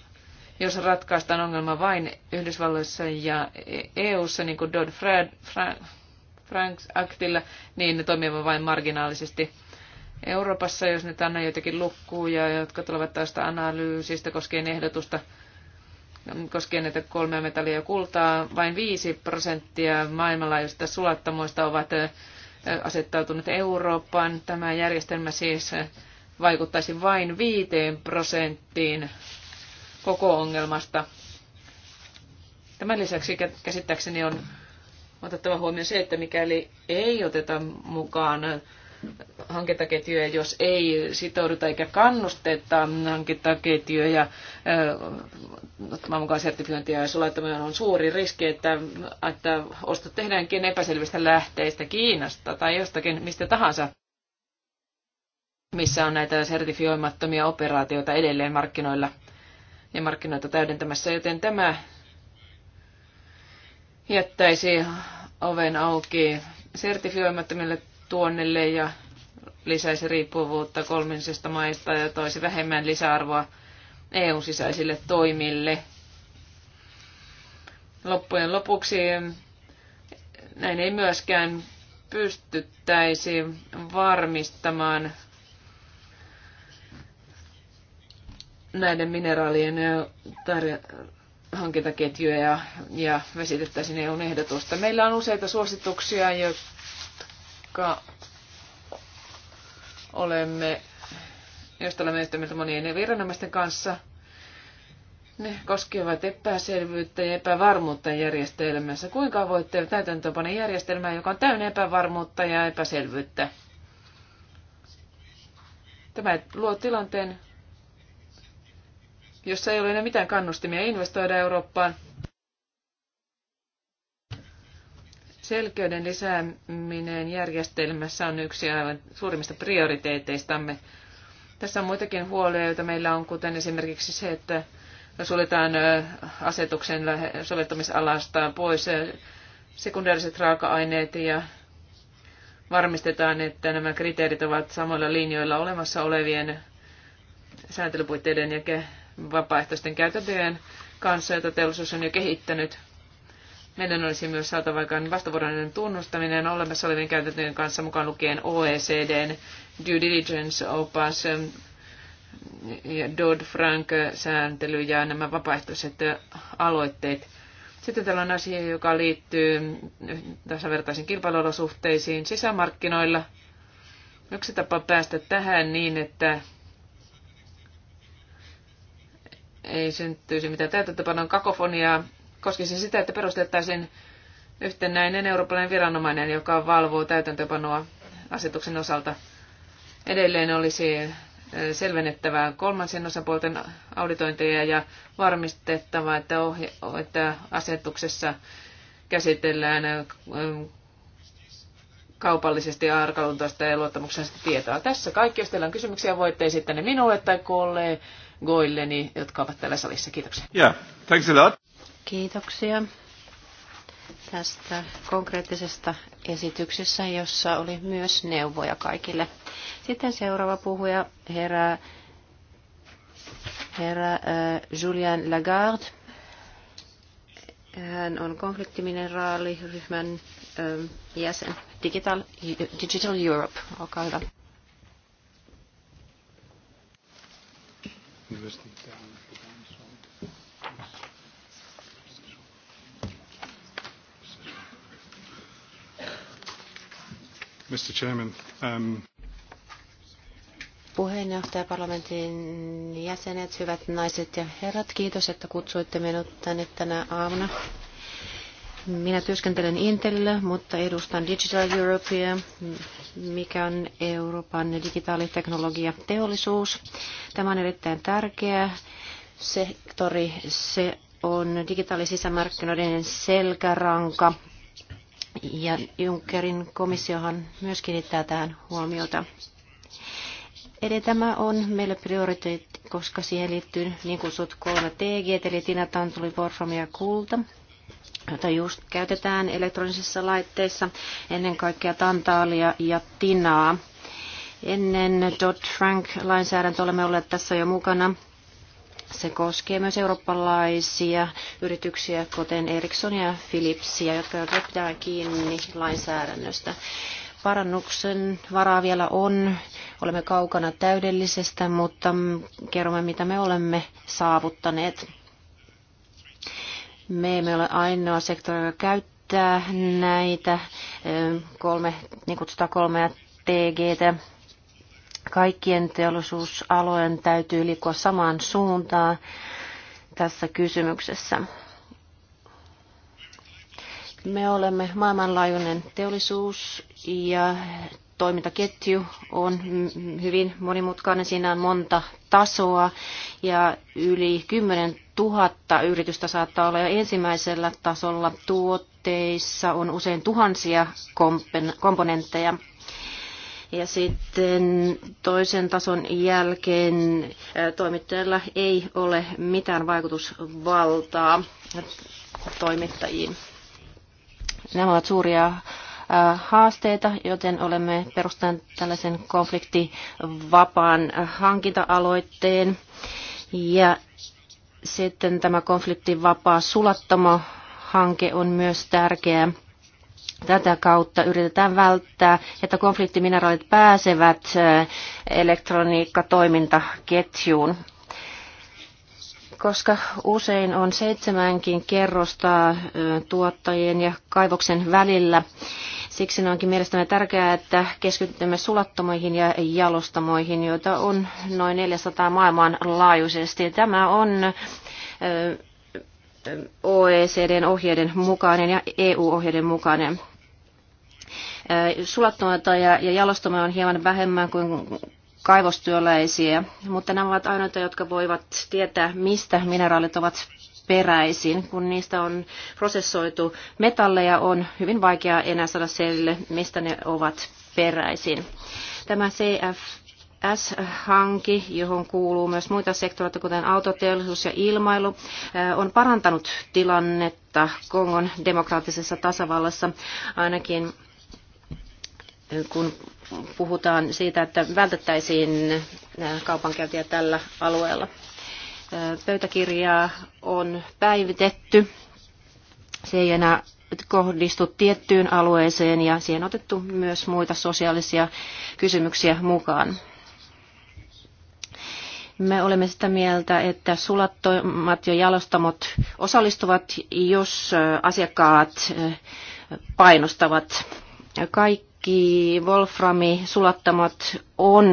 Speaker 3: jos ratkaistaan ongelma vain Yhdysvalloissa ja EU:ssa, niin kuin Dodd-Frank-aktilla, niin ne toimivat vain marginaalisesti. Euroopassa, jos nyt annan jotakin lukkuja, jotka tulevat tästä analyysistä koskien ehdotusta, koskien näitä kolmea metallia ja kultaa, vain 5 prosenttia maailmanlaajuisista sulattamoista ovat asettautuneet Eurooppaan. Tämä järjestelmä siis vaikuttaisi vain viiteen prosenttiin koko ongelmasta. Tämän lisäksi käsittääkseni on otettava huomioon se, että mikäli ei oteta mukaan hankintaketjuja, jos ei sitouduta eikä kannusteta hankintaketjuja ottamaan mukaan sertifiointia ja sulattaminen on suuri riski, että, että ostot tehdäänkin epäselvistä lähteistä Kiinasta tai jostakin mistä tahansa missä on näitä sertifioimattomia operaatioita edelleen markkinoilla ja markkinoita täydentämässä, joten tämä jättäisi oven auki sertifioimattomille tuonnelle ja lisäisi riippuvuutta kolmisesta maista ja toisi vähemmän lisäarvoa eu sisäisille toimille. Loppujen lopuksi näin ei myöskään pystyttäisi varmistamaan näiden mineraalien tarjo- hankintaketjuja ja, ja vesitettäisiin EUn ehdotusta. Meillä on useita suosituksia, jotka olemme, joista olemme yhtä mieltä monien viranomaisten kanssa. Ne koskevat epäselvyyttä ja epävarmuutta järjestelmässä. Kuinka voitte täytäntöpane järjestelmää, joka on täynnä epävarmuutta ja epäselvyyttä? Tämä luo tilanteen, jossa ei ole enää mitään kannustimia investoida Eurooppaan. Selkeyden lisääminen järjestelmässä on yksi aivan suurimmista prioriteeteistamme. Tässä on muitakin huolia, joita meillä on, kuten esimerkiksi se, että suljetaan asetuksen soveltamisalasta pois sekundääriset raaka-aineet ja varmistetaan, että nämä kriteerit ovat samoilla linjoilla olemassa olevien sääntelypuitteiden ja vapaaehtoisten käytäntöjen kanssa, joita teollisuus on jo kehittänyt. Meidän olisi myös saatava aikaan vastavuoroinen tunnustaminen olemassa olevien käytäntöjen kanssa mukaan lukien OECDn due diligence-opas, mm, ja Dodd-Frank-sääntely ja nämä vapaaehtoiset aloitteet. Sitten täällä on asia, joka liittyy tasavertaisiin kilpailuolosuhteisiin sisämarkkinoilla. Yksi tapa päästä tähän niin, että ei syntyisi mitään täytäntöpanon kakofoniaa, se sitä, että perustettaisiin yhtenäinen eurooppalainen viranomainen, joka valvoo täytäntöpanoa asetuksen osalta. Edelleen olisi eh, selvennettävää kolmansien osapuolten auditointeja ja varmistettava, että, ohje, että asetuksessa käsitellään eh, kaupallisesti arkaluontoista ja luottamuksellista tietoa. Tässä kaikki, jos teillä on kysymyksiä, voitte esittää ne minulle tai kollegalle Goilleni, jotka ovat täällä salissa. Kiitoksia. Yeah, thanks a lot.
Speaker 2: Kiitoksia tästä konkreettisesta esityksestä, jossa oli myös neuvoja kaikille. Sitten seuraava puhuja, herra, herra äh, Julian Lagarde. Hän on konfliktimineraaliryhmän äh, jäsen Digital, Digital Europe. Olkaa hyvä. Mr. Chairman, um... Puheenjohtaja, parlamentin jäsenet, hyvät naiset ja herrat, kiitos, että kutsuitte minut tänne tänä aamuna. Minä työskentelen Intelillä, mutta edustan Digital Europea, mikä on Euroopan digitaaliteknologia teollisuus. Tämä on erittäin tärkeä sektori. Se on digitaalisisämarkkinoiden selkäranka. Ja Junckerin komissiohan myös kiinnittää tähän huomiota. Eli tämä on meille prioriteetti, koska siihen liittyy niin kutsut kolme TG, eli Tina, Tantuli, ja Kulta jota just käytetään elektronisissa laitteissa, ennen kaikkea tantaalia ja tinaa. Ennen Dodd-Frank-lainsäädäntö olemme olleet tässä jo mukana. Se koskee myös eurooppalaisia yrityksiä, kuten Ericsson ja Philipsia, jotka pitää kiinni lainsäädännöstä. Parannuksen varaa vielä on. Olemme kaukana täydellisestä, mutta kerromme, mitä me olemme saavuttaneet. Me emme ole ainoa sektori, joka käyttää näitä kolme, niin kutsutaan kolmea TGtä. Kaikkien teollisuusalojen täytyy liikkua samaan suuntaan tässä kysymyksessä. Me olemme maailmanlaajuinen teollisuus ja toimintaketju on hyvin monimutkainen, siinä on monta tasoa ja yli 10 000 yritystä saattaa olla jo ensimmäisellä tasolla. Tuotteissa on usein tuhansia komponentteja. Ja sitten toisen tason jälkeen toimittajalla ei ole mitään vaikutusvaltaa toimittajiin. Nämä ovat suuria haasteita, joten olemme perustaneet tällaisen konfliktivapaan hankinta-aloitteen. Ja sitten tämä konfliktivapaa sulattamo-hanke on myös tärkeä. Tätä kautta yritetään välttää, että konfliktimineraalit pääsevät elektroniikkatoimintaketjuun koska usein on seitsemänkin kerrosta tuottajien ja kaivoksen välillä. Siksi onkin mielestäni tärkeää, että keskitymme sulattomoihin ja jalostamoihin, joita on noin 400 maailmanlaajuisesti. Tämä on OECDn ohjeiden mukainen ja EU-ohjeiden mukainen. Sulattomoita ja jalostamoja on hieman vähemmän kuin kaivostyöläisiä, mutta nämä ovat ainoita, jotka voivat tietää, mistä mineraalit ovat peräisin. Kun niistä on prosessoitu metalleja, on hyvin vaikea enää saada selville, mistä ne ovat peräisin. Tämä s hanki johon kuuluu myös muita sektoreita, kuten autoteollisuus ja ilmailu, eh, on parantanut tilannetta Kongon demokraattisessa tasavallassa ainakin eh, kun puhutaan siitä, että vältettäisiin kaupankäyntiä tällä alueella. Pöytäkirjaa on päivitetty. Se ei enää kohdistu tiettyyn alueeseen ja siihen on otettu myös muita sosiaalisia kysymyksiä mukaan. Me olemme sitä mieltä, että sulattomat ja jalostamot osallistuvat, jos asiakkaat painostavat. Kaikki kaikki Wolframi-sulattamat on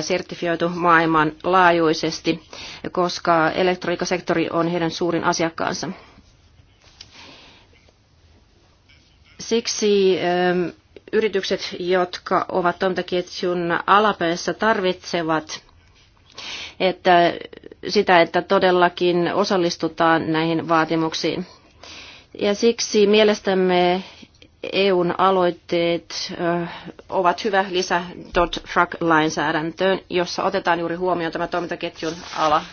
Speaker 2: sertifioitu maailman laajuisesti, koska elektroniikkasektori on heidän suurin asiakkaansa. Siksi yritykset, jotka ovat tontaketjun alapäässä, tarvitsevat että sitä, että todellakin osallistutaan näihin vaatimuksiin. Ja siksi mielestämme EUn aloitteet ovat hyvä lisä dot frag lainsäädäntöön jossa otetaan juuri huomioon tämä toimintaketjun ala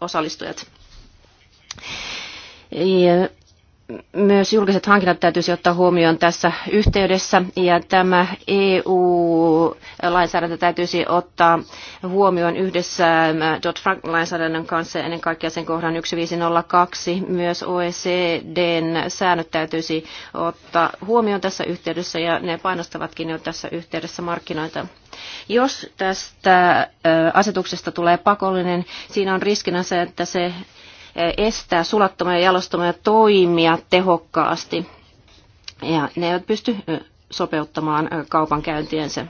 Speaker 2: osallistujat myös julkiset hankinnat täytyisi ottaa huomioon tässä yhteydessä ja tämä EU-lainsäädäntö täytyisi ottaa huomioon yhdessä ähm, Dodd-Frank-lainsäädännön kanssa ennen kaikkea sen kohdan 1502. Myös OECDn säännöt täytyisi ottaa huomioon tässä yhteydessä ja ne painostavatkin jo tässä yhteydessä markkinoita. Jos tästä äh, asetuksesta tulee pakollinen, siinä on riskinä se, että se estää sulattamoja ja jalostamoja toimia tehokkaasti. Ja ne eivät pysty sopeuttamaan kaupankäyntiensä.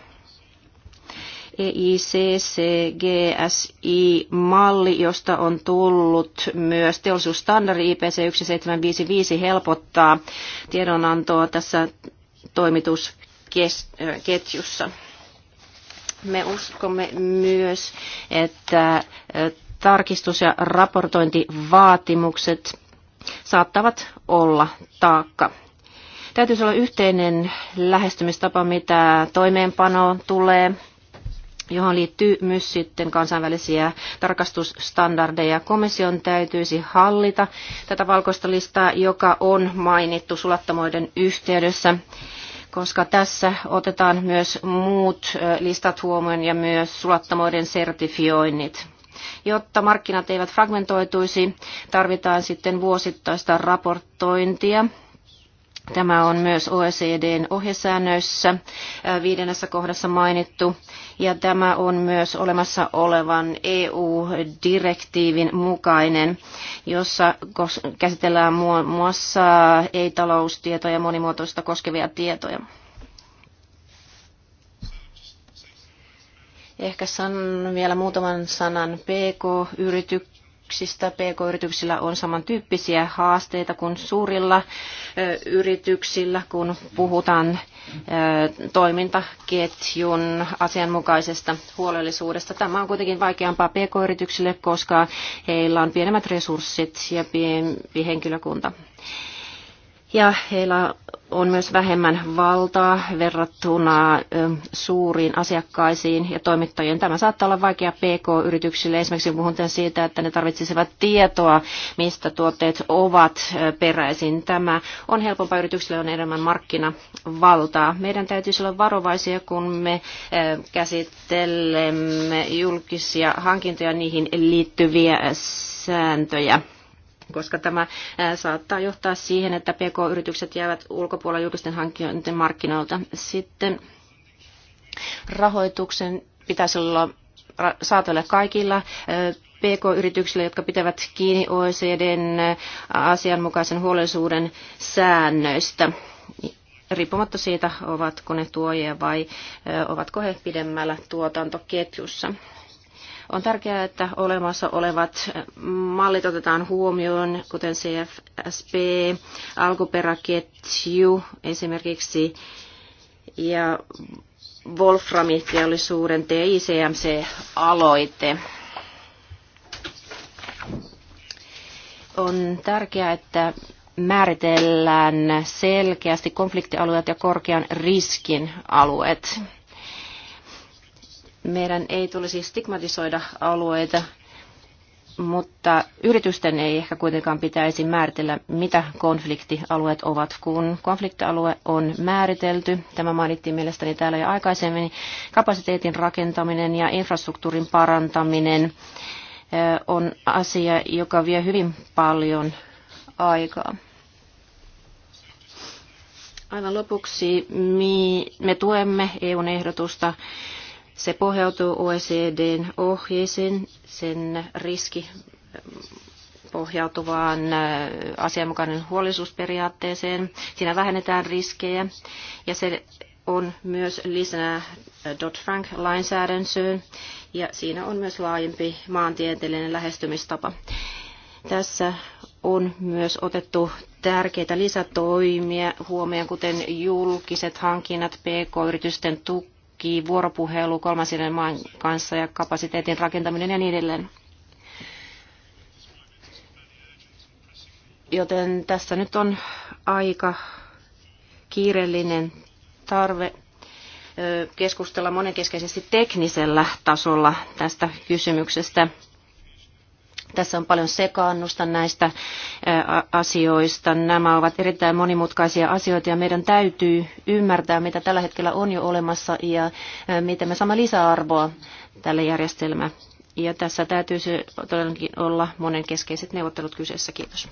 Speaker 2: EICCGSI-malli, josta on tullut myös teollisuusstandardi IPC 1755, helpottaa tiedonantoa tässä toimitusketjussa. Me uskomme myös, että tarkistus- ja raportointivaatimukset saattavat olla taakka. Täytyisi olla yhteinen lähestymistapa, mitä toimeenpano tulee, johon liittyy myös sitten kansainvälisiä tarkastusstandardeja. Komission täytyisi hallita tätä valkoista listaa, joka on mainittu sulattamoiden yhteydessä koska tässä otetaan myös muut listat huomioon ja myös sulattamoiden sertifioinnit. Jotta markkinat eivät fragmentoituisi, tarvitaan sitten vuosittaista raportointia. Tämä on myös OECDn ohjesäännöissä äh, viidennessä kohdassa mainittu, ja tämä on myös olemassa olevan EU-direktiivin mukainen, jossa käsitellään muun muassa ei-taloustietoja ja monimuotoista koskevia tietoja. Ehkä sanon vielä muutaman sanan PK-yrityksistä. PK-yrityksillä on samantyyppisiä haasteita kuin suurilla yrityksillä, kun puhutaan toimintaketjun asianmukaisesta huolellisuudesta. Tämä on kuitenkin vaikeampaa PK-yrityksille, koska heillä on pienemmät resurssit ja pienempi henkilökunta ja heillä on myös vähemmän valtaa verrattuna suuriin asiakkaisiin ja toimittajien. Tämä saattaa olla vaikea PK-yrityksille. Esimerkiksi puhun siitä, että ne tarvitsisivat tietoa, mistä tuotteet ovat peräisin. Tämä on helpompaa yrityksille, on enemmän markkinavaltaa. Meidän täytyisi olla varovaisia, kun me käsittelemme julkisia hankintoja niihin liittyviä sääntöjä koska tämä saattaa johtaa siihen, että PK-yritykset jäävät ulkopuolella julkisten hankkijoiden markkinoilta. Sitten rahoituksen pitäisi olla saatavilla kaikilla PK-yrityksille, jotka pitävät kiinni OECDn asianmukaisen huolellisuuden säännöistä, riippumatta siitä, ovatko ne tuojia vai ovatko he pidemmällä tuotantoketjussa. On tärkeää, että olemassa olevat mallit otetaan huomioon, kuten CFSP, alkuperäketju esimerkiksi ja Wolframiteollisuuden TICMC-aloite. On tärkeää, että määritellään selkeästi konfliktialueet ja korkean riskin alueet. Meidän ei tulisi stigmatisoida alueita, mutta yritysten ei ehkä kuitenkaan pitäisi määritellä, mitä konfliktialueet ovat. Kun konfliktialue on määritelty, tämä mainittiin mielestäni täällä jo aikaisemmin, kapasiteetin rakentaminen ja infrastruktuurin parantaminen on asia, joka vie hyvin paljon aikaa. Aivan lopuksi me tuemme EUn ehdotusta se pohjautuu OECDn ohjeisiin, sen riski mm, pohjautuvaan äh, asianmukainen huolellisuusperiaatteeseen. Siinä vähennetään riskejä ja se on myös lisänä äh, Dodd-Frank-lainsäädäntöön ja siinä on myös laajempi maantieteellinen lähestymistapa. Tässä on myös otettu tärkeitä lisätoimia huomioon, kuten julkiset hankinnat, pk-yritysten tuki, tuki, vuoropuhelu kolmansien maan kanssa ja kapasiteetin rakentaminen ja niin edelleen. Joten tässä nyt on aika kiireellinen tarve keskustella monenkeskeisesti teknisellä tasolla tästä kysymyksestä. Tässä on paljon sekaannusta näistä asioista. Nämä ovat erittäin monimutkaisia asioita ja meidän täytyy ymmärtää, mitä tällä hetkellä on jo olemassa ja miten me saamme lisäarvoa tälle järjestelmälle. Ja tässä täytyy todellakin olla monen keskeiset neuvottelut kyseessä. Kiitos.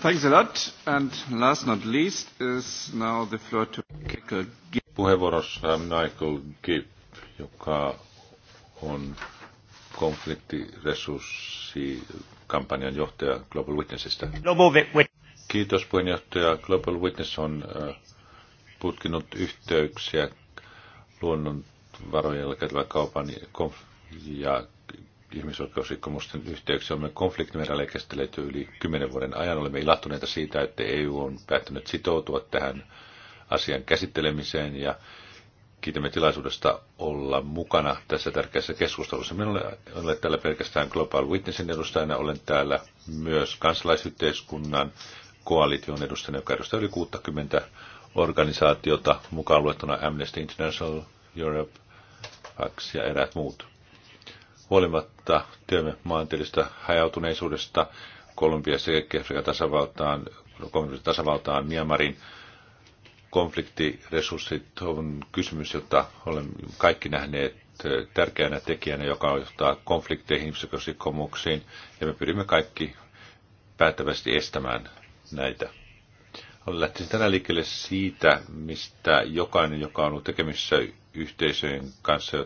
Speaker 1: Thanks a lot. And last not least is now the floor to Michael Gibb. Puheenvuorossa Michael Gibb, joka on konfliktiresurssikampanjan johtaja Global Witnessista. Kiitos puheenjohtaja. Global Witness on tutkinut äh, yhteyksiä luonnonvarojen jälkeen kaupan ja ihmisoikeusrikkomusten yhteyksiä. Olemme konfliktimerellä kestelleet yli kymmenen vuoden ajan. Olemme ilahtuneita siitä, että EU on päättänyt sitoutua tähän asian käsittelemiseen ja kiitämme tilaisuudesta olla mukana tässä tärkeässä keskustelussa. Minulle olen täällä pelkästään Global Witnessin edustajana, olen täällä myös kansalaisyhteiskunnan koalition edustajana, joka edustaa yli 60 organisaatiota, mukaan luettuna Amnesty International, Europe, Pax ja eräät muut. Huolimatta työmme maantieteellisestä hajautuneisuudesta Kolumbiassa ja Keski-Afrikan tasavaltaan, tasavaltaan, Myanmarin, konfliktiresurssit on kysymys, jota olemme kaikki nähneet tärkeänä tekijänä, joka johtaa konflikteihin, ihmisoikeusrikkomuksiin, ja me pyrimme kaikki päättävästi estämään näitä. Lähtisin tänään liikkeelle siitä, mistä jokainen, joka on ollut tekemissä yhteisöjen kanssa,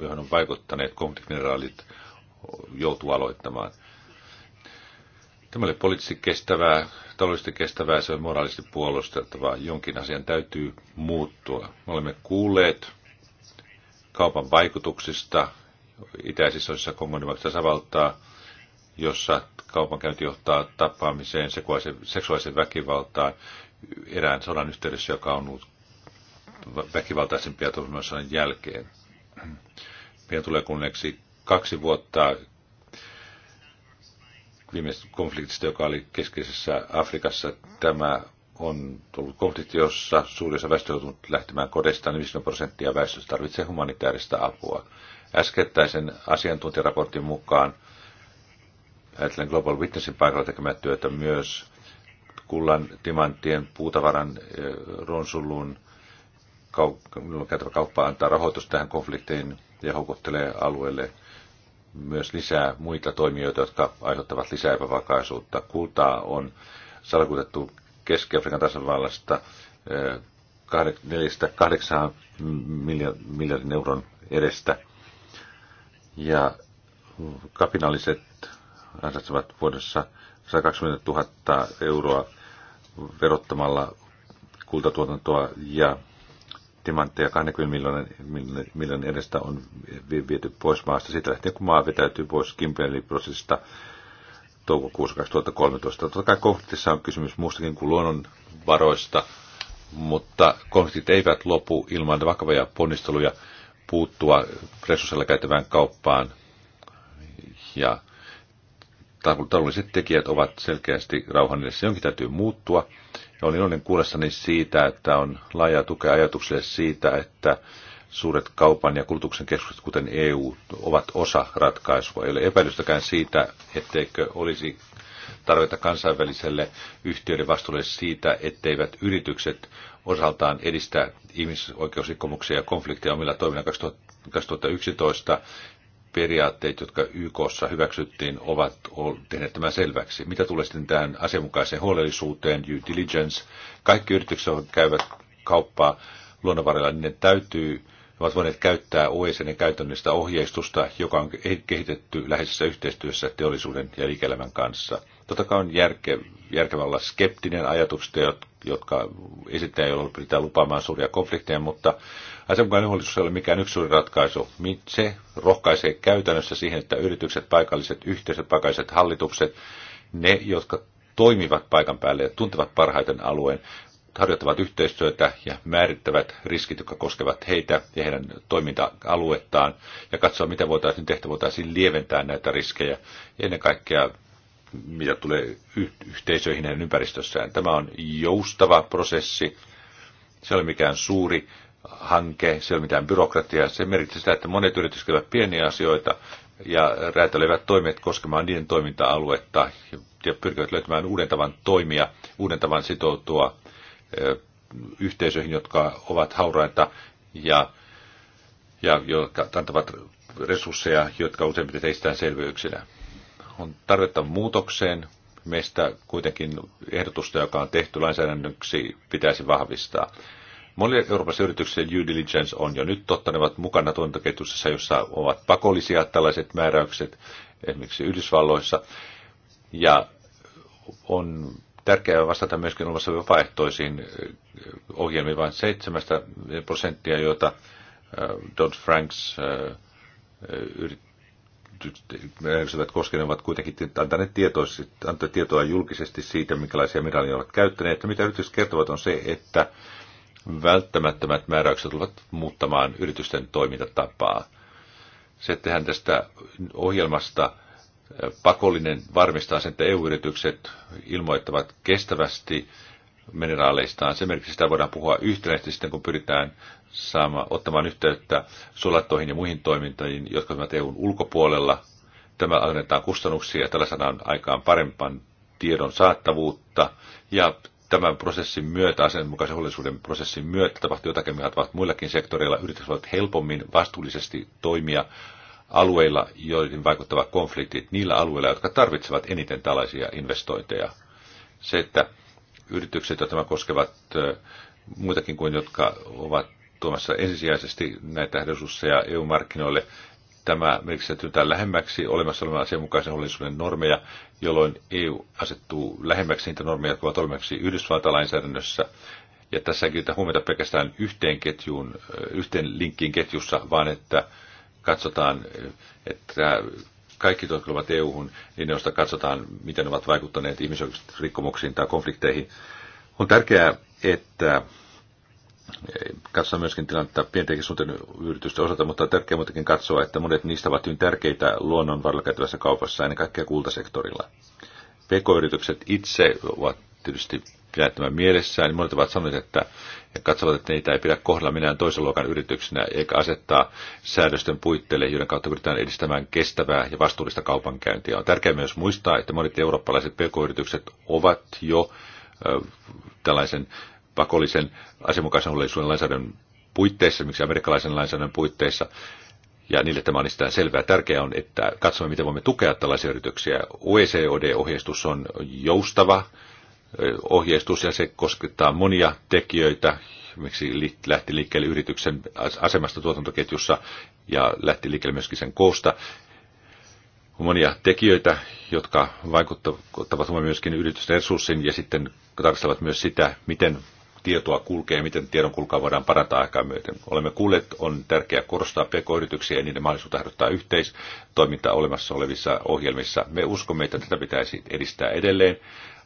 Speaker 1: johon on vaikuttaneet konfliktineraalit, joutuu aloittamaan. Tämä oli poliittisesti kestävää taloudellisesti kestävää, se on moraalisesti puolustettavaa. Jonkin asian täytyy muuttua. Me olemme kuulleet kaupan vaikutuksista itäisissä osissa Kongon tasavaltaa, jossa kaupankäynti johtaa tapaamiseen, seksuaaliseen väkivaltaan, erään sodan yhteydessä, joka on ollut väkivaltaisempia tuossa jälkeen. Meidän tulee kunneksi kaksi vuotta viimeisestä konfliktista, joka oli keskeisessä Afrikassa. Tämä on tullut konflikti, jossa suuri osa väestö on lähtemään kodestaan, niin 50 prosenttia väestöstä tarvitsee humanitaarista apua. Äskettäisen asiantuntijaraportin mukaan, ajattelen Global Witnessin paikalla tekemää työtä myös, kullan, timanttien, puutavaran, eh, ronsullun kaup- käytävä kauppa antaa rahoitus tähän konfliktiin ja houkuttelee alueelle myös lisää muita toimijoita, jotka aiheuttavat lisää epävakaisuutta. Kultaa on salkutettu Keski-Afrikan tasavallasta 4-8 eh, miljardin euron edestä. Ja kapinalliset ansaitsevat vuodessa 120 000 euroa verottamalla kultatuotantoa ja timantteja 20 miljoonan, miljoonan edestä on viety pois maasta. Siitä lähtien, kun maa vetäytyy pois Kimberley-prosessista toukokuussa 2013. Totta kai konfliktissa on kysymys muustakin kuin luonnonvaroista, mutta konfliktit eivät lopu ilman vakavia ponnisteluja puuttua resursseilla käytävään kauppaan. Ja taloudelliset tekijät ovat selkeästi rauhan edessä. Jonkin täytyy muuttua. Ja olin iloinen kuullessani siitä, että on laaja tukea ajatukselle siitä, että suuret kaupan ja kulutuksen keskukset, kuten EU, ovat osa ratkaisua. Ei ole epäilystäkään siitä, etteikö olisi tarvetta kansainväliselle yhtiöiden vastuulle siitä, etteivät yritykset osaltaan edistää ihmisoikeusrikkomuksia ja konflikteja omilla toimilla 2011 periaatteet, jotka YKssa hyväksyttiin, ovat tehneet tämän selväksi. Mitä tulee sitten tähän asianmukaiseen huolellisuuteen, due diligence, kaikki yritykset, jotka käyvät kauppaa luonnonvarilla, niin ne täytyy ovat voineet käyttää OECDn käytännöllistä ohjeistusta, joka on kehitetty läheisessä yhteistyössä teollisuuden ja liike kanssa. Totta kai on järke, järkevä olla skeptinen ajatuksista, jotka esittää, joilla pitää lupaamaan suuria konflikteja, mutta Asiakkaan ei ole mikään yksilön ratkaisu. Se rohkaisee käytännössä siihen, että yritykset, paikalliset yhteisöt, paikalliset hallitukset, ne, jotka toimivat paikan päälle ja tuntevat parhaiten alueen, harjoittavat yhteistyötä ja määrittävät riskit, jotka koskevat heitä ja heidän toiminta-aluettaan ja katsoa, mitä voitaisiin tehdä, voitaisiin lieventää näitä riskejä ja ennen kaikkea mitä tulee yhteisöihin ja ympäristössään. Tämä on joustava prosessi, se ei ole mikään suuri hanke, se ei ole mitään byrokratiaa. Se merkitsee sitä, että monet yritykset tekevät pieniä asioita ja räätälevät toimet koskemaan niiden toiminta-aluetta ja pyrkivät löytämään uuden tavan toimia, uuden tavan sitoutua yhteisöihin, jotka ovat hauraita ja, ja jotka antavat resursseja, jotka useimmiten teistään selvyyksinä. On tarvetta muutokseen. Meistä kuitenkin ehdotusta, joka on tehty lainsäädännöksi, pitäisi vahvistaa. Monille Euroopassa yrityksille due diligence on jo nyt totta, ne ovat mukana tuotantoketjussa, jossa ovat pakollisia tällaiset määräykset, esimerkiksi Yhdysvalloissa. Ja on tärkeää vastata myöskin olemassa vapaaehtoisiin eh, ohjelmiin, vain 7 prosenttia, joita eh, Dodd-Franks eh, yritykset koskenevat ovat kuitenkin antaneet tietoa julkisesti siitä, minkälaisia mineraaleja ovat käyttäneet. Ja mitä yritykset kertovat on se, että välttämättömät määräykset tulevat muuttamaan yritysten toimintatapaa. Se tehdään tästä ohjelmasta pakollinen varmistaa sen, että EU-yritykset ilmoittavat kestävästi mineraaleistaan. Se merkitsee sitä voidaan puhua yhtenäisesti sitten, kun pyritään saama, ottamaan yhteyttä sulattoihin ja muihin toimintoihin, jotka ovat EUn ulkopuolella. Tämä alennetaan kustannuksia ja tällä saadaan aikaan parempaan tiedon saattavuutta ja tämän prosessin myötä, asianmukaisen huolellisuuden prosessin myötä tapahtuu jotakin, mikä tapahtuu muillakin sektoreilla. Yritykset voivat helpommin vastuullisesti toimia alueilla, joihin vaikuttavat konfliktit, niillä alueilla, jotka tarvitsevat eniten tällaisia investointeja. Se, että yritykset, joita tämä koskevat muitakin kuin jotka ovat tuomassa ensisijaisesti näitä resursseja EU-markkinoille, Tämä merkitsetään lähemmäksi olemassa olevan asianmukaisen hollisuuden normeja, jolloin EU asettuu lähemmäksi niitä normeja, jotka ovat olemassa Yhdysvaltalainsäädännössä. Ja tässä ei kiinnitä huomiota pelkästään yhteen, ketjuun, yhteen linkkiin ketjussa, vaan että katsotaan, että kaikki, jotka ovat EU-hun, niin joista katsotaan, miten ne ovat vaikuttaneet ihmisoikeusrikkomuksiin tai konflikteihin. On tärkeää, että katsoa myöskin tilannetta pienten yritysten osalta, mutta on tärkeää muutenkin katsoa, että monet niistä ovat hyvin tärkeitä luonnonvaroilla käytävässä kaupassa, ennen kaikkea kultasektorilla. PK-yritykset itse ovat tietysti pidättämään mielessään, niin monet ovat sanoneet, että ja katsovat, että niitä ei pidä kohdella minään toisen luokan yrityksenä, eikä asettaa säädösten puitteille, joiden kautta pyritään edistämään kestävää ja vastuullista kaupankäyntiä. On tärkeää myös muistaa, että monet eurooppalaiset pk-yritykset ovat jo tällaisen pakollisen asianmukaisen oleellisuuden lainsäädännön puitteissa, miksi amerikkalaisen lainsäädännön puitteissa, ja niille tämä on sitä selvää. Tärkeää on, että katsomme, miten voimme tukea tällaisia yrityksiä. E OECD-ohjeistus on joustava ohjeistus, ja se koskettaa monia tekijöitä, miksi lähti liikkeelle yrityksen asemasta tuotantoketjussa ja lähti liikkeelle myöskin sen koosta. monia tekijöitä, jotka vaikuttavat myöskin yritysten resurssin ja sitten tarkastavat myös sitä, miten tietoa kulkee ja miten tiedon kulkaa voidaan parantaa aikaa myöten. Olemme kuulleet, on tärkeää korostaa pk-yrityksiä ja niiden mahdollisuutta harjoittaa yhteistoimintaa olemassa olevissa ohjelmissa. Me uskomme, että tätä pitäisi edistää edelleen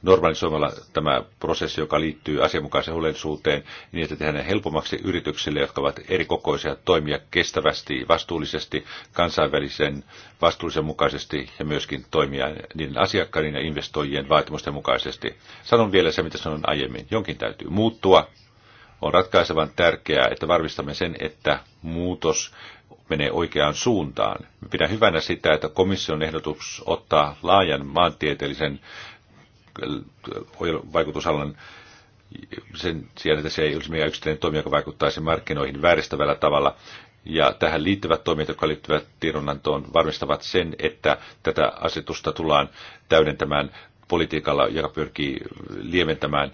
Speaker 1: normalisoimalla tämä prosessi, joka liittyy asianmukaiseen huolellisuuteen, niin että tehdään helpommaksi yrityksille, jotka ovat erikokoisia, toimia kestävästi, vastuullisesti, kansainvälisen vastuullisen mukaisesti ja myöskin toimia niiden asiakkaiden ja investoijien vaatimusten mukaisesti. Sanon vielä se, mitä sanon aiemmin. Jonkin täytyy muuttua. On ratkaisevan tärkeää, että varmistamme sen, että muutos menee oikeaan suuntaan. Pidän hyvänä sitä, että komission ehdotus ottaa laajan maantieteellisen vaikutusalan sen sijaan, että se ei olisi meidän yksittäinen toimija, joka vaikuttaisi markkinoihin vääristävällä tavalla. Ja tähän liittyvät toimet, jotka liittyvät tiedonantoon, varmistavat sen, että tätä asetusta tullaan täydentämään politiikalla, joka pyrkii lieventämään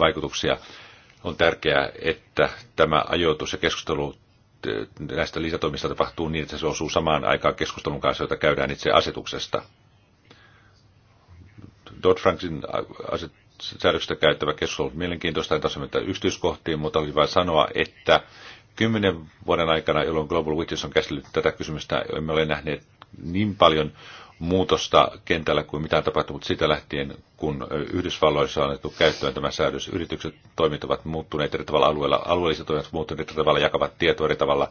Speaker 1: vaikutuksia. On tärkeää, että tämä ajoitus ja keskustelu näistä lisätoimista tapahtuu niin, että se osuu samaan aikaan keskustelun kanssa, jota käydään itse asetuksesta. Dodd-Frankin säädöksestä käyttävä keskustelu on mielenkiintoista, en taas mennä yksityiskohtiin, mutta olisi vain sanoa, että kymmenen vuoden aikana, jolloin Global Witness on käsitellyt tätä kysymystä, emme ole nähneet niin paljon muutosta kentällä kuin mitä on tapahtunut sitä lähtien, kun Yhdysvalloissa on annettu käyttöön tämä säädös. Yritykset toimit ovat muuttuneet eri tavalla alueella, alueelliset toimijat muuttuneet eri tavalla, jakavat tietoa eri tavalla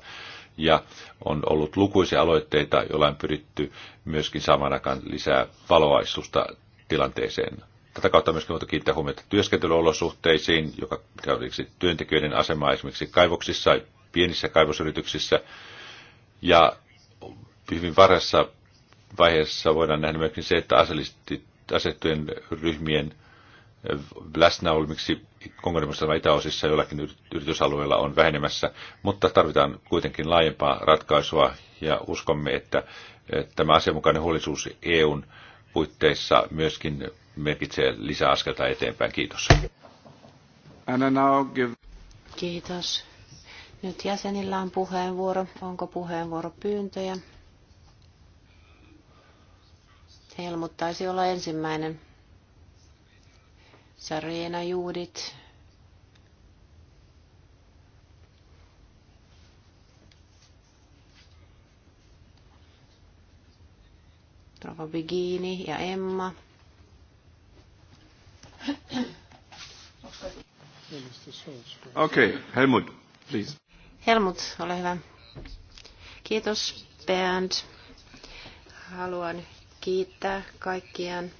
Speaker 1: ja on ollut lukuisia aloitteita, joilla on pyritty myöskin samaan aikaan lisää valoaistusta tilanteeseen. Tätä kautta myös myöskin voitu kiinnittää huomiota työskentelyolosuhteisiin, joka olisi työntekijöiden asemaa esimerkiksi kaivoksissa, pienissä kaivosyrityksissä. Ja hyvin varhaisessa vaiheessa voidaan nähdä myöskin se, että asettujen ryhmien läsnäolmiksi miksi Kongon itäosissa jollakin yritysalueella on vähenemässä, mutta tarvitaan kuitenkin laajempaa ratkaisua ja uskomme, että tämä asianmukainen huolisuus EUn puitteissa myöskin merkitsee lisäaskelta eteenpäin. Kiitos.
Speaker 2: Kiitos. Nyt jäsenillä on puheenvuoro. Onko pyyntöjä? Helmut taisi olla ensimmäinen. Sarina Juudit. Rova Bigini ja Emma. Okei,
Speaker 1: okay, Helmut, please.
Speaker 2: Helmut, ole hyvä. Kiitos, Bernd. Haluan kiittää kaikkien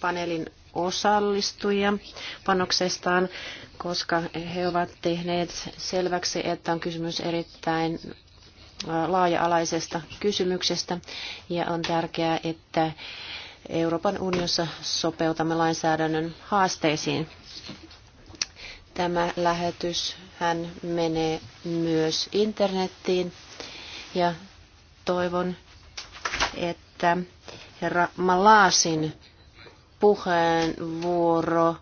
Speaker 2: paneelin osallistujia panoksestaan, koska he ovat tehneet selväksi, että on kysymys erittäin laaja-alaisesta kysymyksestä ja on tärkeää, että Euroopan unionissa sopeutamme lainsäädännön haasteisiin. Tämä lähetys hän menee myös internettiin ja toivon, että herra Malasin puheenvuoro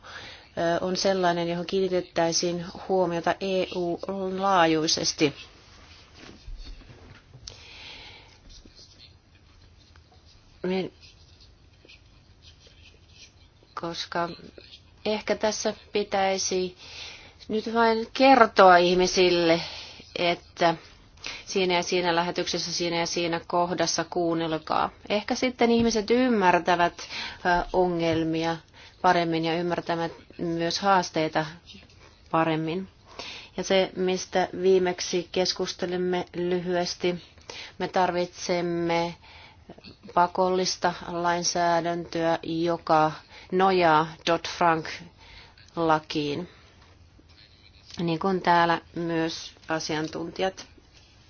Speaker 2: on sellainen, johon kiinnitettäisiin huomiota EU-laajuisesti. Niin, koska ehkä tässä pitäisi nyt vain kertoa ihmisille, että siinä ja siinä lähetyksessä, siinä ja siinä kohdassa kuunnelkaa. Ehkä sitten ihmiset ymmärtävät ongelmia paremmin ja ymmärtävät myös haasteita paremmin. Ja se, mistä viimeksi keskustelimme lyhyesti, me tarvitsemme pakollista lainsäädäntöä, joka nojaa Dodd-Frank-lakiin, niin kuin täällä myös asiantuntijat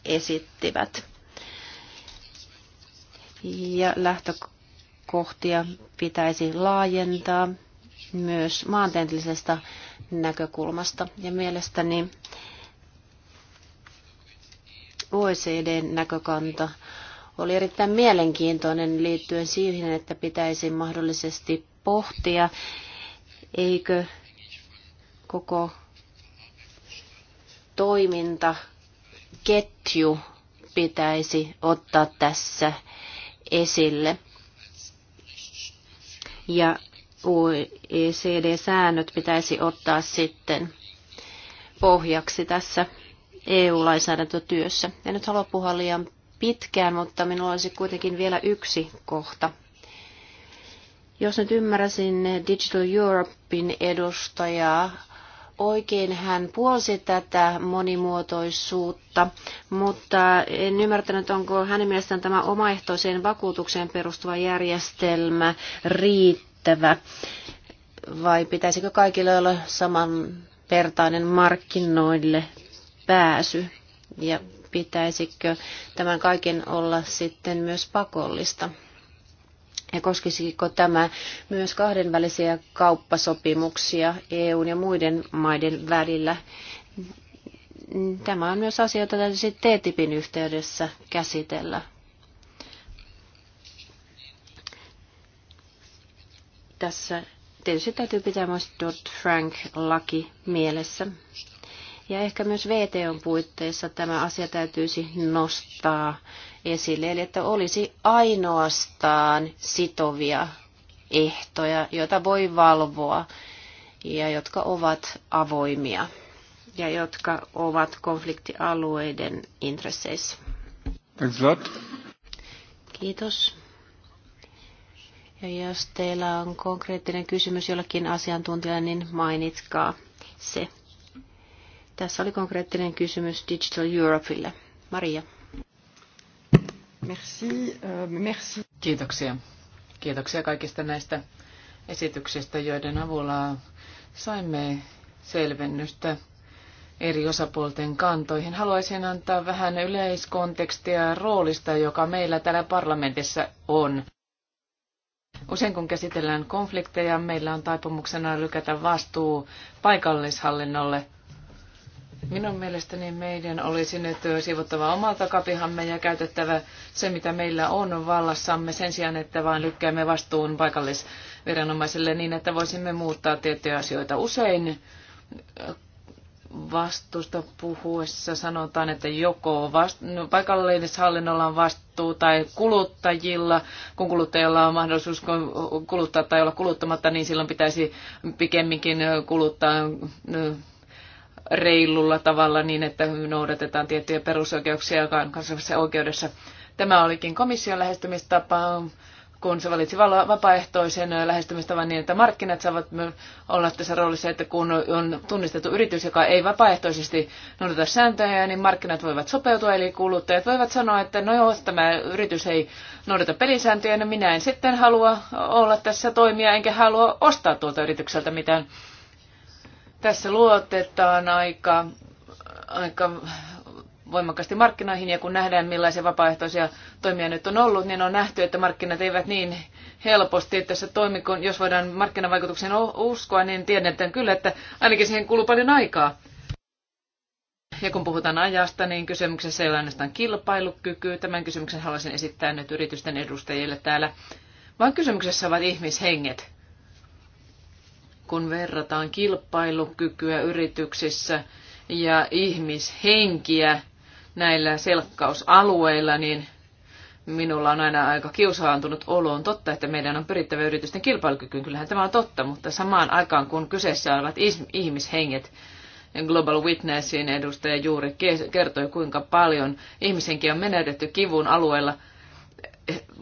Speaker 2: esittivät. Ja lähtökohtia pitäisi laajentaa myös maantieteellisestä näkökulmasta. Ja mielestäni OECDn näkökanta oli erittäin mielenkiintoinen liittyen siihen, että pitäisi mahdollisesti pohtia, eikö koko toimintaketju pitäisi ottaa tässä esille. Ja OECD-säännöt pitäisi ottaa sitten pohjaksi tässä EU-lainsäädäntötyössä. En nyt halua puhua liian pitkään, mutta minulla olisi kuitenkin vielä yksi kohta. Jos nyt ymmärsin Digital Europein edustajaa oikein, hän puolsi tätä monimuotoisuutta, mutta en ymmärtänyt, onko hänen mielestään tämä omaehtoiseen vakuutukseen perustuva järjestelmä riittävä vai pitäisikö kaikille olla samanvertainen markkinoille pääsy ja pitäisikö tämän kaiken olla sitten myös pakollista? Ja koskisiko tämä myös kahdenvälisiä kauppasopimuksia EUn ja muiden maiden välillä? Tämä on myös asia, jota täytyy TTIPin yhteydessä käsitellä. Tässä tietysti täytyy pitää myös Dodd-Frank-laki mielessä. Ja ehkä myös VTOn puitteissa tämä asia täytyisi nostaa esille, eli että olisi ainoastaan sitovia ehtoja, joita voi valvoa ja jotka ovat avoimia ja jotka ovat konfliktialueiden intresseissä. Kiitos. Ja jos teillä on konkreettinen kysymys jollekin asiantuntijalle, niin mainitkaa se. Tässä oli konkreettinen kysymys Digital Europeille. Maria.
Speaker 3: Merci, euh, merci. Kiitoksia. Kiitoksia kaikista näistä esityksistä, joiden avulla saimme selvennystä eri osapuolten kantoihin. Haluaisin antaa vähän yleiskontekstia roolista, joka meillä täällä parlamentissa on. Usein kun käsitellään konflikteja, meillä on taipumuksena lykätä vastuu paikallishallinnolle Minun mielestäni meidän olisi nyt sivuttava omalta kapihamme ja käytettävä se, mitä meillä on vallassamme sen sijaan, että vain lykkäämme vastuun paikallisviranomaisille niin, että voisimme muuttaa tiettyjä asioita. Usein vastuusta puhuessa sanotaan, että joko vastu- no, paikallishallinnolla on vastuu tai kuluttajilla, kun kuluttajalla on mahdollisuus kuluttaa tai olla kuluttamatta, niin silloin pitäisi pikemminkin kuluttaa no, reilulla tavalla niin, että noudatetaan tiettyjä perusoikeuksia kansainvälisessä oikeudessa. Tämä olikin komission lähestymistapa, kun se valitsi vapaaehtoisen lähestymistavan niin, että markkinat saavat olla tässä roolissa, että kun on tunnistettu yritys, joka ei vapaaehtoisesti noudata sääntöjä, niin markkinat voivat sopeutua, eli kuluttajat voivat sanoa, että no joo, tämä yritys ei noudata pelisääntöjä, niin minä en sitten halua olla tässä toimia, enkä halua ostaa tuolta yritykseltä mitään tässä luotetaan aika, aika voimakkaasti markkinoihin ja kun nähdään millaisia vapaaehtoisia toimia nyt on ollut, niin on nähty, että markkinat eivät niin helposti tässä toimi, kun jos voidaan markkinavaikutuksen uskoa, niin tiedetään kyllä, että ainakin siihen kuluu paljon aikaa. Ja kun puhutaan ajasta, niin kysymyksessä ei ole ainoastaan kilpailukyky. Tämän kysymyksen haluaisin esittää nyt yritysten edustajille täällä, vaan kysymyksessä ovat ihmishenget kun verrataan kilpailukykyä yrityksissä ja ihmishenkiä näillä selkkausalueilla, niin minulla on aina aika kiusaantunut olo. On totta, että meidän on pyrittävä yritysten kilpailukykyyn. Kyllähän tämä on totta, mutta samaan aikaan kun kyseessä ovat ihmishenget, Global Witnessin edustaja juuri kertoi, kuinka paljon ihmishenkiä on menetetty kivun alueella –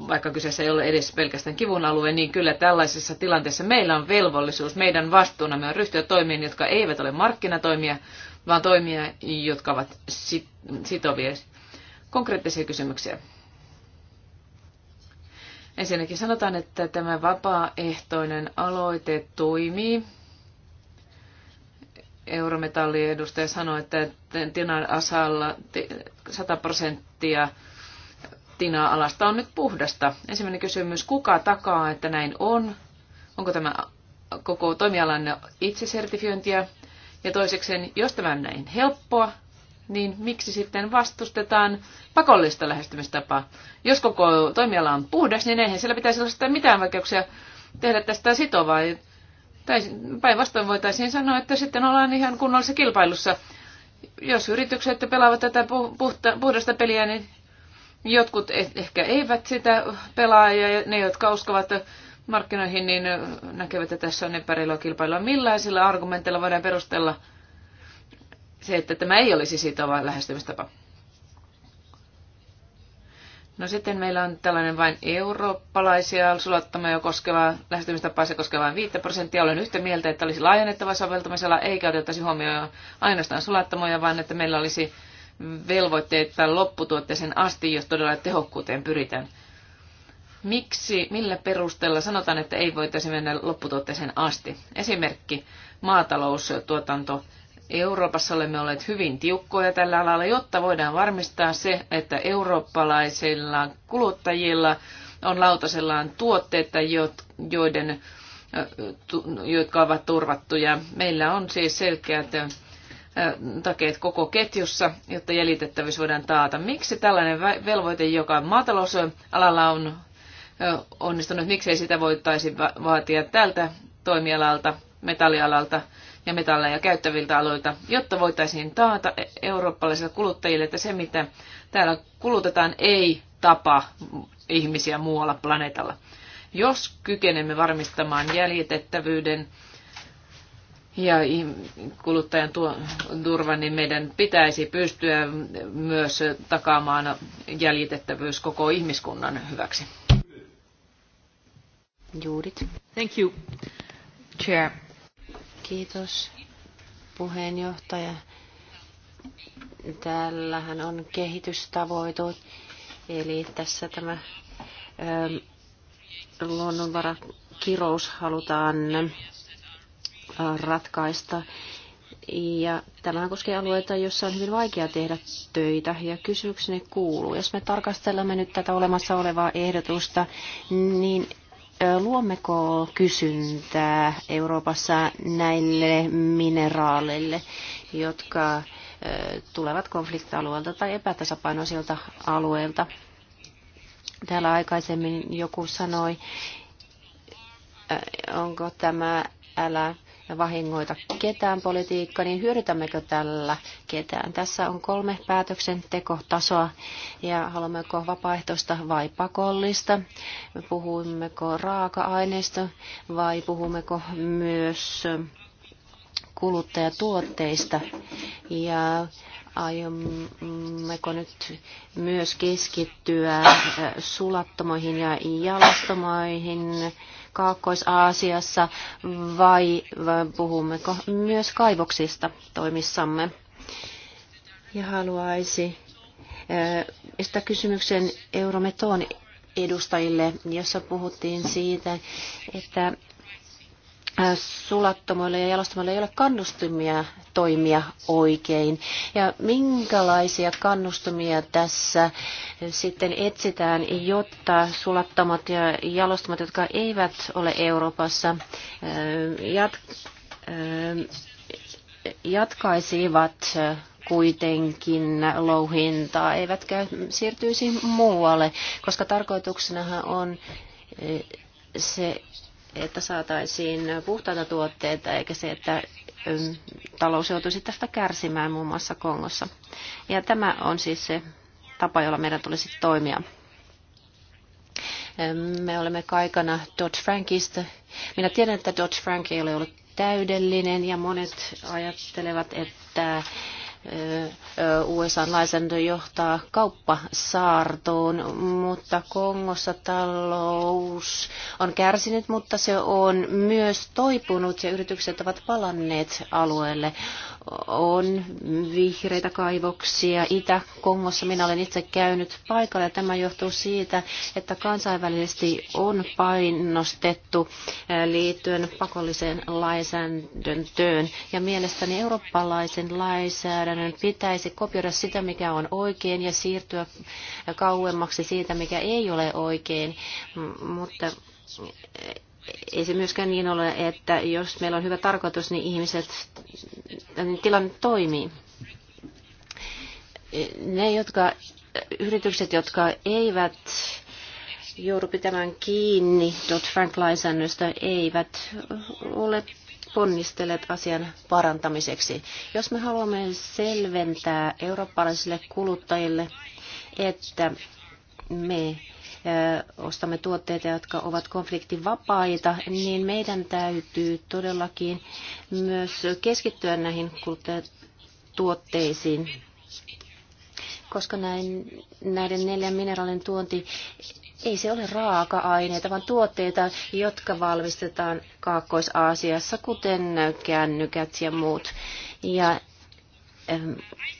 Speaker 3: vaikka kyseessä ei ole edes pelkästään kivun alue, niin kyllä tällaisessa tilanteessa meillä on velvollisuus, meidän vastuunamme on ryhtyä toimiin, jotka eivät ole markkinatoimia, vaan toimia, jotka ovat sitovia. Konkreettisia kysymyksiä. Ensinnäkin sanotaan, että tämä vapaaehtoinen aloite toimii. Eurometalliedustaja sanoi, että Tinan asalla 100 prosenttia tinaa alasta on nyt puhdasta. Ensimmäinen kysymys, kuka takaa, että näin on? Onko tämä koko toimialan itsesertifiointia? Ja toisekseen, jos tämä on näin helppoa, niin miksi sitten vastustetaan pakollista lähestymistapaa? Jos koko toimiala on puhdas, niin eihän siellä pitäisi olla mitään vaikeuksia tehdä tästä sitovaa. Tai päinvastoin voitaisiin sanoa, että sitten ollaan ihan kunnollisessa kilpailussa. Jos yritykset pelaavat tätä puhta, puhdasta peliä, niin Jotkut e- ehkä eivät sitä pelaa ja ne, jotka uskovat markkinoihin, niin näkevät, että tässä on epäreilua kilpailua. Millaisilla argumenteilla voidaan perustella se, että tämä ei olisi sitova lähestymistapa? No sitten meillä on tällainen vain eurooppalaisia sulattamia koskeva lähestymistapa, se koskee vain 5 prosenttia. Olen yhtä mieltä, että olisi laajennettava soveltamisella, eikä otettaisi huomioon ainoastaan sulattamoja, vaan että meillä olisi velvoitteita lopputuotteeseen asti, jos todella tehokkuuteen pyritään. Miksi, millä perusteella sanotaan, että ei voitaisiin mennä lopputuotteeseen asti? Esimerkki, maataloustuotanto. Euroopassa olemme olleet hyvin tiukkoja tällä alalla, jotta voidaan varmistaa se, että eurooppalaisilla kuluttajilla on lautasellaan tuotteita, joiden, äh, jotka ovat turvattuja. Meillä on siis selkeät takeet koko ketjussa, jotta jäljitettävyys voidaan taata. Miksi tällainen velvoite, joka maatalousalalla on onnistunut, miksei sitä voitaisi vaatia tältä toimialalta, metallialalta ja metalleja käyttäviltä aloilta, jotta voitaisiin taata e- eurooppalaisille kuluttajille, että se mitä täällä kulutetaan ei tapa ihmisiä muualla planeetalla. Jos kykenemme varmistamaan jäljitettävyyden ja kuluttajan turva, niin meidän pitäisi pystyä myös takaamaan jäljitettävyys koko ihmiskunnan hyväksi.
Speaker 2: Juudit. Thank you, Chair. Kiitos, puheenjohtaja. Täällähän on kehitystavoitut, eli tässä tämä ähm, luonnonvarakirous halutaan ratkaista. Ja tämä koskee alueita, joissa on hyvin vaikea tehdä töitä. Ja kysymykseni kuuluu, jos me tarkastelemme nyt tätä olemassa olevaa ehdotusta, niin luommeko kysyntää Euroopassa näille mineraaleille, jotka tulevat konfliktialueelta tai epätasapainoisilta alueilta? Täällä aikaisemmin joku sanoi, onko tämä älä vahingoita ketään politiikka, niin hyödytämmekö tällä ketään? Tässä on kolme päätöksentekotasoa ja haluammeko vapaaehtoista vai pakollista? puhummeko raaka-aineista vai puhummeko myös kuluttajatuotteista? Ja aiommeko nyt myös keskittyä äh, sulattomoihin ja jalastomoihin? Kaakkois-Aasiassa vai puhummeko myös kaivoksista toimissamme? Ja haluaisi eh, sitä kysymyksen Eurometoon edustajille, jossa puhuttiin siitä, että sulattomoille ja jalostamoille ei ole kannustimia toimia oikein. Ja minkälaisia kannustumia tässä sitten etsitään, jotta sulattomat ja jalostamat, jotka eivät ole Euroopassa, jat- jatkaisivat kuitenkin louhintaa, eivätkä siirtyisi muualle, koska tarkoituksenahan on se, että saataisiin puhtaita tuotteita, eikä se, että talous joutuisi tästä kärsimään muun muassa Kongossa. Ja tämä on siis se tapa, jolla meidän tulisi toimia. Me olemme kaikana Dodd-Frankista. Minä tiedän, että Dodd-Frank ei ole ollut täydellinen ja monet ajattelevat, että USA-lainsäädäntö johtaa kauppasaartoon, mutta Kongossa talous on kärsinyt, mutta se on myös toipunut ja yritykset ovat palanneet alueelle. On vihreitä kaivoksia Itä-Kongossa. Minä olen itse käynyt paikalla ja tämä johtuu siitä, että kansainvälisesti on painostettu liittyen pakolliseen lainsäädäntöön ja mielestäni eurooppalaisen lainsäädäntöön lainsäädännön pitäisi kopioida sitä, mikä on oikein ja siirtyä kauemmaksi siitä, mikä ei ole oikein. Mutta ei se myöskään niin ole, että jos meillä on hyvä tarkoitus, niin ihmiset, niin tilanne toimii. Ne jotka, yritykset, jotka eivät joudu pitämään kiinni Dodd-Frank-lainsäädännöstä, eivät ole ponnistelet asian parantamiseksi. Jos me haluamme selventää eurooppalaisille kuluttajille, että me ostamme tuotteita, jotka ovat konfliktivapaita, niin meidän täytyy todellakin myös keskittyä näihin tuotteisiin, koska näin, näiden neljän mineraalin tuonti ei se ole raaka-aineita, vaan tuotteita, jotka valmistetaan Kaakkois-Aasiassa, kuten kännykät ja muut. Ja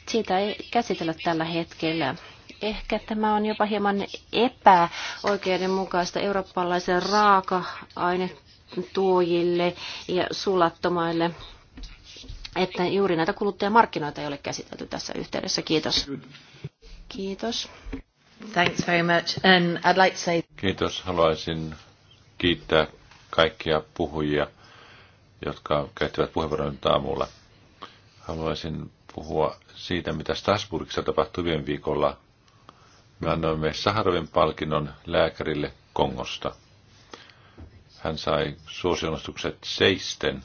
Speaker 2: siitä ei käsitellä tällä hetkellä. Ehkä tämä on jopa hieman epäoikeudenmukaista eurooppalaisen raaka-ainetuojille ja sulattomaille, että juuri näitä kuluttajamarkkinoita ei ole käsitelty tässä yhteydessä. Kiitos. Kiitos. Thanks very much. And I'd like to say...
Speaker 1: Kiitos. Haluaisin kiittää kaikkia puhujia, jotka käyttivät puheenvuoron aamulla. Haluaisin puhua siitä, mitä Strasbourgissa tapahtui viime viikolla. Me annoimme Saharovin palkinnon lääkärille Kongosta. Hän sai suosionostukset seisten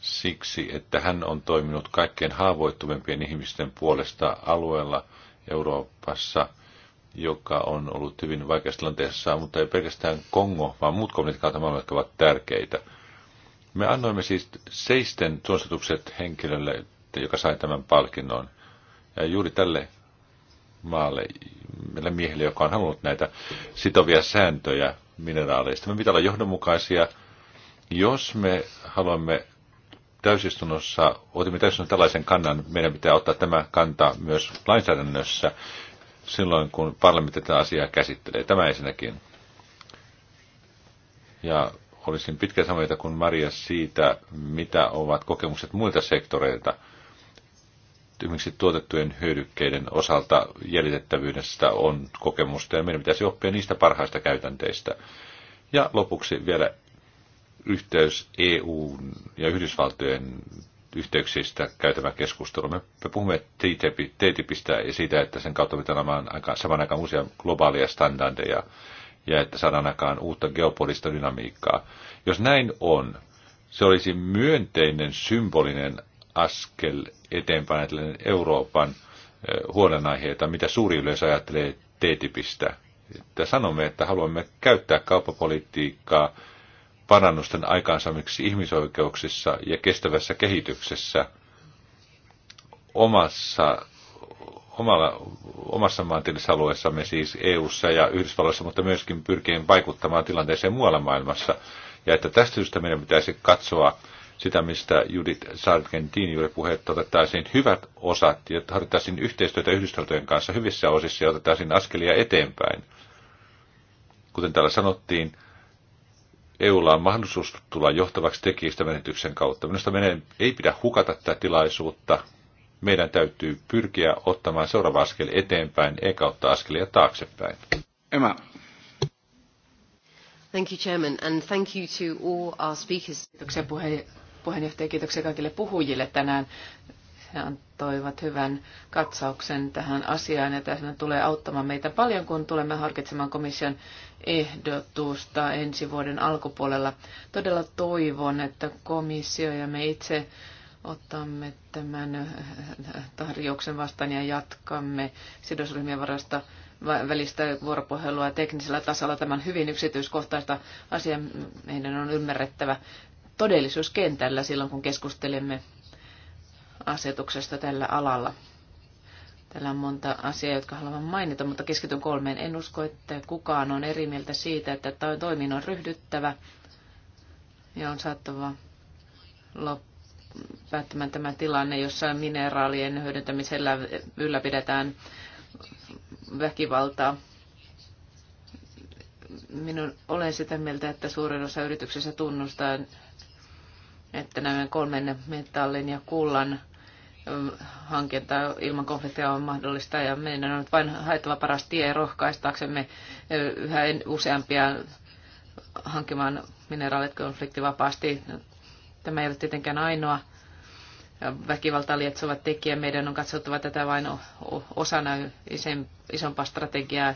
Speaker 1: siksi, että hän on toiminut kaikkein haavoittuvimpien ihmisten puolesta alueella – Euroopassa, joka on ollut hyvin vaikeassa tilanteessa, mutta ei pelkästään Kongo, vaan muut kommunit kautta maailmaa, jotka ovat tärkeitä. Me annoimme siis seisten suositukset henkilölle, joka sai tämän palkinnon. Ja juuri tälle maalle, meille miehelle, joka on halunnut näitä sitovia sääntöjä mineraaleista. Me pitää olla johdonmukaisia. Jos me haluamme täysistunnossa, otimme täysin tällaisen kannan, meidän pitää ottaa tämä kanta myös lainsäädännössä silloin, kun parlamentti tätä asiaa käsittelee. Tämä ensinnäkin. Ja olisin pitkä samoita kuin Maria siitä, mitä ovat kokemukset muilta sektoreilta, esimerkiksi tuotettujen hyödykkeiden osalta jäljitettävyydestä on kokemusta ja meidän pitäisi oppia niistä parhaista käytänteistä. Ja lopuksi vielä yhteys EU ja Yhdysvaltojen yhteyksistä käytävä keskustelu. Me puhumme TTIPistä ja siitä, että sen kautta pitää olemaan aika, saman aikaan uusia globaaleja standardeja ja että saadaan aikaan uutta geopolista dynamiikkaa. Jos näin on, se olisi myönteinen symbolinen askel eteenpäin ajatellen Euroopan eh, huolenaiheita, mitä suuri yleisö ajattelee TTIPistä. Että sanomme, että haluamme käyttää kauppapolitiikkaa parannusten aikaansaamiseksi ihmisoikeuksissa ja kestävässä kehityksessä omassa, omalla, omassa alueessamme, siis EU:ssa ja Yhdysvalloissa, mutta myöskin pyrkien vaikuttamaan tilanteeseen muualla maailmassa. Ja että tästä syystä meidän pitäisi katsoa sitä, mistä Judith Sargentin juuri puhetta otettaisiin hyvät osat ja harjoittaisiin yhteistyötä Yhdysvaltojen kanssa hyvissä osissa ja otettaisiin askelia eteenpäin. Kuten täällä sanottiin, EUlla on mahdollisuus tulla johtavaksi tekijästä menetyksen kautta. Minusta meidän ei pidä hukata tätä tilaisuutta. Meidän täytyy pyrkiä ottamaan seuraava askel eteenpäin, ei kautta askelia taaksepäin. Emma.
Speaker 3: Thank you, Chairman, and thank you to all our speakers. Kiitoksia puheenjohtaja, kiitoksia kaikille puhujille tänään. He antoivat hyvän katsauksen tähän asiaan ja tämä tulee auttamaan meitä paljon, kun tulemme harkitsemaan komission ehdotusta ensi vuoden alkupuolella. Todella toivon, että komissio ja me itse otamme tämän tarjouksen vastaan ja jatkamme sidosryhmien varasta välistä vuoropuhelua teknisellä tasolla. Tämän hyvin yksityiskohtaista asiaa meidän on ymmärrettävä todellisuuskentällä silloin, kun keskustelemme asetuksesta tällä alalla. Täällä on monta asiaa, jotka haluan mainita, mutta keskityn kolmeen. En usko, että kukaan on eri mieltä siitä, että toimiin on ryhdyttävä ja on saattava päättämään tämä tilanne, jossa mineraalien hyödyntämisellä ylläpidetään väkivaltaa. Minun olen sitä mieltä, että suurin osa yrityksessä tunnustaa, että nämä kolmen metallin ja kullan hankinta ilman konflikteja on mahdollista ja meidän on vain haettava paras tie rohkaistaaksemme yhä useampia hankkimaan mineraalit konfliktivapaasti. Tämä ei ole tietenkään ainoa väkivaltaa lietsova tekijä. Meidän on katsottava tätä vain osana isompaa strategiaa,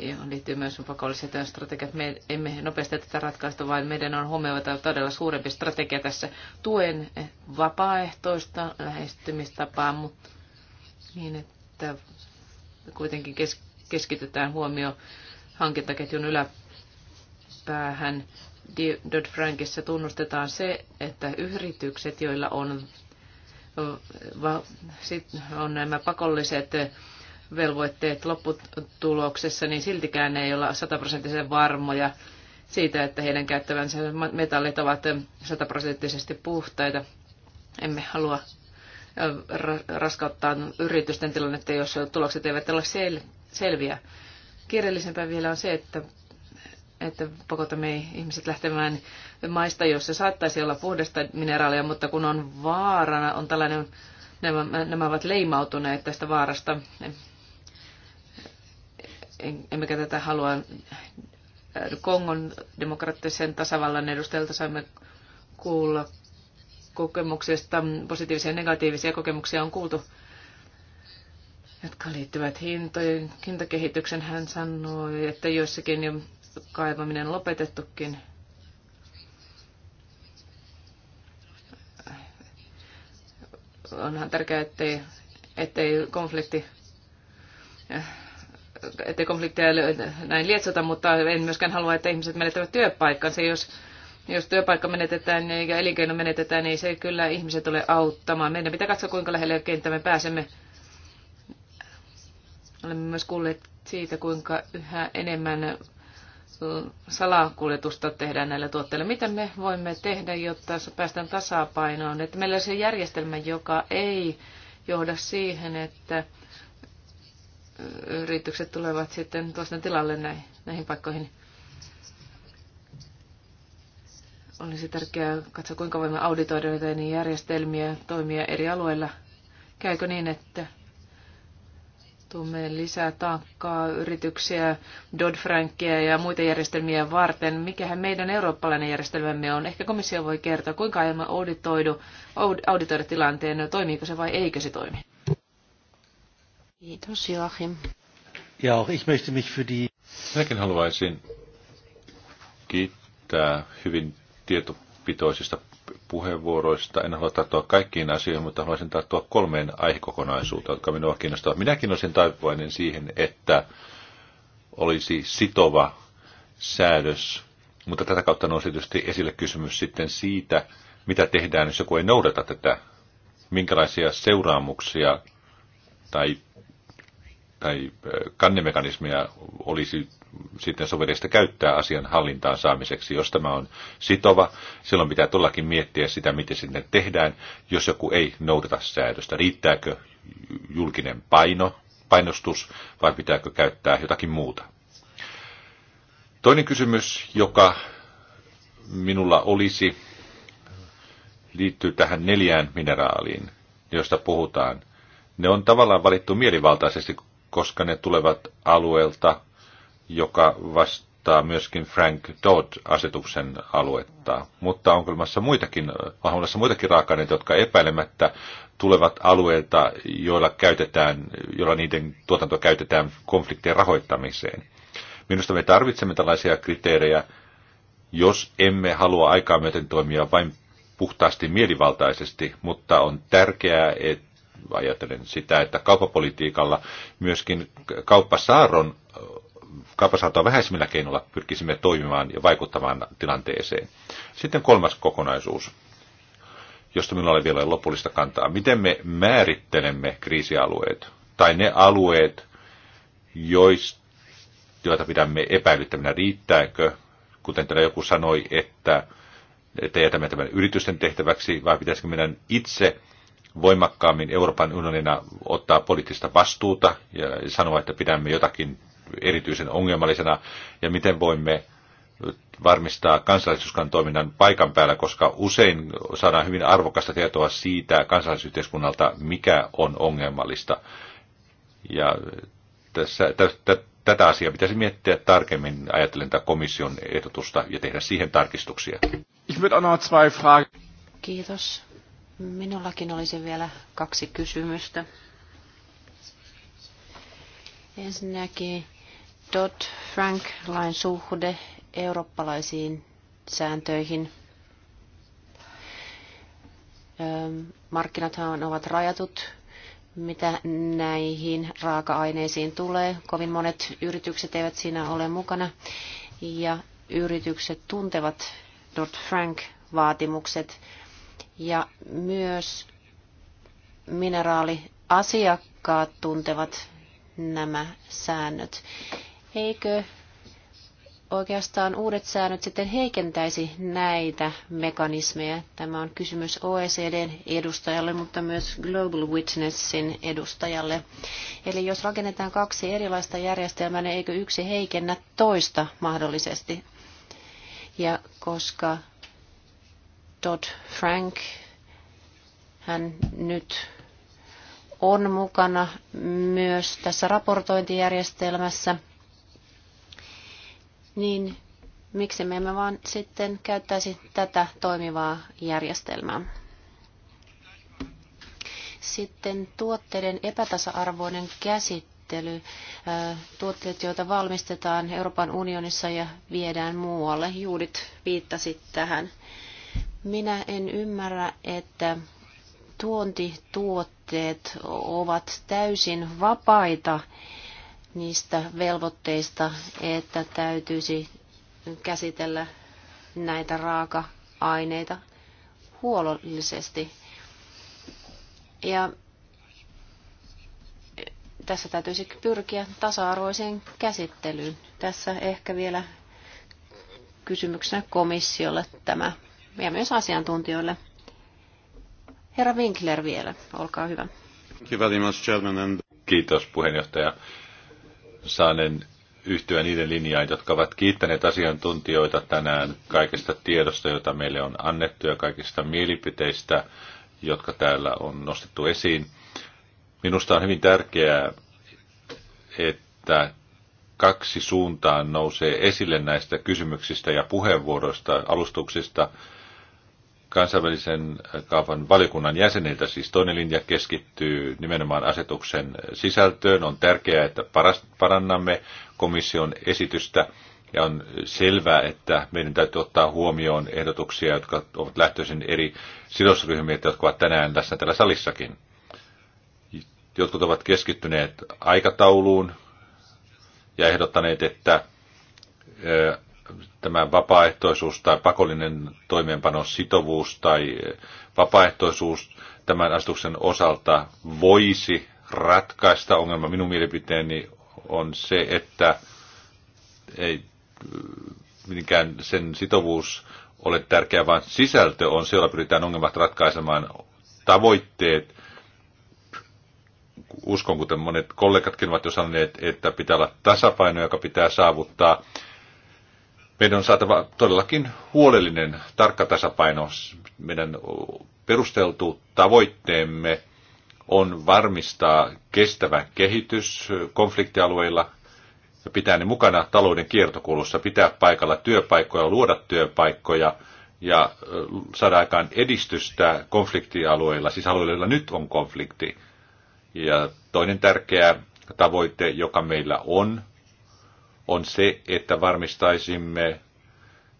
Speaker 3: johon liittyy myös pakolliset strategiat. Me emme nopeasti tätä ratkaista, vaan meidän on huomioita todella suurempi strategia tässä tuen vapaaehtoista lähestymistapaa, mutta niin, että kuitenkin keskitetään huomio hankintaketjun yläpäähän. Dodd-Frankissa tunnustetaan se, että yritykset, joilla on, on nämä pakolliset velvoitteet lopputuloksessa, niin siltikään ei olla sataprosenttisen varmoja siitä, että heidän käyttävänsä metallit ovat sataprosenttisesti puhtaita. Emme halua raskauttaa yritysten tilannetta, jos tulokset eivät ole sel- selviä. Kiireellisempää vielä on se, että, että pakotamme ihmiset lähtemään maista, joissa saattaisi olla puhdasta mineraalia, mutta kun on vaarana, on tällainen, nämä, nämä ovat leimautuneet tästä vaarasta emmekä tätä halua. Äh, Kongon demokraattisen tasavallan edustajalta saimme kuulla kokemuksesta, positiivisia ja negatiivisia kokemuksia on kuultu, jotka liittyvät hintojen, hintakehityksen. Hän sanoi, että joissakin jo kaivaminen lopetettukin. Onhan tärkeää, ettei, ettei konflikti äh, ettei konflikteja näin lietsota, mutta en myöskään halua, että ihmiset menettävät työpaikkansa. Jos, jos työpaikka menetetään ja elinkeino menetetään, niin se kyllä ihmiset ole auttamaan. Meidän pitää katsoa, kuinka lähelle kenttä me pääsemme. Olemme myös kuulleet siitä, kuinka yhä enemmän salakuljetusta tehdään näillä tuotteilla. Mitä me voimme tehdä, jotta päästään tasapainoon? Että meillä on se järjestelmä, joka ei johda siihen, että yritykset tulevat sitten tuosta tilalle näihin, näihin paikkoihin. Olisi tärkeää katsoa, kuinka voimme auditoida näitä järjestelmiä, toimia eri alueilla. Käykö niin, että tuomme lisää taakkaa yrityksiä, Dodd-Frankia ja muita järjestelmiä varten. Mikähän meidän eurooppalainen järjestelmämme on? Ehkä komissio voi kertoa, kuinka aiomme auditoidu, auditoida tilanteen, toimiiko se vai eikö se toimi? Kiitos Joachim.
Speaker 1: Ja auch ich möchte mich für die... Minäkin haluaisin kiittää hyvin tietopitoisista puheenvuoroista. En halua tarttua kaikkiin asioihin, mutta haluaisin tarttua kolmeen aihekokonaisuuteen, jotka minua kiinnostavat. Minäkin olisin taipuvainen siihen, että olisi sitova säädös, mutta tätä kautta nousi tietysti esille kysymys sitten siitä, mitä tehdään, jos joku ei noudata tätä, minkälaisia seuraamuksia tai tai kannemekanismeja olisi sitten sovellista käyttää asian hallintaan saamiseksi. Jos tämä on sitova, silloin pitää tullakin miettiä sitä, miten sinne tehdään, jos joku ei noudata säädöstä. Riittääkö julkinen paino, painostus vai pitääkö käyttää jotakin muuta? Toinen kysymys, joka minulla olisi, liittyy tähän neljään mineraaliin, josta puhutaan. Ne on tavallaan valittu mielivaltaisesti koska ne tulevat alueelta, joka vastaa myöskin Frank Dodd-asetuksen aluetta. Mutta on olemassa muitakin, on olemassa muitakin raaka-aineita, jotka epäilemättä tulevat alueelta, joilla, käytetään, joilla niiden tuotanto käytetään konfliktien rahoittamiseen. Minusta me tarvitsemme tällaisia kriteerejä, jos emme halua aikaa myöten toimia vain puhtaasti mielivaltaisesti, mutta on tärkeää, että ajatellen sitä, että kauppapolitiikalla myöskin kauppasaaron kauppasaartoa vähäisimmillä keinoilla pyrkisimme toimimaan ja vaikuttamaan tilanteeseen. Sitten kolmas kokonaisuus, josta minulla oli vielä lopullista kantaa. Miten me määrittelemme kriisialueet tai ne alueet, joista, joita pidämme epäilyttävinä, riittääkö, kuten täällä joku sanoi, että että jätämme tämän yritysten tehtäväksi, vai pitäisikö meidän itse voimakkaammin Euroopan unionina ottaa poliittista vastuuta ja sanoa, että pidämme jotakin erityisen ongelmallisena ja miten voimme varmistaa kansalaisyhteiskunnan toiminnan paikan päällä, koska usein saadaan hyvin arvokasta tietoa siitä kansalaisyhteiskunnalta, mikä on ongelmallista. Ja tässä, tä, tätä asiaa pitäisi miettiä tarkemmin, ajatellen tätä komission ehdotusta ja tehdä siihen tarkistuksia.
Speaker 2: Kiitos. Minullakin olisi vielä kaksi kysymystä. Ensinnäkin Dodd-Frank-lain suhde eurooppalaisiin sääntöihin. Markkinathan ovat rajatut, mitä näihin raaka-aineisiin tulee. Kovin monet yritykset eivät siinä ole mukana ja yritykset tuntevat Dodd-Frank-vaatimukset ja myös mineraaliasiakkaat tuntevat nämä säännöt. Eikö oikeastaan uudet säännöt sitten heikentäisi näitä mekanismeja? Tämä on kysymys OECDn edustajalle, mutta myös Global Witnessin edustajalle. Eli jos rakennetaan kaksi erilaista järjestelmää, niin eikö yksi heikennä toista mahdollisesti? Ja koska Todd Frank, hän nyt on mukana myös tässä raportointijärjestelmässä, niin miksi me emme vaan sitten käyttäisi tätä toimivaa järjestelmää. Sitten tuotteiden epätasa-arvoinen käsittely. Tuotteet, joita valmistetaan Euroopan unionissa ja viedään muualle. Juudit viittasit tähän. Minä en ymmärrä, että tuontituotteet ovat täysin vapaita niistä velvoitteista, että täytyisi käsitellä näitä raaka-aineita huolollisesti. Ja tässä täytyisi pyrkiä tasa-arvoiseen käsittelyyn. Tässä ehkä vielä kysymyksenä komissiolle tämä ja myös asiantuntijoille. Herra Winkler vielä, olkaa hyvä.
Speaker 1: Kiitos puheenjohtaja. Saanen yhtyä niiden linjaan, jotka ovat kiittäneet asiantuntijoita tänään kaikesta tiedosta, jota meille on annettu ja kaikista mielipiteistä, jotka täällä on nostettu esiin. Minusta on hyvin tärkeää, että kaksi suuntaa nousee esille näistä kysymyksistä ja puheenvuoroista, alustuksista – kansainvälisen äh, kaavan valiokunnan jäseniltä, siis toinen linja keskittyy nimenomaan asetuksen sisältöön. On tärkeää, että parannamme komission esitystä ja on selvää, että meidän täytyy ottaa huomioon ehdotuksia, jotka ovat lähtöisin eri sidosryhmiltä, jotka ovat tänään tässä tällä salissakin. Jotkut ovat keskittyneet aikatauluun ja ehdottaneet, että äh, tämä vapaaehtoisuus tai pakollinen toimeenpano sitovuus tai eh, vapaaehtoisuus tämän asetuksen osalta voisi ratkaista ongelma. Minun mielipiteeni on se, että ei eh, mitenkään sen sitovuus ole tärkeä, vaan sisältö on se, jolla pyritään ongelmat ratkaisemaan. Tavoitteet, uskon kuten monet kollegatkin ovat jo sanoneet, että pitää olla tasapaino, joka pitää saavuttaa meidän on saatava todellakin huolellinen, tarkka tasapaino. Meidän perusteltu tavoitteemme on varmistaa kestävä kehitys konfliktialueilla ja pitää ne mukana talouden kiertokulussa, pitää paikalla työpaikkoja, luoda työpaikkoja ja saada aikaan edistystä konfliktialueilla, siis alueilla nyt on konflikti. Ja toinen tärkeä tavoite, joka meillä on, on se, että varmistaisimme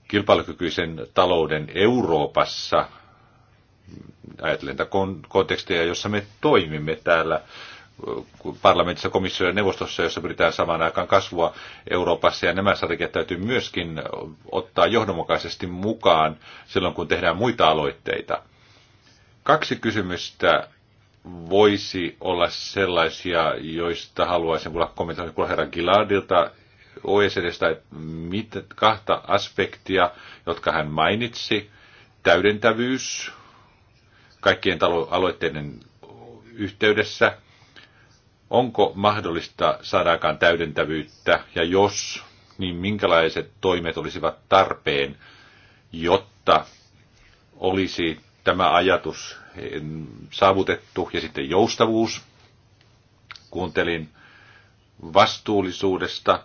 Speaker 1: kilpailukykyisen talouden Euroopassa, ajatellen tätä kontekstia, jossa me toimimme täällä parlamentissa, komissio ja neuvostossa, jossa pyritään samaan aikaan kasvua Euroopassa, ja nämä strategiat täytyy myöskin ottaa johdonmukaisesti mukaan silloin, kun tehdään muita aloitteita. Kaksi kysymystä voisi olla sellaisia, joista haluaisin kuulla kommentoida herra Gilardilta OECDstä mit, kahta aspektia, jotka hän mainitsi. Täydentävyys kaikkien talo- aloitteiden yhteydessä. Onko mahdollista saadaakaan täydentävyyttä ja jos, niin minkälaiset toimet olisivat tarpeen, jotta olisi tämä ajatus eh, saavutettu ja sitten joustavuus. Kuuntelin vastuullisuudesta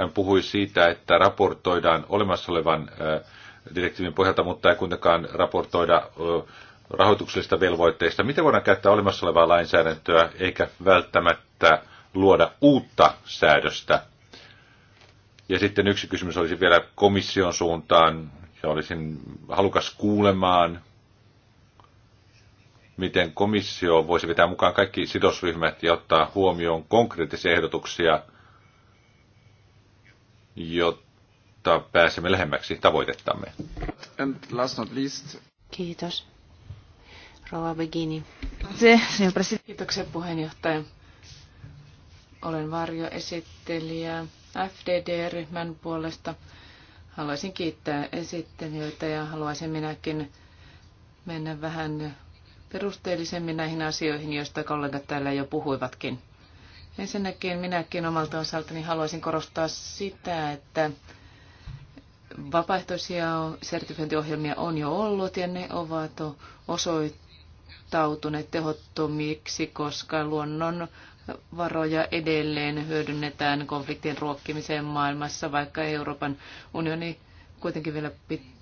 Speaker 1: hän puhui siitä, että raportoidaan olemassa olevan direktiivin pohjalta, mutta ei kuitenkaan raportoida rahoituksellista velvoitteista. Miten voidaan käyttää olemassa olevaa lainsäädäntöä eikä välttämättä luoda uutta säädöstä? Ja sitten yksi kysymys olisi vielä komission suuntaan, ja olisin halukas kuulemaan, miten komissio voisi vetää mukaan kaikki sidosryhmät ja ottaa huomioon konkreettisia ehdotuksia – jotta pääsemme lähemmäksi tavoitettamme.
Speaker 2: And last not least.
Speaker 3: Kiitos. Rova Begini. Se, Kiitoksia puheenjohtaja. Olen varjoesittelijä FDD-ryhmän puolesta. Haluaisin kiittää esittelijöitä ja haluaisin minäkin mennä vähän perusteellisemmin näihin asioihin, joista kollegat täällä jo puhuivatkin. Ensinnäkin minäkin omalta osaltani haluaisin korostaa sitä, että vapaaehtoisia sertifiointiohjelmia on jo ollut ja ne ovat osoittautuneet tehottomiksi, koska luonnon varoja edelleen hyödynnetään konfliktien ruokkimiseen maailmassa, vaikka Euroopan unioni kuitenkin vielä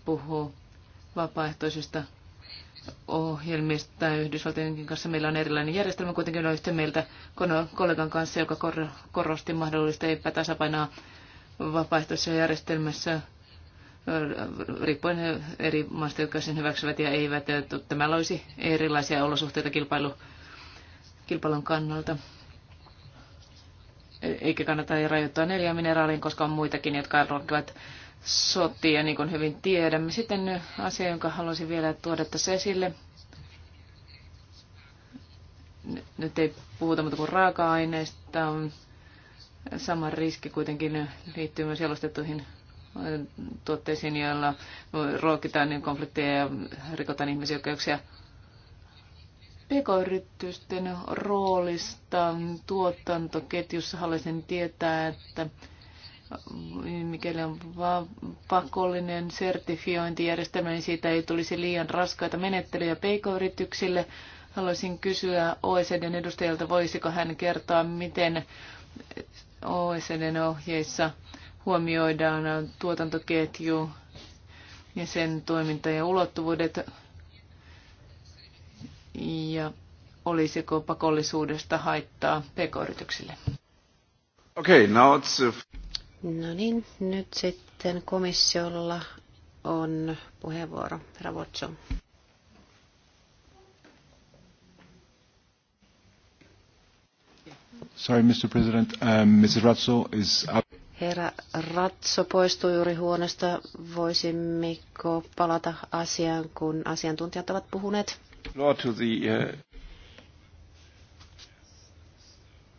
Speaker 3: puhuu vapaaehtoisista ohjelmista Yhdysvaltojenkin kanssa meillä on erilainen järjestelmä. Kuitenkin on yhtä mieltä kollegan kanssa, joka korosti mahdollista epätasapainoa vapaaehtoisessa järjestelmässä riippuen eri maista, jotka sen hyväksyvät ja eivät. Tämä loisi erilaisia olosuhteita kilpailu, kilpailun kannalta. E- eikä kannata rajoittaa neljä mineraaliin, koska on muitakin, jotka ruokkivat sotia, niin kuin hyvin tiedämme. Sitten nyt asia, jonka haluaisin vielä tuoda tässä esille. Nyt ei puhuta muuta kuin raaka-aineista. Sama riski kuitenkin liittyy myös jalostettuihin äh, tuotteisiin, joilla ruokitaan niin konflikteja ja rikotaan ihmisoikeuksia. Pekoyritysten roolista tuotantoketjussa haluaisin tietää, että mikäli on pakollinen sertifiointijärjestelmä, niin siitä ei tulisi liian raskaita menettelyjä pk-yrityksille. Haluaisin kysyä OECDn edustajalta, voisiko hän kertoa, miten OECDn ohjeissa huomioidaan tuotantoketju ja sen toiminta ja ulottuvuudet. Ja olisiko pakollisuudesta haittaa pk-yrityksille? Okay, now it's uh,
Speaker 2: No niin, nyt sitten komissiolla on puheenvuoro. Ravotso.
Speaker 3: Sorry, Mr. President. Um, Mrs. Ratso is up.
Speaker 2: Herra Ratso poistui juuri huoneesta. Voisimmeko palata asiaan, kun asiantuntijat ovat puhuneet?
Speaker 1: To the, uh...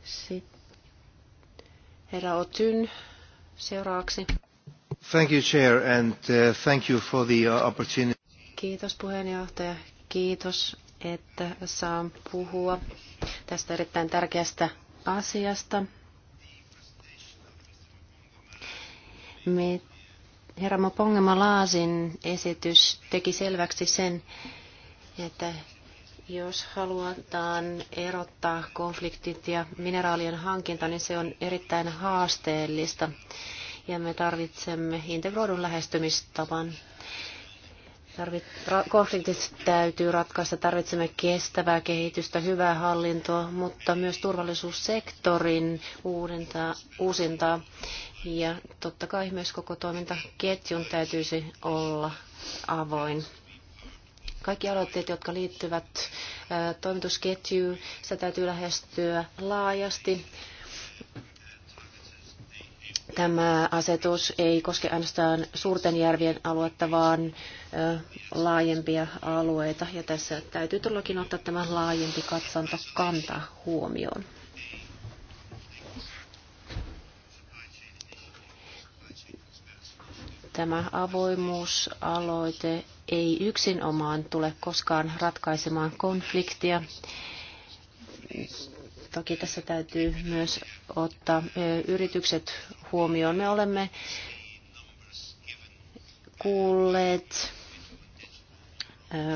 Speaker 2: Sitten herra Otyn seuraavaksi.
Speaker 1: Thank you, Chair, and uh, thank you for the uh, opportunity.
Speaker 2: Kiitos puheenjohtaja. Kiitos, että saan puhua tästä erittäin tärkeästä asiasta. Me, herra Mopongema Laasin esitys teki selväksi sen, että jos halutaan erottaa konfliktit ja mineraalien hankinta, niin se on erittäin haasteellista ja me tarvitsemme integroidun lähestymistavan. Tarvit, ra, konfliktit täytyy ratkaista, tarvitsemme kestävää kehitystä, hyvää hallintoa, mutta myös turvallisuussektorin uudentaa, uusintaa. Ja totta kai myös koko toimintaketjun täytyisi olla avoin. Kaikki aloitteet, jotka liittyvät toimitusketjuun, sitä täytyy lähestyä laajasti. Tämä asetus ei koske ainoastaan suurten järvien aluetta, vaan laajempia alueita. Ja tässä täytyy todellakin ottaa tämä laajempi kanta huomioon. Tämä avoimuusaloite ei yksin omaan tule koskaan ratkaisemaan konfliktia. Toki tässä täytyy myös ottaa yritykset huomioon. Me olemme kuulleet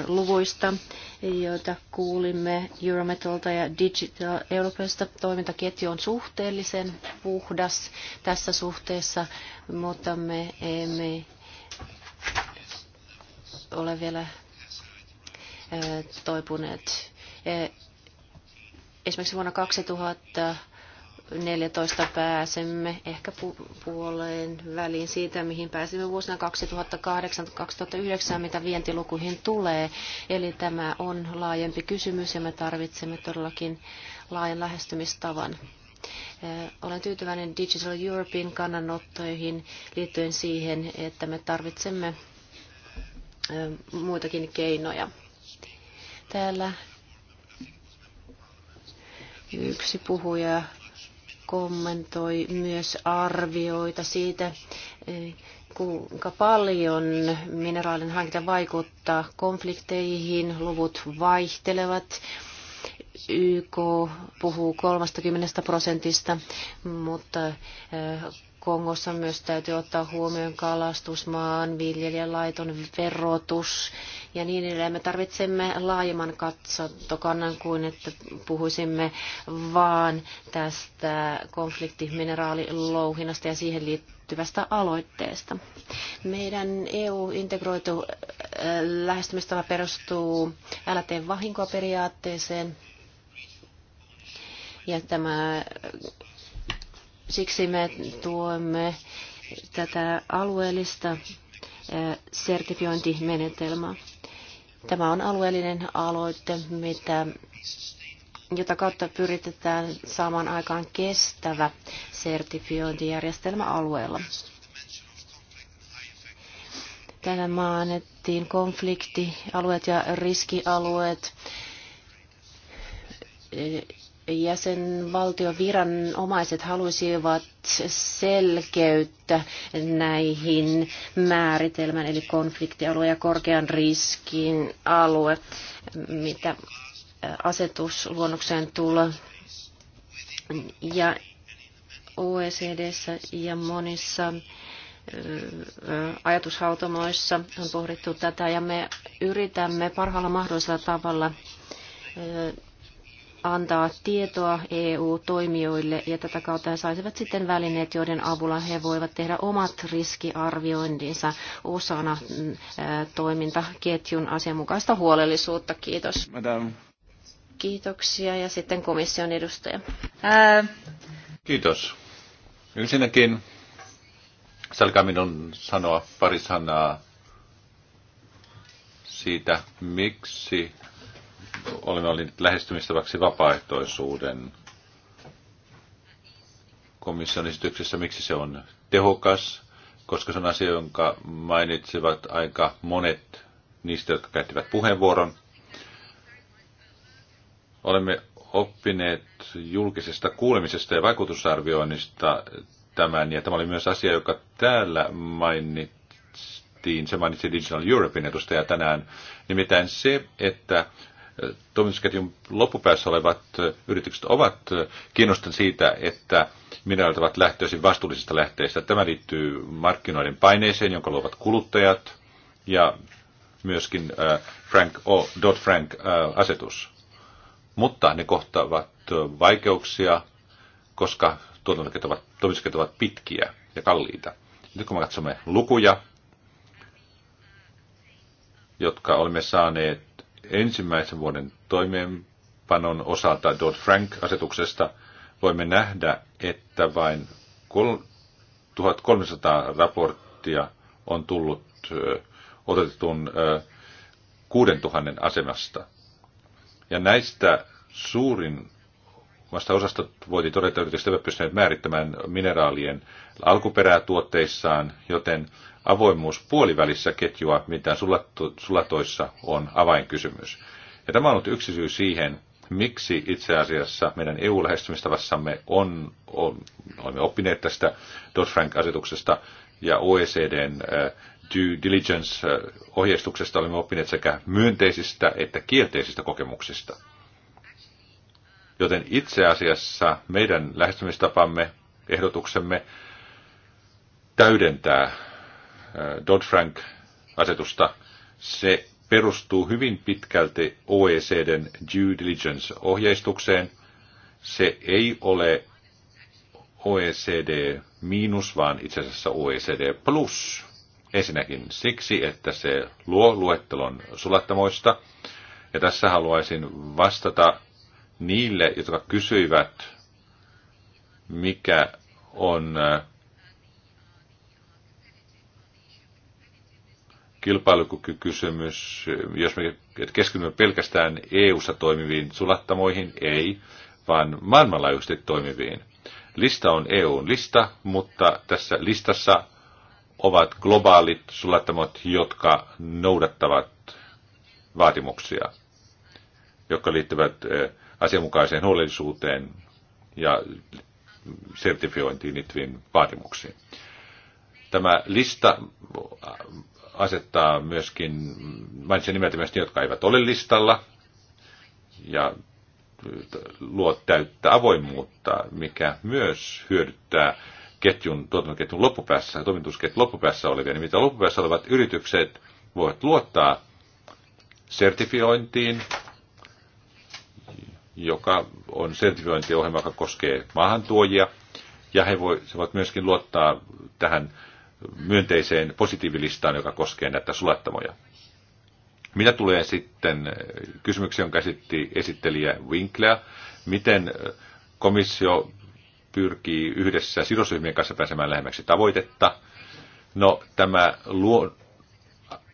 Speaker 2: luvuista, joita kuulimme Eurometalta ja Digital Europeista. Toimintaketju on suhteellisen puhdas tässä suhteessa, mutta me emme ole vielä toipuneet. E, esimerkiksi vuonna 2014 pääsemme ehkä puoleen väliin siitä, mihin pääsimme vuosina 2008-2009, mitä vientilukuihin tulee. Eli tämä on laajempi kysymys ja me tarvitsemme todellakin laajan lähestymistavan. E, olen tyytyväinen Digital Europein kannanottoihin liittyen siihen, että me tarvitsemme muitakin keinoja. Täällä yksi puhuja kommentoi myös arvioita siitä, kuinka paljon mineraalin hankinta vaikuttaa konflikteihin. Luvut vaihtelevat. YK puhuu 30 prosentista, mutta Kongossa myös täytyy ottaa huomioon kalastusmaan, laiton verotus ja niin edelleen. Me tarvitsemme laajemman katsotokannan kuin, että puhuisimme vaan tästä konfliktimineraalilouhinnasta ja siihen liittyvästä aloitteesta. Meidän EU-integroitu äh, lähestymistapa perustuu älä tee vahinkoa periaatteeseen. Ja tämä Siksi me tuomme tätä alueellista sertifiointimenetelmää. Tämä on alueellinen aloite, mitä, jota kautta pyritetään saamaan aikaan kestävä sertifiointijärjestelmä alueella. Tänään maanettiin konfliktialueet ja riskialueet jäsenvaltion viranomaiset haluaisivat selkeyttä näihin määritelmän, eli konfliktialue ja korkean riskin alue, mitä asetusluonnokseen tulee. Ja OECDssä ja monissa ajatushautomoissa on pohdittu tätä ja me yritämme parhaalla mahdollisella tavalla antaa tietoa EU-toimijoille ja tätä kautta he saisivat sitten välineet, joiden avulla he voivat tehdä omat riskiarviointinsa osana mm, toimintaketjun asianmukaista huolellisuutta. Kiitos. Madame. Kiitoksia ja sitten komission edustaja.
Speaker 1: Ää... Kiitos. Ensinnäkin salkaa minun sanoa pari sanaa siitä, miksi olemme olleet lähestymistavaksi vapaaehtoisuuden komission esityksessä, miksi se on tehokas, koska se on asia, jonka mainitsivat aika monet niistä, jotka käyttivät puheenvuoron. Olemme oppineet julkisesta kuulemisesta ja vaikutusarvioinnista tämän, ja tämä oli myös asia, joka täällä mainittiin, se mainitsi Digital Europein edustaja tänään, nimittäin se, että toimitusketjun loppupäässä olevat yritykset ovat kiinnostuneet siitä, että mineraalit ovat lähtöisin vastuullisista lähteistä. Tämä liittyy markkinoiden paineeseen, jonka luovat kuluttajat ja myöskin äh, Frank o. dot frank äh, asetus Mutta ne kohtaavat vaikeuksia, koska toimitusketjut ovat pitkiä ja kalliita. Nyt kun me katsomme lukuja, jotka olemme saaneet ensimmäisen vuoden toimeenpanon osalta Dodd-Frank-asetuksesta voimme nähdä, että vain 1300 raporttia on tullut otetun 6000 asemasta. Ja näistä suurin Vasta osastot voiti todeta, että yritykset eivät pystyneet määrittämään mineraalien alkuperää tuotteissaan, joten avoimuus puolivälissä ketjua, mitä sulatoissa on avainkysymys. Ja tämä on ollut yksi syy siihen, miksi itse asiassa meidän EU-lähestymistavassamme on, on, olemme oppineet tästä Dodd-Frank-asetuksesta ja OECDn äh, due diligence-ohjeistuksesta äh, olemme oppineet sekä myönteisistä että kielteisistä kokemuksista. Joten itse asiassa meidän lähestymistapamme, ehdotuksemme täydentää äh, Dodd-Frank-asetusta. Se perustuu hyvin pitkälti OECDn due diligence-ohjeistukseen. Se ei ole OECD miinus, vaan itse asiassa OECD plus. Ensinnäkin siksi, että se luo luettelon sulattamoista. Ja tässä haluaisin vastata niille, jotka kysyivät, mikä on kilpailukykykysymys, jos me keskitymme pelkästään EU-ssa toimiviin sulattamoihin, ei, vaan maailmanlaajuisesti toimiviin. Lista on EUn lista, mutta tässä listassa ovat globaalit sulattamot, jotka noudattavat vaatimuksia, jotka liittyvät asianmukaiseen huolellisuuteen ja sertifiointiin liittyviin vaatimuksiin. Tämä lista asettaa myöskin, mainitsen nimeltä myös ne, jotka eivät ole listalla, ja luo täyttä avoimuutta, mikä myös hyödyttää ketjun, tuotantoketjun loppupäässä, toimitusketjun loppupäässä olevia, nimittäin loppupäässä olevat yritykset voivat luottaa sertifiointiin, joka on sertifiointiohjelma, joka koskee maahantuojia, ja he voivat myöskin luottaa tähän myönteiseen positiivilistaan, joka koskee näitä sulattamoja. Mitä tulee sitten kysymykseen, jonka esitti esittelijä Winkler, miten komissio pyrkii yhdessä sidosryhmien kanssa pääsemään lähemmäksi tavoitetta? No tämä luo,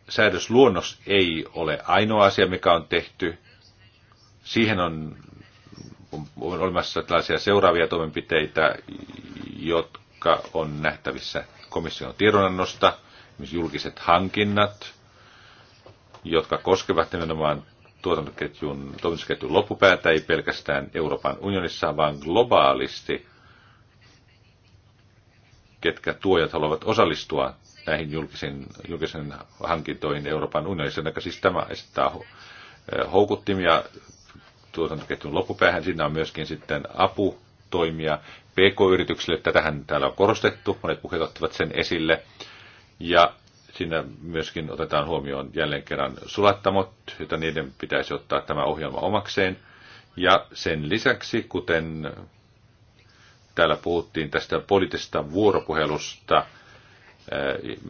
Speaker 1: säädösluonnos ei ole ainoa asia, mikä on tehty. Siihen on on olemassa tällaisia seuraavia toimenpiteitä, jotka on nähtävissä komission tiedonannosta, esimerkiksi julkiset hankinnat, jotka koskevat nimenomaan tuotantoketjun, toimitusketjun loppupäätä, ei pelkästään Euroopan unionissa, vaan globaalisti, ketkä tuojat haluavat osallistua näihin julkisiin, julkisiin hankintoihin Euroopan unionissa. Eli siis tämä estää eh, houkuttimia tuotantoketjun loppupäähän. Siinä on myöskin sitten aputoimia PK-yrityksille. Tätähän täällä on korostettu. Monet puheet ottivat sen esille. Ja siinä myöskin otetaan huomioon jälleen kerran sulattamot, joita niiden pitäisi ottaa tämä ohjelma omakseen. Ja sen lisäksi, kuten täällä puhuttiin tästä poliittisesta vuoropuhelusta,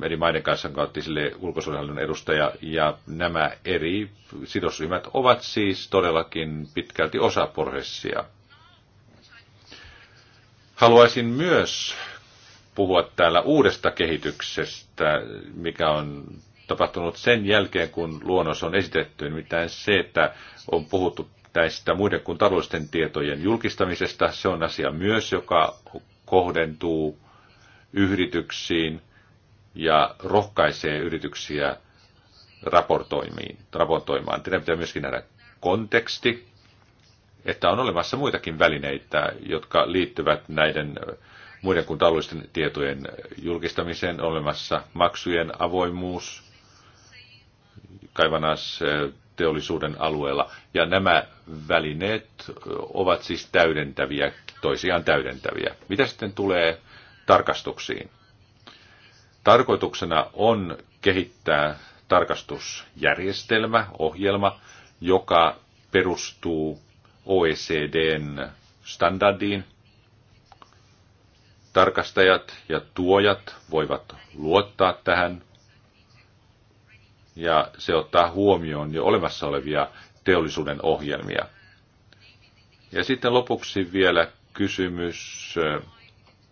Speaker 1: eri maiden kanssa, jonka sille ulkosuudenhallinnon edustaja, ja nämä eri sidosryhmät ovat siis todellakin pitkälti osa prosessia. Haluaisin myös puhua täällä uudesta kehityksestä, mikä on tapahtunut sen jälkeen, kun luonnos on esitetty, nimittäin se, että on puhuttu tästä muiden kuin taloudellisten tietojen julkistamisesta. Se on asia myös, joka kohdentuu yrityksiin – ja rohkaisee yrityksiä raportoimaan. Teidän pitää myöskin nähdä konteksti, että on olemassa muitakin välineitä, jotka liittyvät näiden muiden kuin taloudellisten tietojen julkistamiseen, on olemassa maksujen avoimuus kaivannaisteollisuuden alueella. Ja nämä välineet ovat siis täydentäviä, toisiaan täydentäviä. Mitä sitten tulee tarkastuksiin? Tarkoituksena on kehittää tarkastusjärjestelmä, ohjelma, joka perustuu OECDn standardiin. Tarkastajat ja tuojat voivat luottaa tähän ja se ottaa huomioon jo olemassa olevia teollisuuden ohjelmia. Ja sitten lopuksi vielä kysymys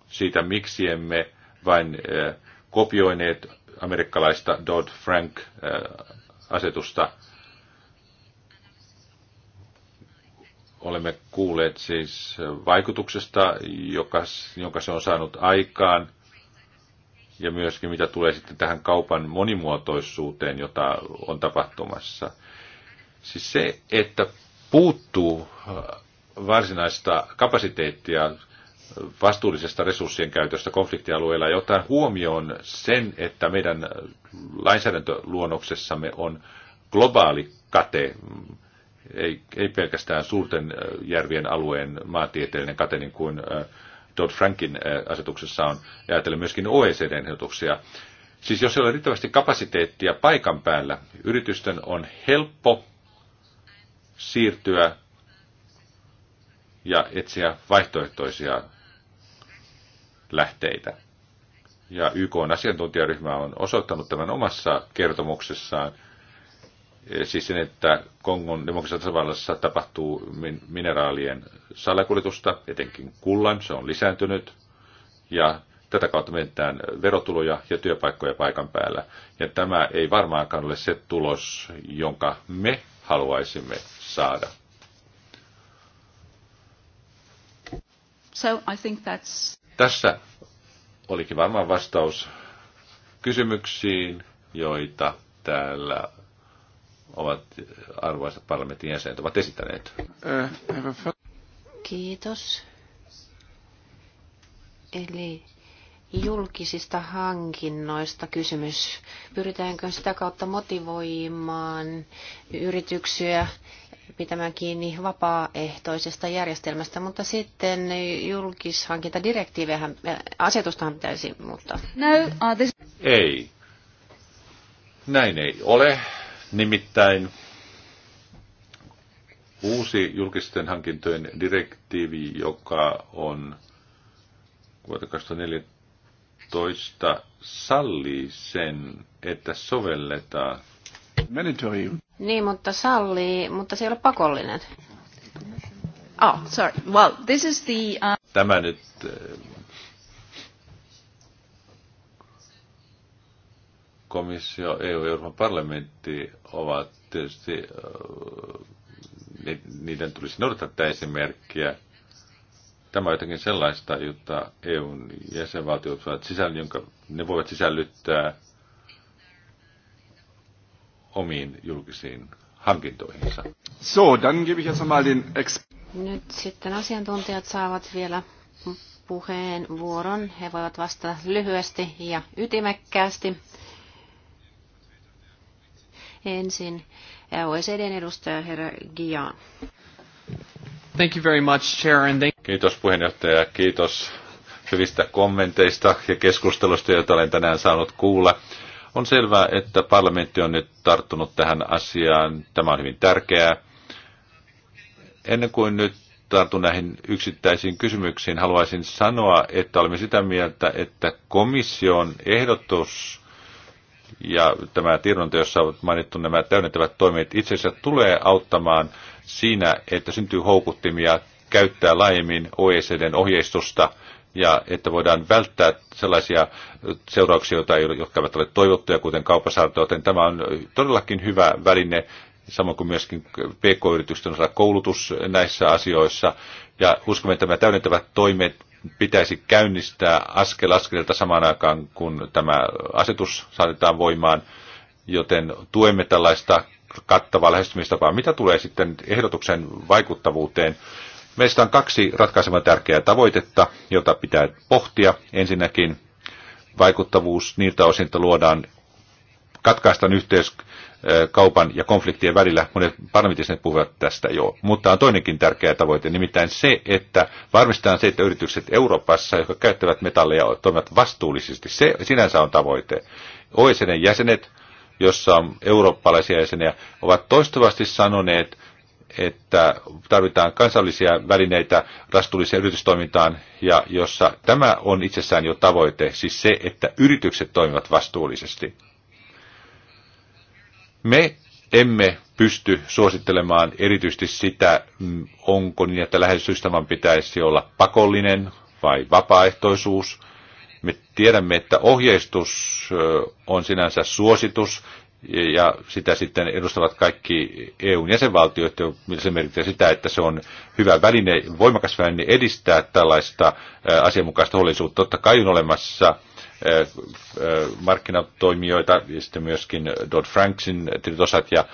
Speaker 1: siitä, miksi emme vain äh, kopioineet amerikkalaista Dodd-Frank-asetusta. Olemme kuulleet siis vaikutuksesta, joka, jonka se on saanut aikaan, ja myöskin mitä tulee sitten tähän kaupan monimuotoisuuteen, jota on tapahtumassa. Siis se, että puuttuu äh, varsinaista kapasiteettia vastuullisesta resurssien käytöstä konfliktialueilla ja ottaen huomioon sen, että meidän lainsäädäntöluonnoksessamme on globaali kate, ei, ei pelkästään suurten järvien alueen maantieteellinen kate, niin kuin Todd frankin asetuksessa on, ja ajatellen myöskin OECDn ehdotuksia. Siis jos ei ole riittävästi kapasiteettia paikan päällä, yritysten on helppo siirtyä ja etsiä vaihtoehtoisia lähteitä. Ja YK on asiantuntijaryhmä on osoittanut tämän omassa kertomuksessaan, eh, siis sen, että Kongon demokratisessa tasavallassa tapahtuu mineraalien salakuljetusta, etenkin kullan, se on lisääntynyt, ja tätä kautta menetään verotuloja ja työpaikkoja paikan päällä. Ja tämä ei varmaankaan ole se tulos, jonka me haluaisimme saada.
Speaker 2: So I think that's...
Speaker 1: Tässä olikin varmaan vastaus kysymyksiin, joita täällä ovat arvoisat parlamentin jäsenet ovat esittäneet.
Speaker 2: Kiitos. Eli julkisista hankinnoista kysymys. Pyritäänkö sitä kautta motivoimaan yrityksiä pitämään kiinni vapaaehtoisesta järjestelmästä, mutta sitten julkishankintadirektiivehän, asetustahan pitäisi muuttaa. No, uh, this...
Speaker 1: Ei. Näin ei ole. Nimittäin uusi julkisten hankintojen direktiivi, joka on vuotta 2014, sallii sen, että sovelletaan Mandatory
Speaker 2: niin, mutta sallii, mutta se ei ole pakollinen.
Speaker 3: Oh, sorry. Well, this is the... Uh...
Speaker 1: Tämä nyt... Äh, komissio, EU ja Euroopan parlamentti ovat tietysti... Äh, niiden tulisi noudattaa tätä esimerkkiä. Tämä on jotenkin sellaista, jota EUn jäsenvaltiot ovat sisällä, jonka ne voivat sisällyttää omiin julkisiin hankintoihinsa. So, dann gebe ich jetzt mal den
Speaker 2: Nyt sitten asiantuntijat saavat vielä puheenvuoron. He voivat vastata lyhyesti ja ytimekkäästi. Ensin OECDn edustaja herra Gian.
Speaker 1: Thank you very much, Chair, and thank... Kiitos puheenjohtaja, kiitos hyvistä kommenteista ja keskustelusta, joita olen tänään saanut kuulla. On selvää, että parlamentti on nyt tarttunut tähän asiaan. Tämä on hyvin tärkeää. Ennen kuin nyt tartun näihin yksittäisiin kysymyksiin, haluaisin sanoa, että olemme sitä mieltä, että komission ehdotus ja tämä tiedonanto, jossa on mainittu nämä täydentävät toimet, itse asiassa tulee auttamaan siinä, että syntyy houkuttimia käyttää laajemmin OECDn ohjeistusta ja että voidaan välttää sellaisia seurauksia, joita ei, ole, jotka eivät ole toivottuja, kuten kauppasaarto, joten tämä on todellakin hyvä väline, samoin kuin myöskin PK-yritysten osalta koulutus näissä asioissa. Ja uskomme, että tämä täydentävät toimet pitäisi käynnistää askel askeleelta samaan aikaan, kun tämä asetus saatetaan voimaan, joten tuemme tällaista kattavaa lähestymistapaa. Mitä tulee sitten ehdotuksen vaikuttavuuteen, Meistä on kaksi ratkaisevan tärkeää tavoitetta, jota pitää pohtia. Ensinnäkin vaikuttavuus niiltä osin, että luodaan, katkaistaan yhteys kaupan ja konfliktien välillä. Monet parlamentiset puhuvat tästä jo. Mutta on toinenkin tärkeä tavoite, nimittäin se, että varmistetaan se, että yritykset Euroopassa, jotka käyttävät metalleja, toimivat vastuullisesti. Se sinänsä on tavoite. OECDn jäsenet, jossa on eurooppalaisia jäseniä, ovat toistuvasti sanoneet, että tarvitaan kansallisia välineitä vastuulliseen yritystoimintaan, ja jossa tämä on itsessään jo tavoite, siis se, että yritykset toimivat vastuullisesti. Me emme pysty suosittelemaan erityisesti sitä, mm, onko niin, että lähestystavan pitäisi olla pakollinen vai vapaaehtoisuus. Me tiedämme, että ohjeistus on sinänsä suositus, ja sitä sitten edustavat kaikki EUn jäsenvaltiot, se merkitsee sitä, että se on hyvä väline, voimakas väline edistää tällaista asianmukaista huolellisuutta. Totta kai on olemassa markkinatoimijoita ja sitten myöskin Dodd-Franksin tilitosat ja,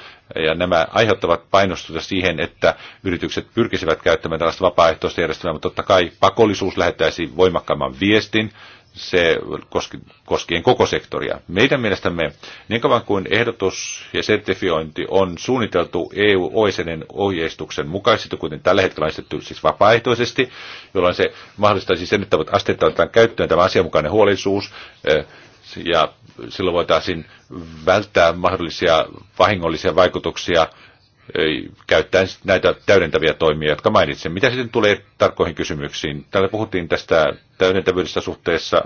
Speaker 1: ja nämä aiheuttavat painostusta siihen, että yritykset pyrkisivät käyttämään tällaista vapaaehtoista järjestelmää, mutta totta kai pakollisuus lähettäisi voimakkaamman viestin se koski, koskien koko sektoria. Meidän mielestämme niin kauan kuin ehdotus ja sertifiointi on suunniteltu EU-oisenen ohjeistuksen mukaisesti, kuten tällä hetkellä on esitetty siis vapaaehtoisesti, jolloin se mahdollistaisi sen, että asteittain otetaan käyttöön tämä asianmukainen huolisuus eh, ja silloin voitaisiin välttää mahdollisia vahingollisia vaikutuksia käyttäen näitä täydentäviä toimia, jotka mainitsin. Mitä sitten tulee tarkkoihin kysymyksiin? Täällä puhuttiin tästä täydentävyydestä suhteessa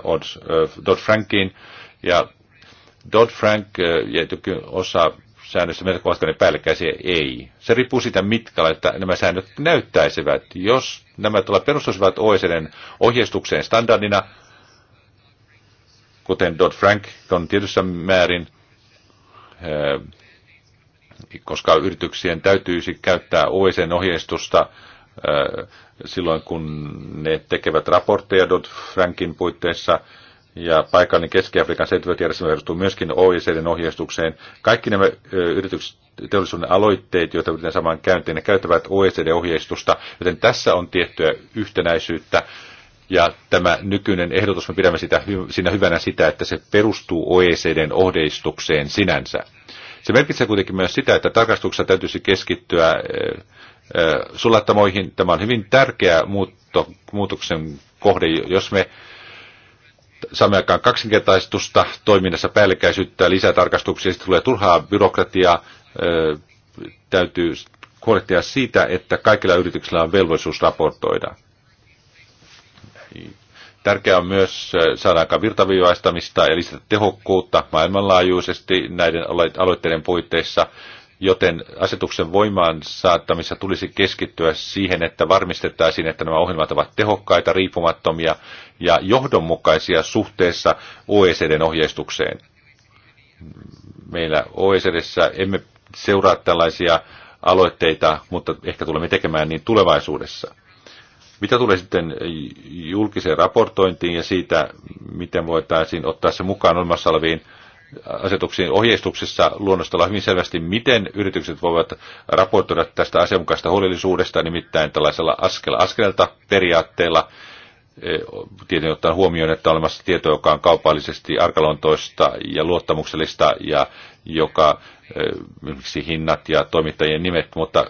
Speaker 1: Dodd-Frankiin, ja Dodd-Frank ja osa säännöistä, meitä ovatko ne päällekkäisiä, ei. Se riippuu siitä, mitkä että nämä säännöt näyttäisivät. Jos nämä tuolla perustuisivat OECDn ohjeistukseen standardina, kuten Dodd-Frank on tietyssä määrin, koska yrityksien täytyisi käyttää OECD:n ohjeistusta silloin, kun ne tekevät raportteja Dodd-Frankin puitteissa, ja paikallinen Keski-Afrikan sertifiointijärjestelmä perustuu myöskin OECDn ohjeistukseen. Kaikki nämä yritykset, teollisuuden aloitteet, joita pitää samaan käyntiin, ne käyttävät OECD-ohjeistusta, joten tässä on tiettyä yhtenäisyyttä. Ja tämä nykyinen ehdotus, me pidämme sitä, siinä hyvänä sitä, että se perustuu OECDn ohjeistukseen sinänsä. Se merkitsee kuitenkin myös sitä, että tarkastuksessa täytyisi keskittyä eh, eh, sulattamoihin. Tämä on hyvin tärkeä muutto, muutoksen kohde, jos me saamme aikaan kaksinkertaistusta toiminnassa päällekkäisyyttä, lisätarkastuksia, sitten tulee turhaa byrokratiaa, eh, täytyy huolehtia siitä, että kaikilla yrityksillä on velvollisuus raportoida. Tärkeää on myös äh, saada aika virtaviivaistamista ja lisätä tehokkuutta maailmanlaajuisesti näiden aloitteiden puitteissa, joten asetuksen voimaan saattamissa tulisi keskittyä siihen, että varmistettaisiin, että nämä ohjelmat ovat tehokkaita, riippumattomia ja johdonmukaisia suhteessa OECDn ohjeistukseen. Meillä OECDssä emme seuraa tällaisia aloitteita, mutta ehkä tulemme tekemään niin tulevaisuudessa. Mitä tulee sitten julkiseen raportointiin ja siitä, miten voitaisiin ottaa se mukaan olemassa oleviin asetuksiin ohjeistuksessa luonnostella hyvin selvästi, miten yritykset voivat raportoida tästä asianmukaista huolellisuudesta, nimittäin tällaisella askel askelta periaatteella, e, tietenkin ottaen huomioon, että on olemassa tieto, joka on kaupallisesti arkaluontoista ja luottamuksellista ja joka e, esimerkiksi hinnat ja toimittajien nimet, mutta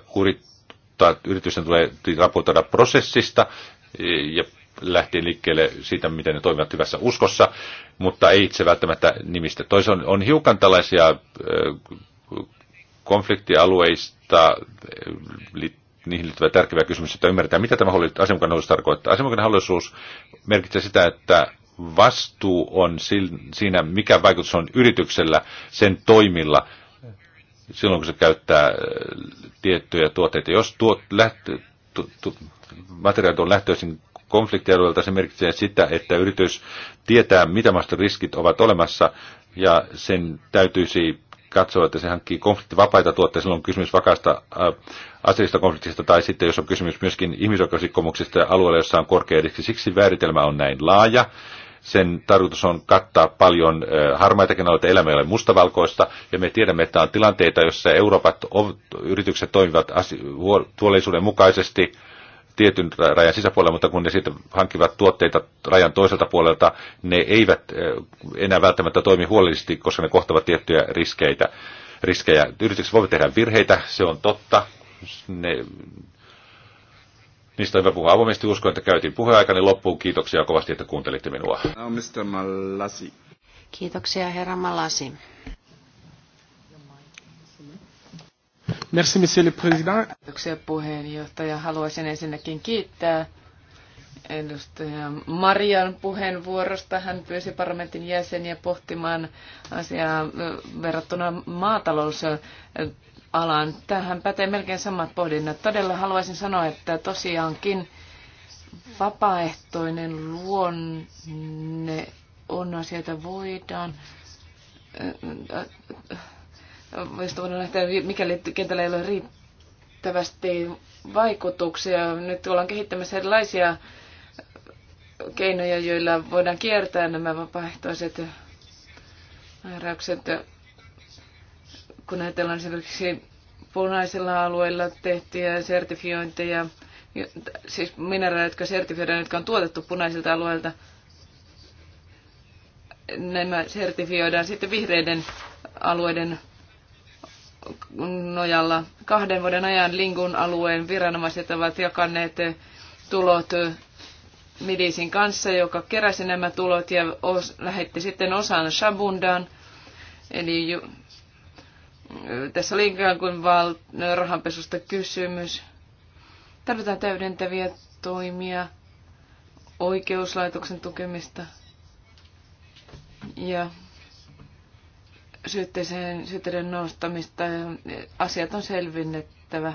Speaker 1: mutta yritysten tulee raportoida prosessista e, ja lähtien liikkeelle siitä, miten ne toimivat hyvässä uskossa, mutta ei itse välttämättä nimistä. Toisaalta on hiukan tällaisia e, konfliktialueista e, niihin liittyvä tärkeä kysymys, että ymmärretään, mitä tämä asianmukainen hallitus tarkoittaa. Asianmukainen hallitus merkitsee sitä, että vastuu on siinä, mikä vaikutus on yrityksellä sen toimilla silloin, kun se käyttää äh, tiettyjä tuotteita. Jos tuot lähtö, tu, tu, materiaalit on lähtöisin konfliktialueelta, se merkitsee sitä, että yritys tietää, mitä riskit ovat olemassa, ja sen täytyisi katsoa, että se hankkii konfliktivapaita tuotteita, silloin on kysymys vakaasta äh, aseellisesta konfliktista, tai sitten jos on kysymys myöskin ihmisoikeusrikkomuksista alueella, jossa on korkea riski. Siksi vääritelmä on näin laaja, sen tarkoitus on kattaa paljon harmaitakin aloita, elämä ei ole mustavalkoista, ja me tiedämme, että on tilanteita, joissa Euroopat yritykset toimivat huolellisuuden mukaisesti tietyn rajan sisäpuolella, mutta kun ne sitten hankkivat tuotteita rajan toiselta puolelta, ne eivät enää välttämättä toimi huolellisesti, koska ne kohtavat tiettyjä riskeitä. riskejä. Yritykset voivat tehdä virheitä, se on totta. Ne, Niistä on hyvä puhua avoimesti. Uskon, että käytiin puheaikani niin loppuun. Kiitoksia kovasti, että kuuntelitte minua. Mr. Malasi.
Speaker 3: Kiitoksia, herra Malasi.
Speaker 1: Merci, monsieur le président.
Speaker 3: Kiitoksia puheenjohtaja. Haluaisin ensinnäkin kiittää edustaja Marian puheenvuorosta. Hän pyysi parlamentin jäseniä pohtimaan asiaa verrattuna maatalous alan. Tähän pätee melkein samat pohdinnat. Todella haluaisin sanoa, että tosiaankin vapaaehtoinen luonne on asioita voidaan Voisitko äh, äh, voidaan nähdä, mikäli kentällä ei ole riittävästi vaikutuksia. Nyt ollaan kehittämässä erilaisia keinoja, joilla voidaan kiertää nämä vapaaehtoiset määräykset kun ajatellaan esimerkiksi punaisilla alueilla tehtyjä sertifiointeja, siis mineraaleja, jotka sertifioidaan, jotka on tuotettu punaisilta alueilta, nämä sertifioidaan sitten vihreiden alueiden nojalla. Kahden vuoden ajan Lingun alueen viranomaiset ovat jakaneet tulot Midisin kanssa, joka keräsi nämä tulot ja lähetti sitten osan Shabundaan, eli tässä oli ikään kuin val- rahanpesusta kysymys. Tarvitaan täydentäviä toimia, oikeuslaitoksen tukemista ja syytteeseen, syytteiden nostamista. Asiat on selvinnettävä.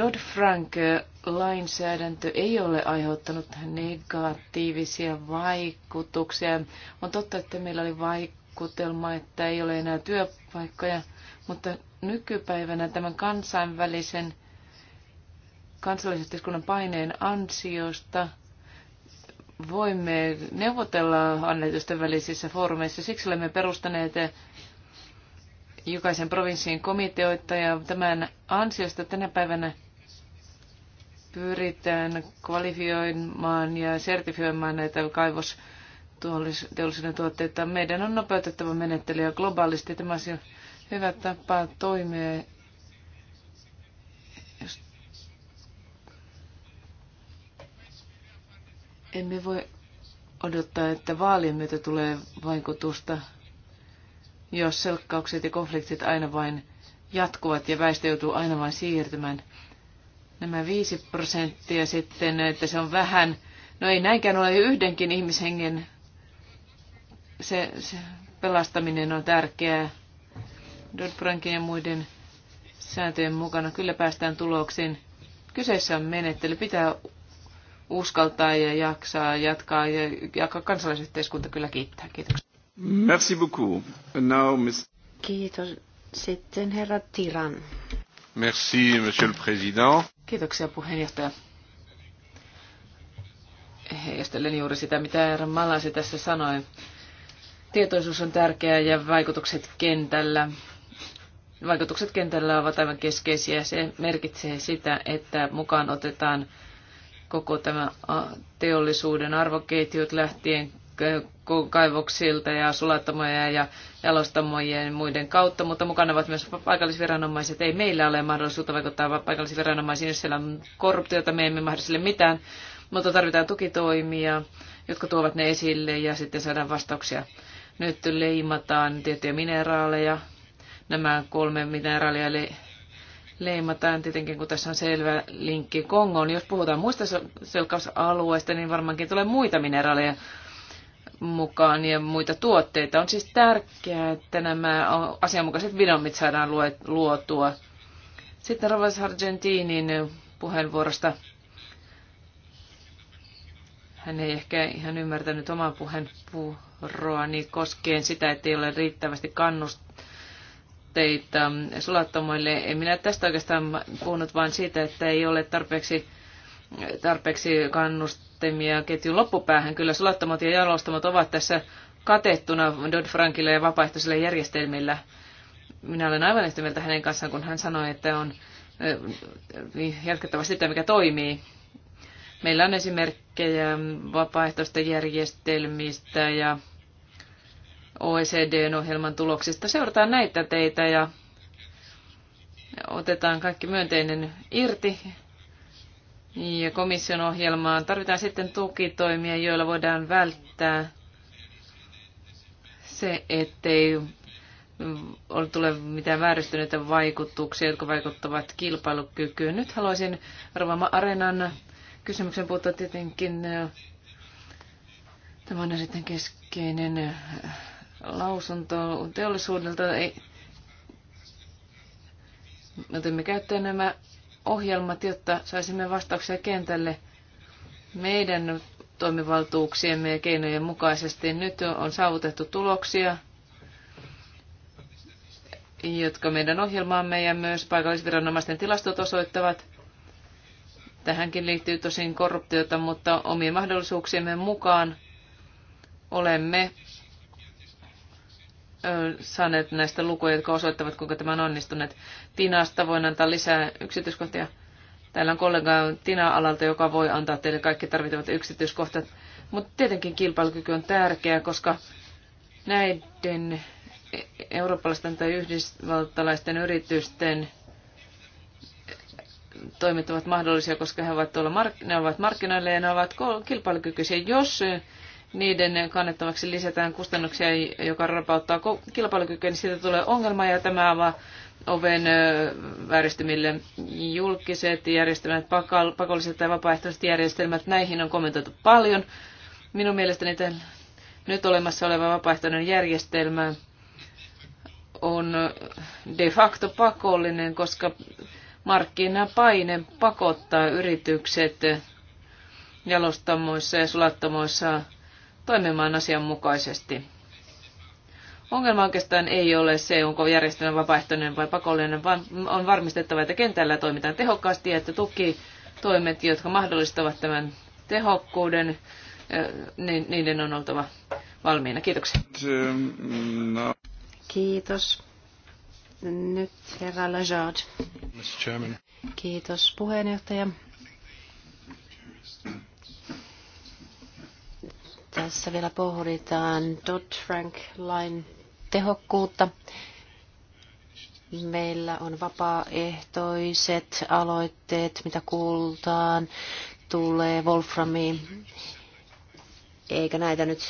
Speaker 3: Dodd-Frank-lainsäädäntö ei ole aiheuttanut negatiivisia vaikutuksia. On totta, että meillä oli vaik- vaikutelma, että ei ole enää työpaikkoja, mutta nykypäivänä tämän kansainvälisen kansallisyhteiskunnan paineen ansiosta voimme neuvotella annetusten välisissä foorumeissa. Siksi olemme perustaneet jokaisen provinssiin komiteoita ja tämän ansiosta tänä päivänä pyritään kvalifioimaan ja sertifioimaan näitä kaivos teollisuuden tuotteita. Meidän on nopeutettava menettelyä globaalisti. Tämä on hyvä tapa toimia. Jos emme voi odottaa, että vaalien myötä tulee vaikutusta, jos selkkaukset ja konfliktit aina vain jatkuvat ja väestö joutuu aina vain siirtymään. Nämä viisi prosenttia sitten, että se on vähän, no ei näinkään ole yhdenkin ihmishengen se, se pelastaminen on tärkeää. Dodd-Frankin ja muiden sääntöjen mukana kyllä päästään tuloksiin. Kyseessä on menettely. Pitää uskaltaa ja jaksaa jatkaa ja, ja kansalaisyhteiskunta kyllä kiittää. Kiitoksia.
Speaker 1: Merci beaucoup. Now, miss...
Speaker 3: Kiitos. Sitten herra Tiran.
Speaker 1: Merci, monsieur le président.
Speaker 3: Kiitoksia puheenjohtaja. Heijastelen juuri sitä, mitä herra Malasi tässä sanoi. Tietoisuus on tärkeää ja vaikutukset kentällä. Vaikutukset kentällä ovat aivan keskeisiä. Se merkitsee sitä, että mukaan otetaan koko tämä teollisuuden arvoketjut lähtien kaivoksilta ja sulattamoja ja jalostamojen ja muiden kautta, mutta mukana ovat myös paikallisviranomaiset. Ei meillä ole mahdollisuutta vaikuttaa paikallisviranomaisiin, jos siellä on korruptiota, me emme mahdollisille mitään, mutta tarvitaan tukitoimia, jotka tuovat ne esille ja sitten saadaan vastauksia. Nyt leimataan tiettyjä mineraaleja. Nämä kolme mineraalia le- leimataan tietenkin, kun tässä on selvä linkki Kongoon. Jos puhutaan muista selkausalueista, niin varmaankin tulee muita mineraaleja mukaan ja muita tuotteita. On siis tärkeää, että nämä asianmukaiset vinomit saadaan luotua. Sitten ravas Argentiinin puheenvuorosta. Hän ei ehkä ihan ymmärtänyt omaa puheenvuoroa euroa, niin koskien sitä, että ei ole riittävästi kannusteita sulattomoille. En minä tästä oikeastaan puhunut, vain siitä, että ei ole tarpeeksi, tarpeeksi kannustemia ketjun loppupäähän. Kyllä sulattomot ja jalostamot ovat tässä katettuna dodd Frankille ja vapaaehtoisille järjestelmillä. Minä olen aivan yhtä mieltä hänen kanssaan, kun hän sanoi, että on jatkettava sitä, mikä toimii. Meillä on esimerkkejä vapaaehtoisten järjestelmistä ja oecd ohjelman tuloksista. Seurataan näitä teitä ja otetaan kaikki myönteinen irti. Ja komission ohjelmaan tarvitaan sitten tukitoimia, joilla voidaan välttää se, ettei ole tule mitään vääristyneitä vaikutuksia, jotka vaikuttavat kilpailukykyyn. Nyt haluaisin Rovama Arenan kysymyksen puuttua tietenkin. Tämä on sitten keskeinen lausunto teollisuudelta. Ei, me otimme käyttöön nämä ohjelmat, jotta saisimme vastauksia kentälle meidän toimivaltuuksiemme ja keinojen mukaisesti. Nyt on saavutettu tuloksia, jotka meidän ohjelmaamme ja myös paikallisviranomaisten tilastot osoittavat. Tähänkin liittyy tosin korruptiota, mutta omien mahdollisuuksiemme mukaan olemme saaneet näistä lukuja, jotka osoittavat, kuinka tämä on onnistunut. Tinasta voin antaa lisää yksityiskohtia. Täällä on kollega Tina-alalta, joka voi antaa teille kaikki tarvittavat yksityiskohtat. Mutta tietenkin kilpailukyky on tärkeä, koska näiden eurooppalaisten tai yhdysvaltalaisten yritysten toimet ovat mahdollisia, koska he ovat, tuolla mark- ne ovat markkinoilla ja ne ovat kilpailukykyisiä. Jos niiden kannettavaksi lisätään kustannuksia, joka rapauttaa kilpailukykyä, niin siitä tulee ongelma ja tämä avaa oven vääristymille julkiset järjestelmät, pakolliset tai vapaaehtoiset järjestelmät. Näihin on kommentoitu paljon. Minun mielestäni tämän nyt olemassa oleva vapaaehtoinen järjestelmä on de facto pakollinen, koska markkinapaine pakottaa yritykset jalostamoissa ja sulattamoissa toimimaan asianmukaisesti. Ongelma oikeastaan ei ole se, onko järjestelmä vapaaehtoinen vai pakollinen, vaan on varmistettava, että kentällä toimitaan tehokkaasti ja että tukitoimet, jotka mahdollistavat tämän tehokkuuden, niin niiden on oltava valmiina. Kiitoksia. Kiitos.
Speaker 2: Nyt herra Lajard. Kiitos puheenjohtaja tässä vielä pohditaan Dodd-Frank-lain tehokkuutta. Meillä on vapaaehtoiset aloitteet, mitä kuultaan, tulee Wolframi. Eikä näitä nyt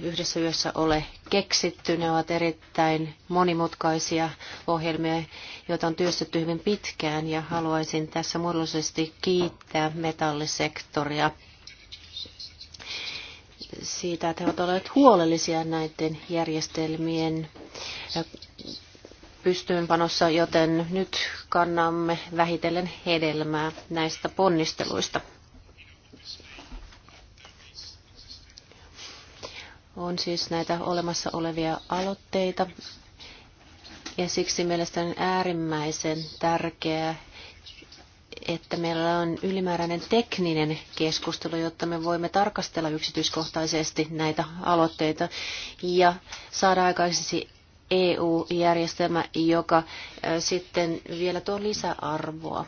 Speaker 2: yhdessä yössä ole keksitty. Ne ovat erittäin monimutkaisia ohjelmia, joita on työstetty hyvin pitkään ja haluaisin tässä muodollisesti kiittää metallisektoria siitä, että he ovat olleet huolellisia näiden järjestelmien pystyynpanossa, joten nyt kannamme vähitellen hedelmää näistä ponnisteluista. On siis näitä olemassa olevia aloitteita, ja siksi mielestäni on äärimmäisen tärkeää, että meillä on ylimääräinen tekninen keskustelu, jotta me voimme tarkastella yksityiskohtaisesti näitä aloitteita ja saada aikaisesti EU-järjestelmä, joka sitten vielä tuo lisäarvoa.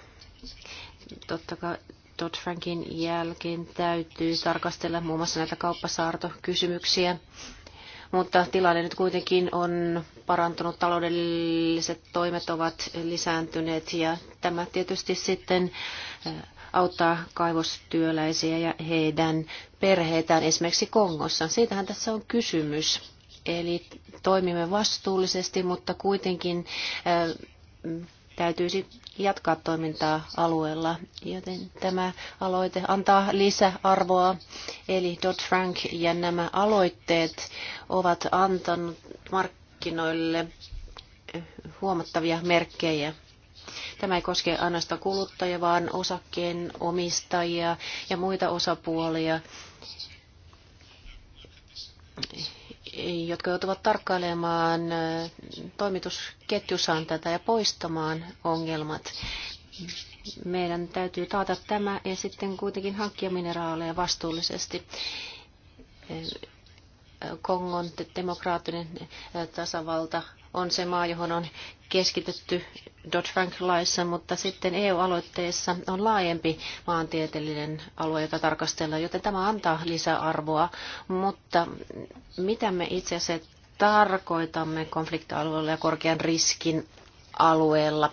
Speaker 2: Totta kai Dodd-Frankin jälkeen täytyy tarkastella muun muassa näitä kauppasaartokysymyksiä mutta tilanne nyt kuitenkin on parantunut, taloudelliset toimet ovat lisääntyneet ja tämä tietysti sitten auttaa kaivostyöläisiä ja heidän perheitään esimerkiksi Kongossa. Siitähän tässä on kysymys. Eli toimimme vastuullisesti, mutta kuitenkin täytyisi jatkaa toimintaa alueella, joten tämä aloite antaa lisäarvoa. Eli Dodd-Frank ja nämä aloitteet ovat antaneet markkinoille huomattavia merkkejä. Tämä ei koske ainoastaan kuluttajia, vaan osakkeen omistajia ja muita osapuolia jotka joutuvat tarkkailemaan toimitusketjussaan tätä ja poistamaan ongelmat. Meidän täytyy taata tämä ja sitten kuitenkin hankkia mineraaleja vastuullisesti. Kongon demokraattinen tasavalta on se maa, johon on keskitetty Dodd-Frank-laissa, mutta sitten EU-aloitteessa on laajempi maantieteellinen alue, jota tarkastellaan, joten tämä antaa lisäarvoa. Mutta mitä me itse asiassa tarkoitamme konfliktialueella ja korkean riskin alueella.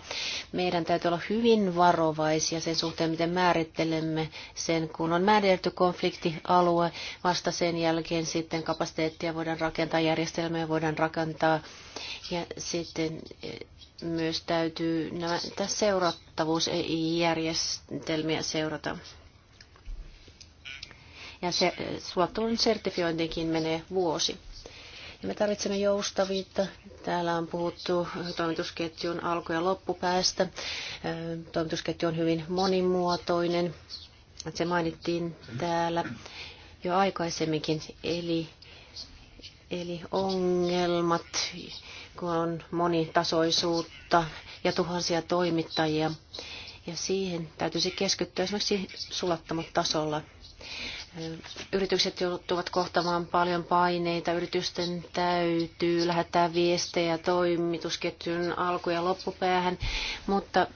Speaker 2: Meidän täytyy olla hyvin varovaisia sen suhteen, miten määrittelemme sen, kun on määritelty konfliktialue. Vasta sen jälkeen sitten kapasiteettia voidaan rakentaa, järjestelmiä voidaan rakentaa ja sitten eh, myös täytyy nämä, tässä seurattavuusjärjestelmiä seurata. Ja se eh, suotuun sertifiointikin menee vuosi. Me tarvitsemme joustavuutta. Täällä on puhuttu toimitusketjun alku- ja loppupäästä. Toimitusketju on hyvin monimuotoinen. Se mainittiin täällä jo aikaisemminkin. Eli, eli ongelmat, kun on monitasoisuutta ja tuhansia toimittajia. Ja siihen täytyisi keskittyä esimerkiksi sulattamotasolla. Yritykset joutuvat kohtamaan paljon paineita. Yritysten täytyy lähettää viestejä toimitusketjun alku- ja loppupäähän, mutta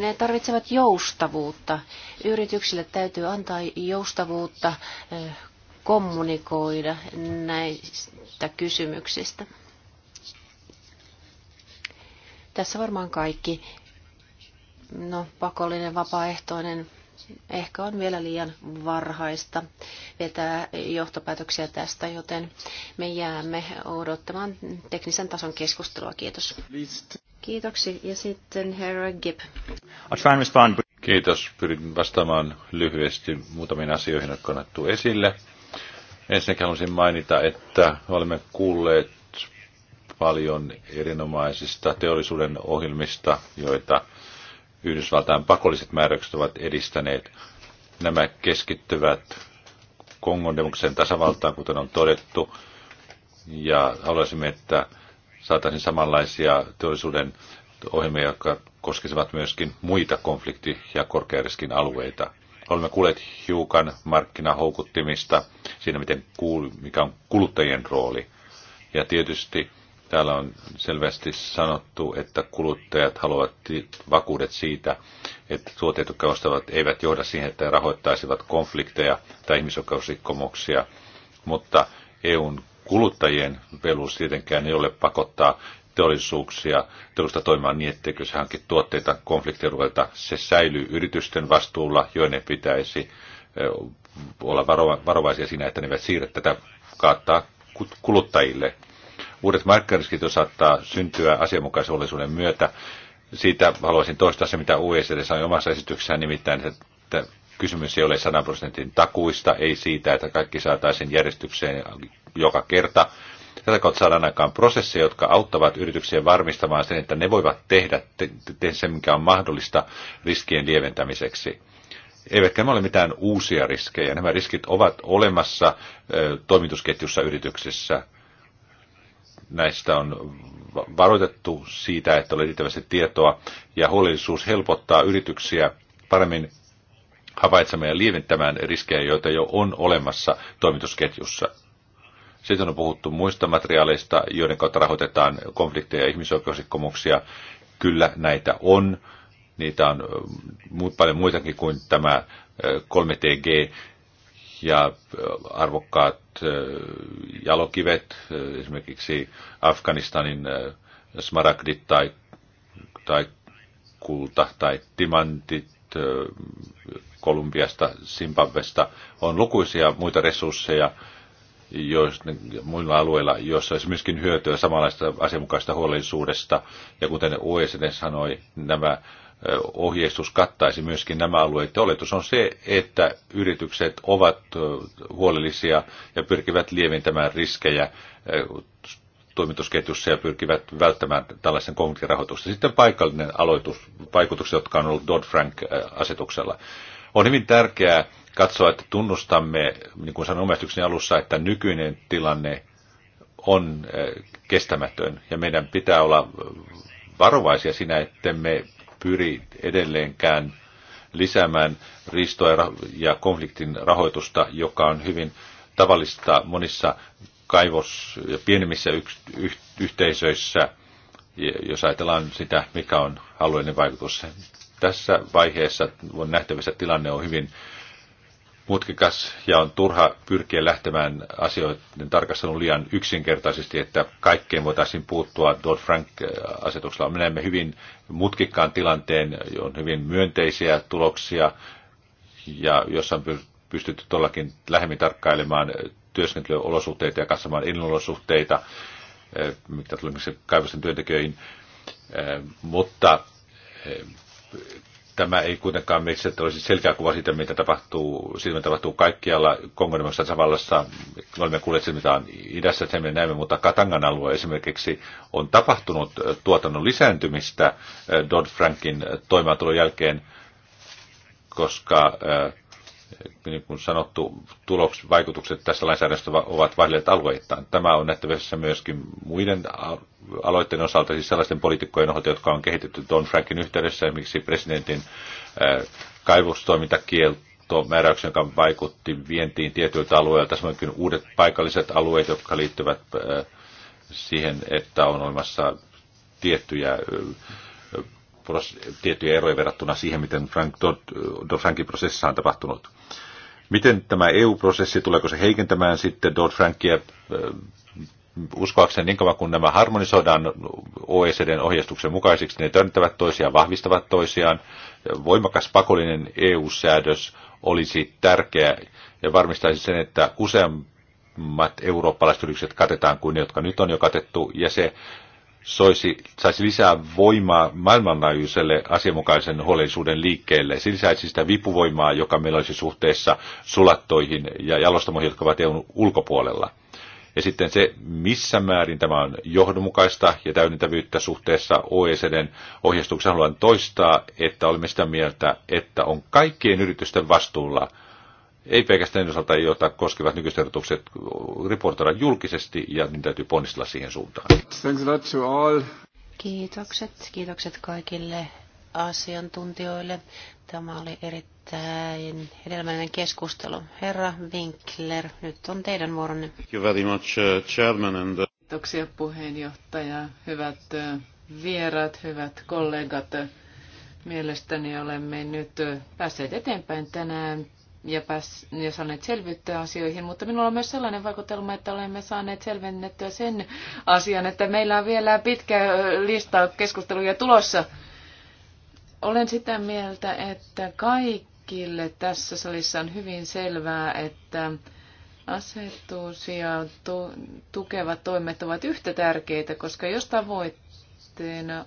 Speaker 2: ne tarvitsevat joustavuutta. Yrityksille täytyy antaa joustavuutta kommunikoida näistä kysymyksistä. Tässä varmaan kaikki. No, pakollinen, vapaaehtoinen ehkä on vielä liian varhaista vetää johtopäätöksiä tästä, joten me jäämme odottamaan teknisen tason keskustelua. Kiitos. Kiitoksi. Ja sitten herra Gibb.
Speaker 1: Kiitos. Pyrin vastaamaan lyhyesti muutamiin asioihin, jotka on otettu esille. Ensinnäkin haluaisin mainita, että olemme kuulleet paljon erinomaisista teollisuuden ohjelmista, joita – Yhdysvaltain pakolliset määräykset ovat edistäneet. Nämä keskittyvät Kongon demokratian tasavaltaan, kuten on todettu, ja haluaisimme, että saataisiin samanlaisia teollisuuden ohjelmia, jotka koskisivat myöskin muita konflikti- ja korkeariskin alueita. Olemme kuulleet hiukan markkinahoukuttimista siinä, miten kuul, mikä on kuluttajien rooli. Ja tietysti Täällä on selvästi sanottu, että kuluttajat haluavat vakuudet siitä, että tuotteet, jotka ostavat, eivät johda siihen, että rahoittaisivat konflikteja tai ihmisoikeusrikkomuksia. Mutta EUn kuluttajien velvollisuus tietenkään ei ole pakottaa teollisuuksia, teollisuutta toimimaan niin, etteikö se hankit tuotteita konfliktialueelta. Se säilyy yritysten vastuulla, joiden pitäisi olla varovaisia siinä, että ne eivät siirrä tätä kaattaa kuluttajille. Uudet markkinariskit saattaa syntyä asianmukaisuudellisuuden myötä. Siitä haluaisin toistaa se, mitä OECD sanoi omassa esityksessään, nimittäin, että kysymys ei ole 100 prosentin takuista, ei siitä, että kaikki saataisiin järjestykseen joka kerta. Tätä kautta saadaan aikaan prosesseja, jotka auttavat yrityksiä varmistamaan sen, että ne voivat tehdä te- te- sen, mikä on mahdollista riskien lieventämiseksi. Eivätkä ne ole mitään uusia riskejä. Nämä riskit ovat olemassa ö, toimitusketjussa yrityksessä näistä on varoitettu siitä, että oli riittävästi tietoa ja huolellisuus helpottaa yrityksiä paremmin havaitsemaan ja lieventämään riskejä, joita jo on olemassa toimitusketjussa. Sitten on puhuttu muista materiaaleista, joiden kautta rahoitetaan konflikteja ja ihmisoikeusrikkomuksia. Kyllä näitä on. Niitä on paljon muitakin kuin tämä 3TG, ja arvokkaat jalokivet, esimerkiksi Afganistanin smaragdit tai, tai kulta tai timantit Kolumbiasta, Simbabvesta, on lukuisia muita resursseja jos, muilla alueilla, joissa olisi myöskin hyötyä samanlaista asianmukaista huolellisuudesta. Ja kuten OECD sanoi, nämä ohjeistus kattaisi myöskin nämä alueet. Oletus on se, että yritykset ovat huolellisia ja pyrkivät lieventämään riskejä toimitusketjussa ja pyrkivät välttämään tällaisen konfliktirahoitusta. Sitten paikallinen aloitus, vaikutukset, jotka on ollut Dodd-Frank-asetuksella. On hyvin tärkeää katsoa, että tunnustamme, niin kuin sanoin alussa, että nykyinen tilanne on kestämätön ja meidän pitää olla varovaisia siinä, että me pyri edelleenkään lisäämään riistoa ja konfliktin rahoitusta, joka on hyvin tavallista monissa kaivos- ja pienemmissä yhteisöissä, jos ajatellaan sitä, mikä on alueellinen vaikutus. Tässä vaiheessa on nähtävissä, että tilanne on hyvin mutkikas ja on turha pyrkiä lähtemään asioiden tarkastelun liian yksinkertaisesti, että kaikkeen voitaisiin puuttua Dodd-Frank-asetuksella. Me näemme hyvin mutkikkaan tilanteen, on hyvin myönteisiä tuloksia ja jossa on pystytty todellakin lähemmin tarkkailemaan työskentelyolosuhteita ja katsomaan elinolosuhteita, eh, mitä tulee kaivosten työntekijöihin. Eh, mutta eh, Tämä ei kuitenkaan miksi että olisi selkeä kuva siitä, mitä tapahtuu, siitä, mitä tapahtuu kaikkialla Kongon tasavallassa. Me olemme kuulleet siitä, mitä on idässä, että me näemme, mutta Katangan alue esimerkiksi on tapahtunut tuotannon lisääntymistä Dodd-Frankin toimeentulon jälkeen, koska niin kuin sanottu, tulokset, vaikutukset tässä lainsäädännössä ovat vaihdelleet alueittain. Tämä on nähtävissä myöskin muiden aloitteiden osalta, siis sellaisten poliitikkojen osalta, jotka on kehitetty Don Frankin yhteydessä, esimerkiksi presidentin kaivostoimintakielto, määräyksen, joka vaikutti vientiin tietyiltä alueilta, samoin kuin uudet paikalliset alueet, jotka liittyvät siihen, että on olemassa tiettyjä tiettyjä eroja verrattuna siihen, miten Frank Dodd-Frankin prosessissa on tapahtunut. Miten tämä EU-prosessi, tuleeko se heikentämään sitten Dodd-Frankia uskoakseni niin kauan kun nämä harmonisoidaan OECDn ohjeistuksen mukaisiksi, ne törntävät toisiaan, vahvistavat toisiaan. Voimakas pakollinen EU-säädös olisi tärkeä ja varmistaisi sen, että useammat eurooppalaiset yritykset katetaan kuin ne, jotka nyt on jo katettu, ja se soisi, saisi lisää voimaa maailmanlaajuiselle asianmukaisen huolellisuuden liikkeelle. Se lisäisi sitä vipuvoimaa, joka meillä olisi suhteessa sulattoihin ja jalostamoihin, jotka ovat EUn ulkopuolella. Ja sitten se, missä määrin tämä on johdonmukaista ja täydentävyyttä suhteessa OECDn ohjeistukseen, haluan toistaa, että olemme sitä mieltä, että on kaikkien yritysten vastuulla – ei pelkästään osalta, joita koskevat nykyiset ehdotukset, raportoida julkisesti ja niin täytyy ponnistella siihen suuntaan.
Speaker 2: Kiitokset, kiitokset kaikille asiantuntijoille. Tämä oli erittäin hedelmällinen keskustelu. Herra Winkler, nyt on teidän vuoronne. Thank
Speaker 1: you very much, uh,
Speaker 2: chairman and... Uh,
Speaker 3: Kiitoksia puheenjohtaja, hyvät uh, vieraat, hyvät kollegat. Mielestäni olemme nyt päässeet eteenpäin tänään ja, pääs, ja saaneet selvyyttä asioihin, mutta minulla on myös sellainen vaikutelma, että olemme saaneet selvennettyä sen asian, että meillä on vielä pitkä lista keskusteluja tulossa. Olen sitä mieltä, että kaikille tässä salissa on hyvin selvää, että asetus ja tu- tukevat toimet ovat yhtä tärkeitä, koska jos tavoitteena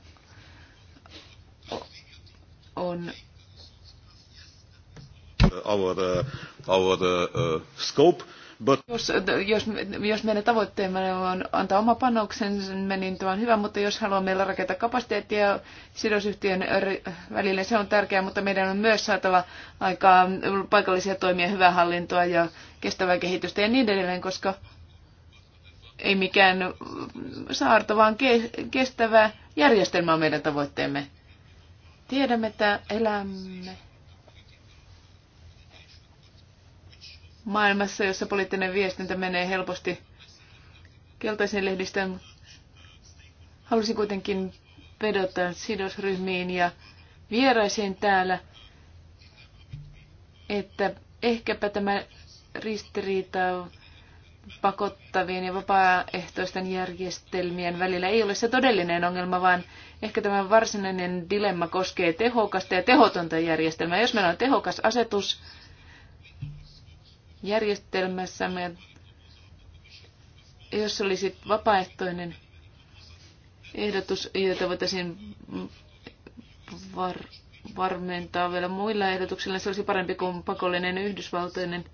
Speaker 3: on
Speaker 1: our, uh, our uh, uh, scope. But... Jos, jos,
Speaker 3: jos meidän tavoitteemme on antaa oma panoksensa, niin tämä on hyvä, mutta jos haluamme meillä rakentaa kapasiteettia sidosyhtiön välille, se on tärkeää, mutta meidän on myös saatava aikaa paikallisia toimia, hyvää hallintoa ja kestävää kehitystä ja niin edelleen, koska ei mikään saarto, vaan ke- kestävä järjestelmä on meidän tavoitteemme. Tiedämme, että elämme maailmassa, jossa poliittinen viestintä menee helposti keltaisen lehdistön. Halusin kuitenkin vedota sidosryhmiin ja vieraisiin täällä, että ehkäpä tämä ristiriita pakottavien ja vapaaehtoisten järjestelmien välillä ei ole se todellinen ongelma, vaan ehkä tämä varsinainen dilemma koskee tehokasta ja tehotonta järjestelmää. Jos meillä on tehokas asetus, järjestelmässämme, jos olisi vapaaehtoinen ehdotus, jota voitaisiin var- varmentaa vielä muilla ehdotuksilla, se olisi parempi kuin pakollinen yhdysvaltoinen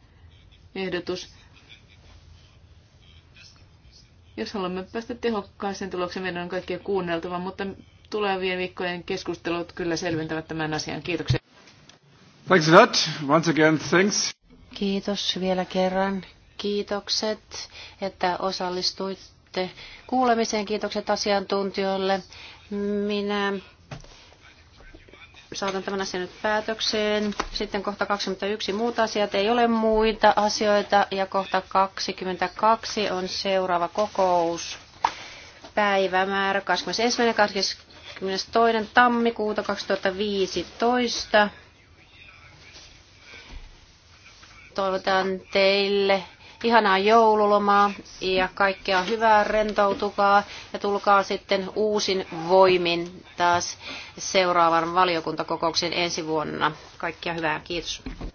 Speaker 3: ehdotus. Jos haluamme päästä tehokkaaseen tulokseen, meidän on kaikkia kuunneltava, mutta tulevien viikkojen keskustelut kyllä selventävät tämän asian. Kiitoksia.
Speaker 1: Thanks a lot. Once again, thanks.
Speaker 2: Kiitos vielä kerran. Kiitokset, että osallistuitte kuulemiseen. Kiitokset asiantuntijoille. Minä saatan tämän asian nyt päätökseen. Sitten kohta 21 muut asiat ei ole muita asioita ja kohta 22 on seuraava kokous. Päivämäärä 21. 22. tammikuuta 2015. toivotan teille ihanaa joululomaa ja kaikkea hyvää, rentoutukaa ja tulkaa sitten uusin voimin taas seuraavan valiokuntakokouksen ensi vuonna. Kaikkea hyvää, kiitos.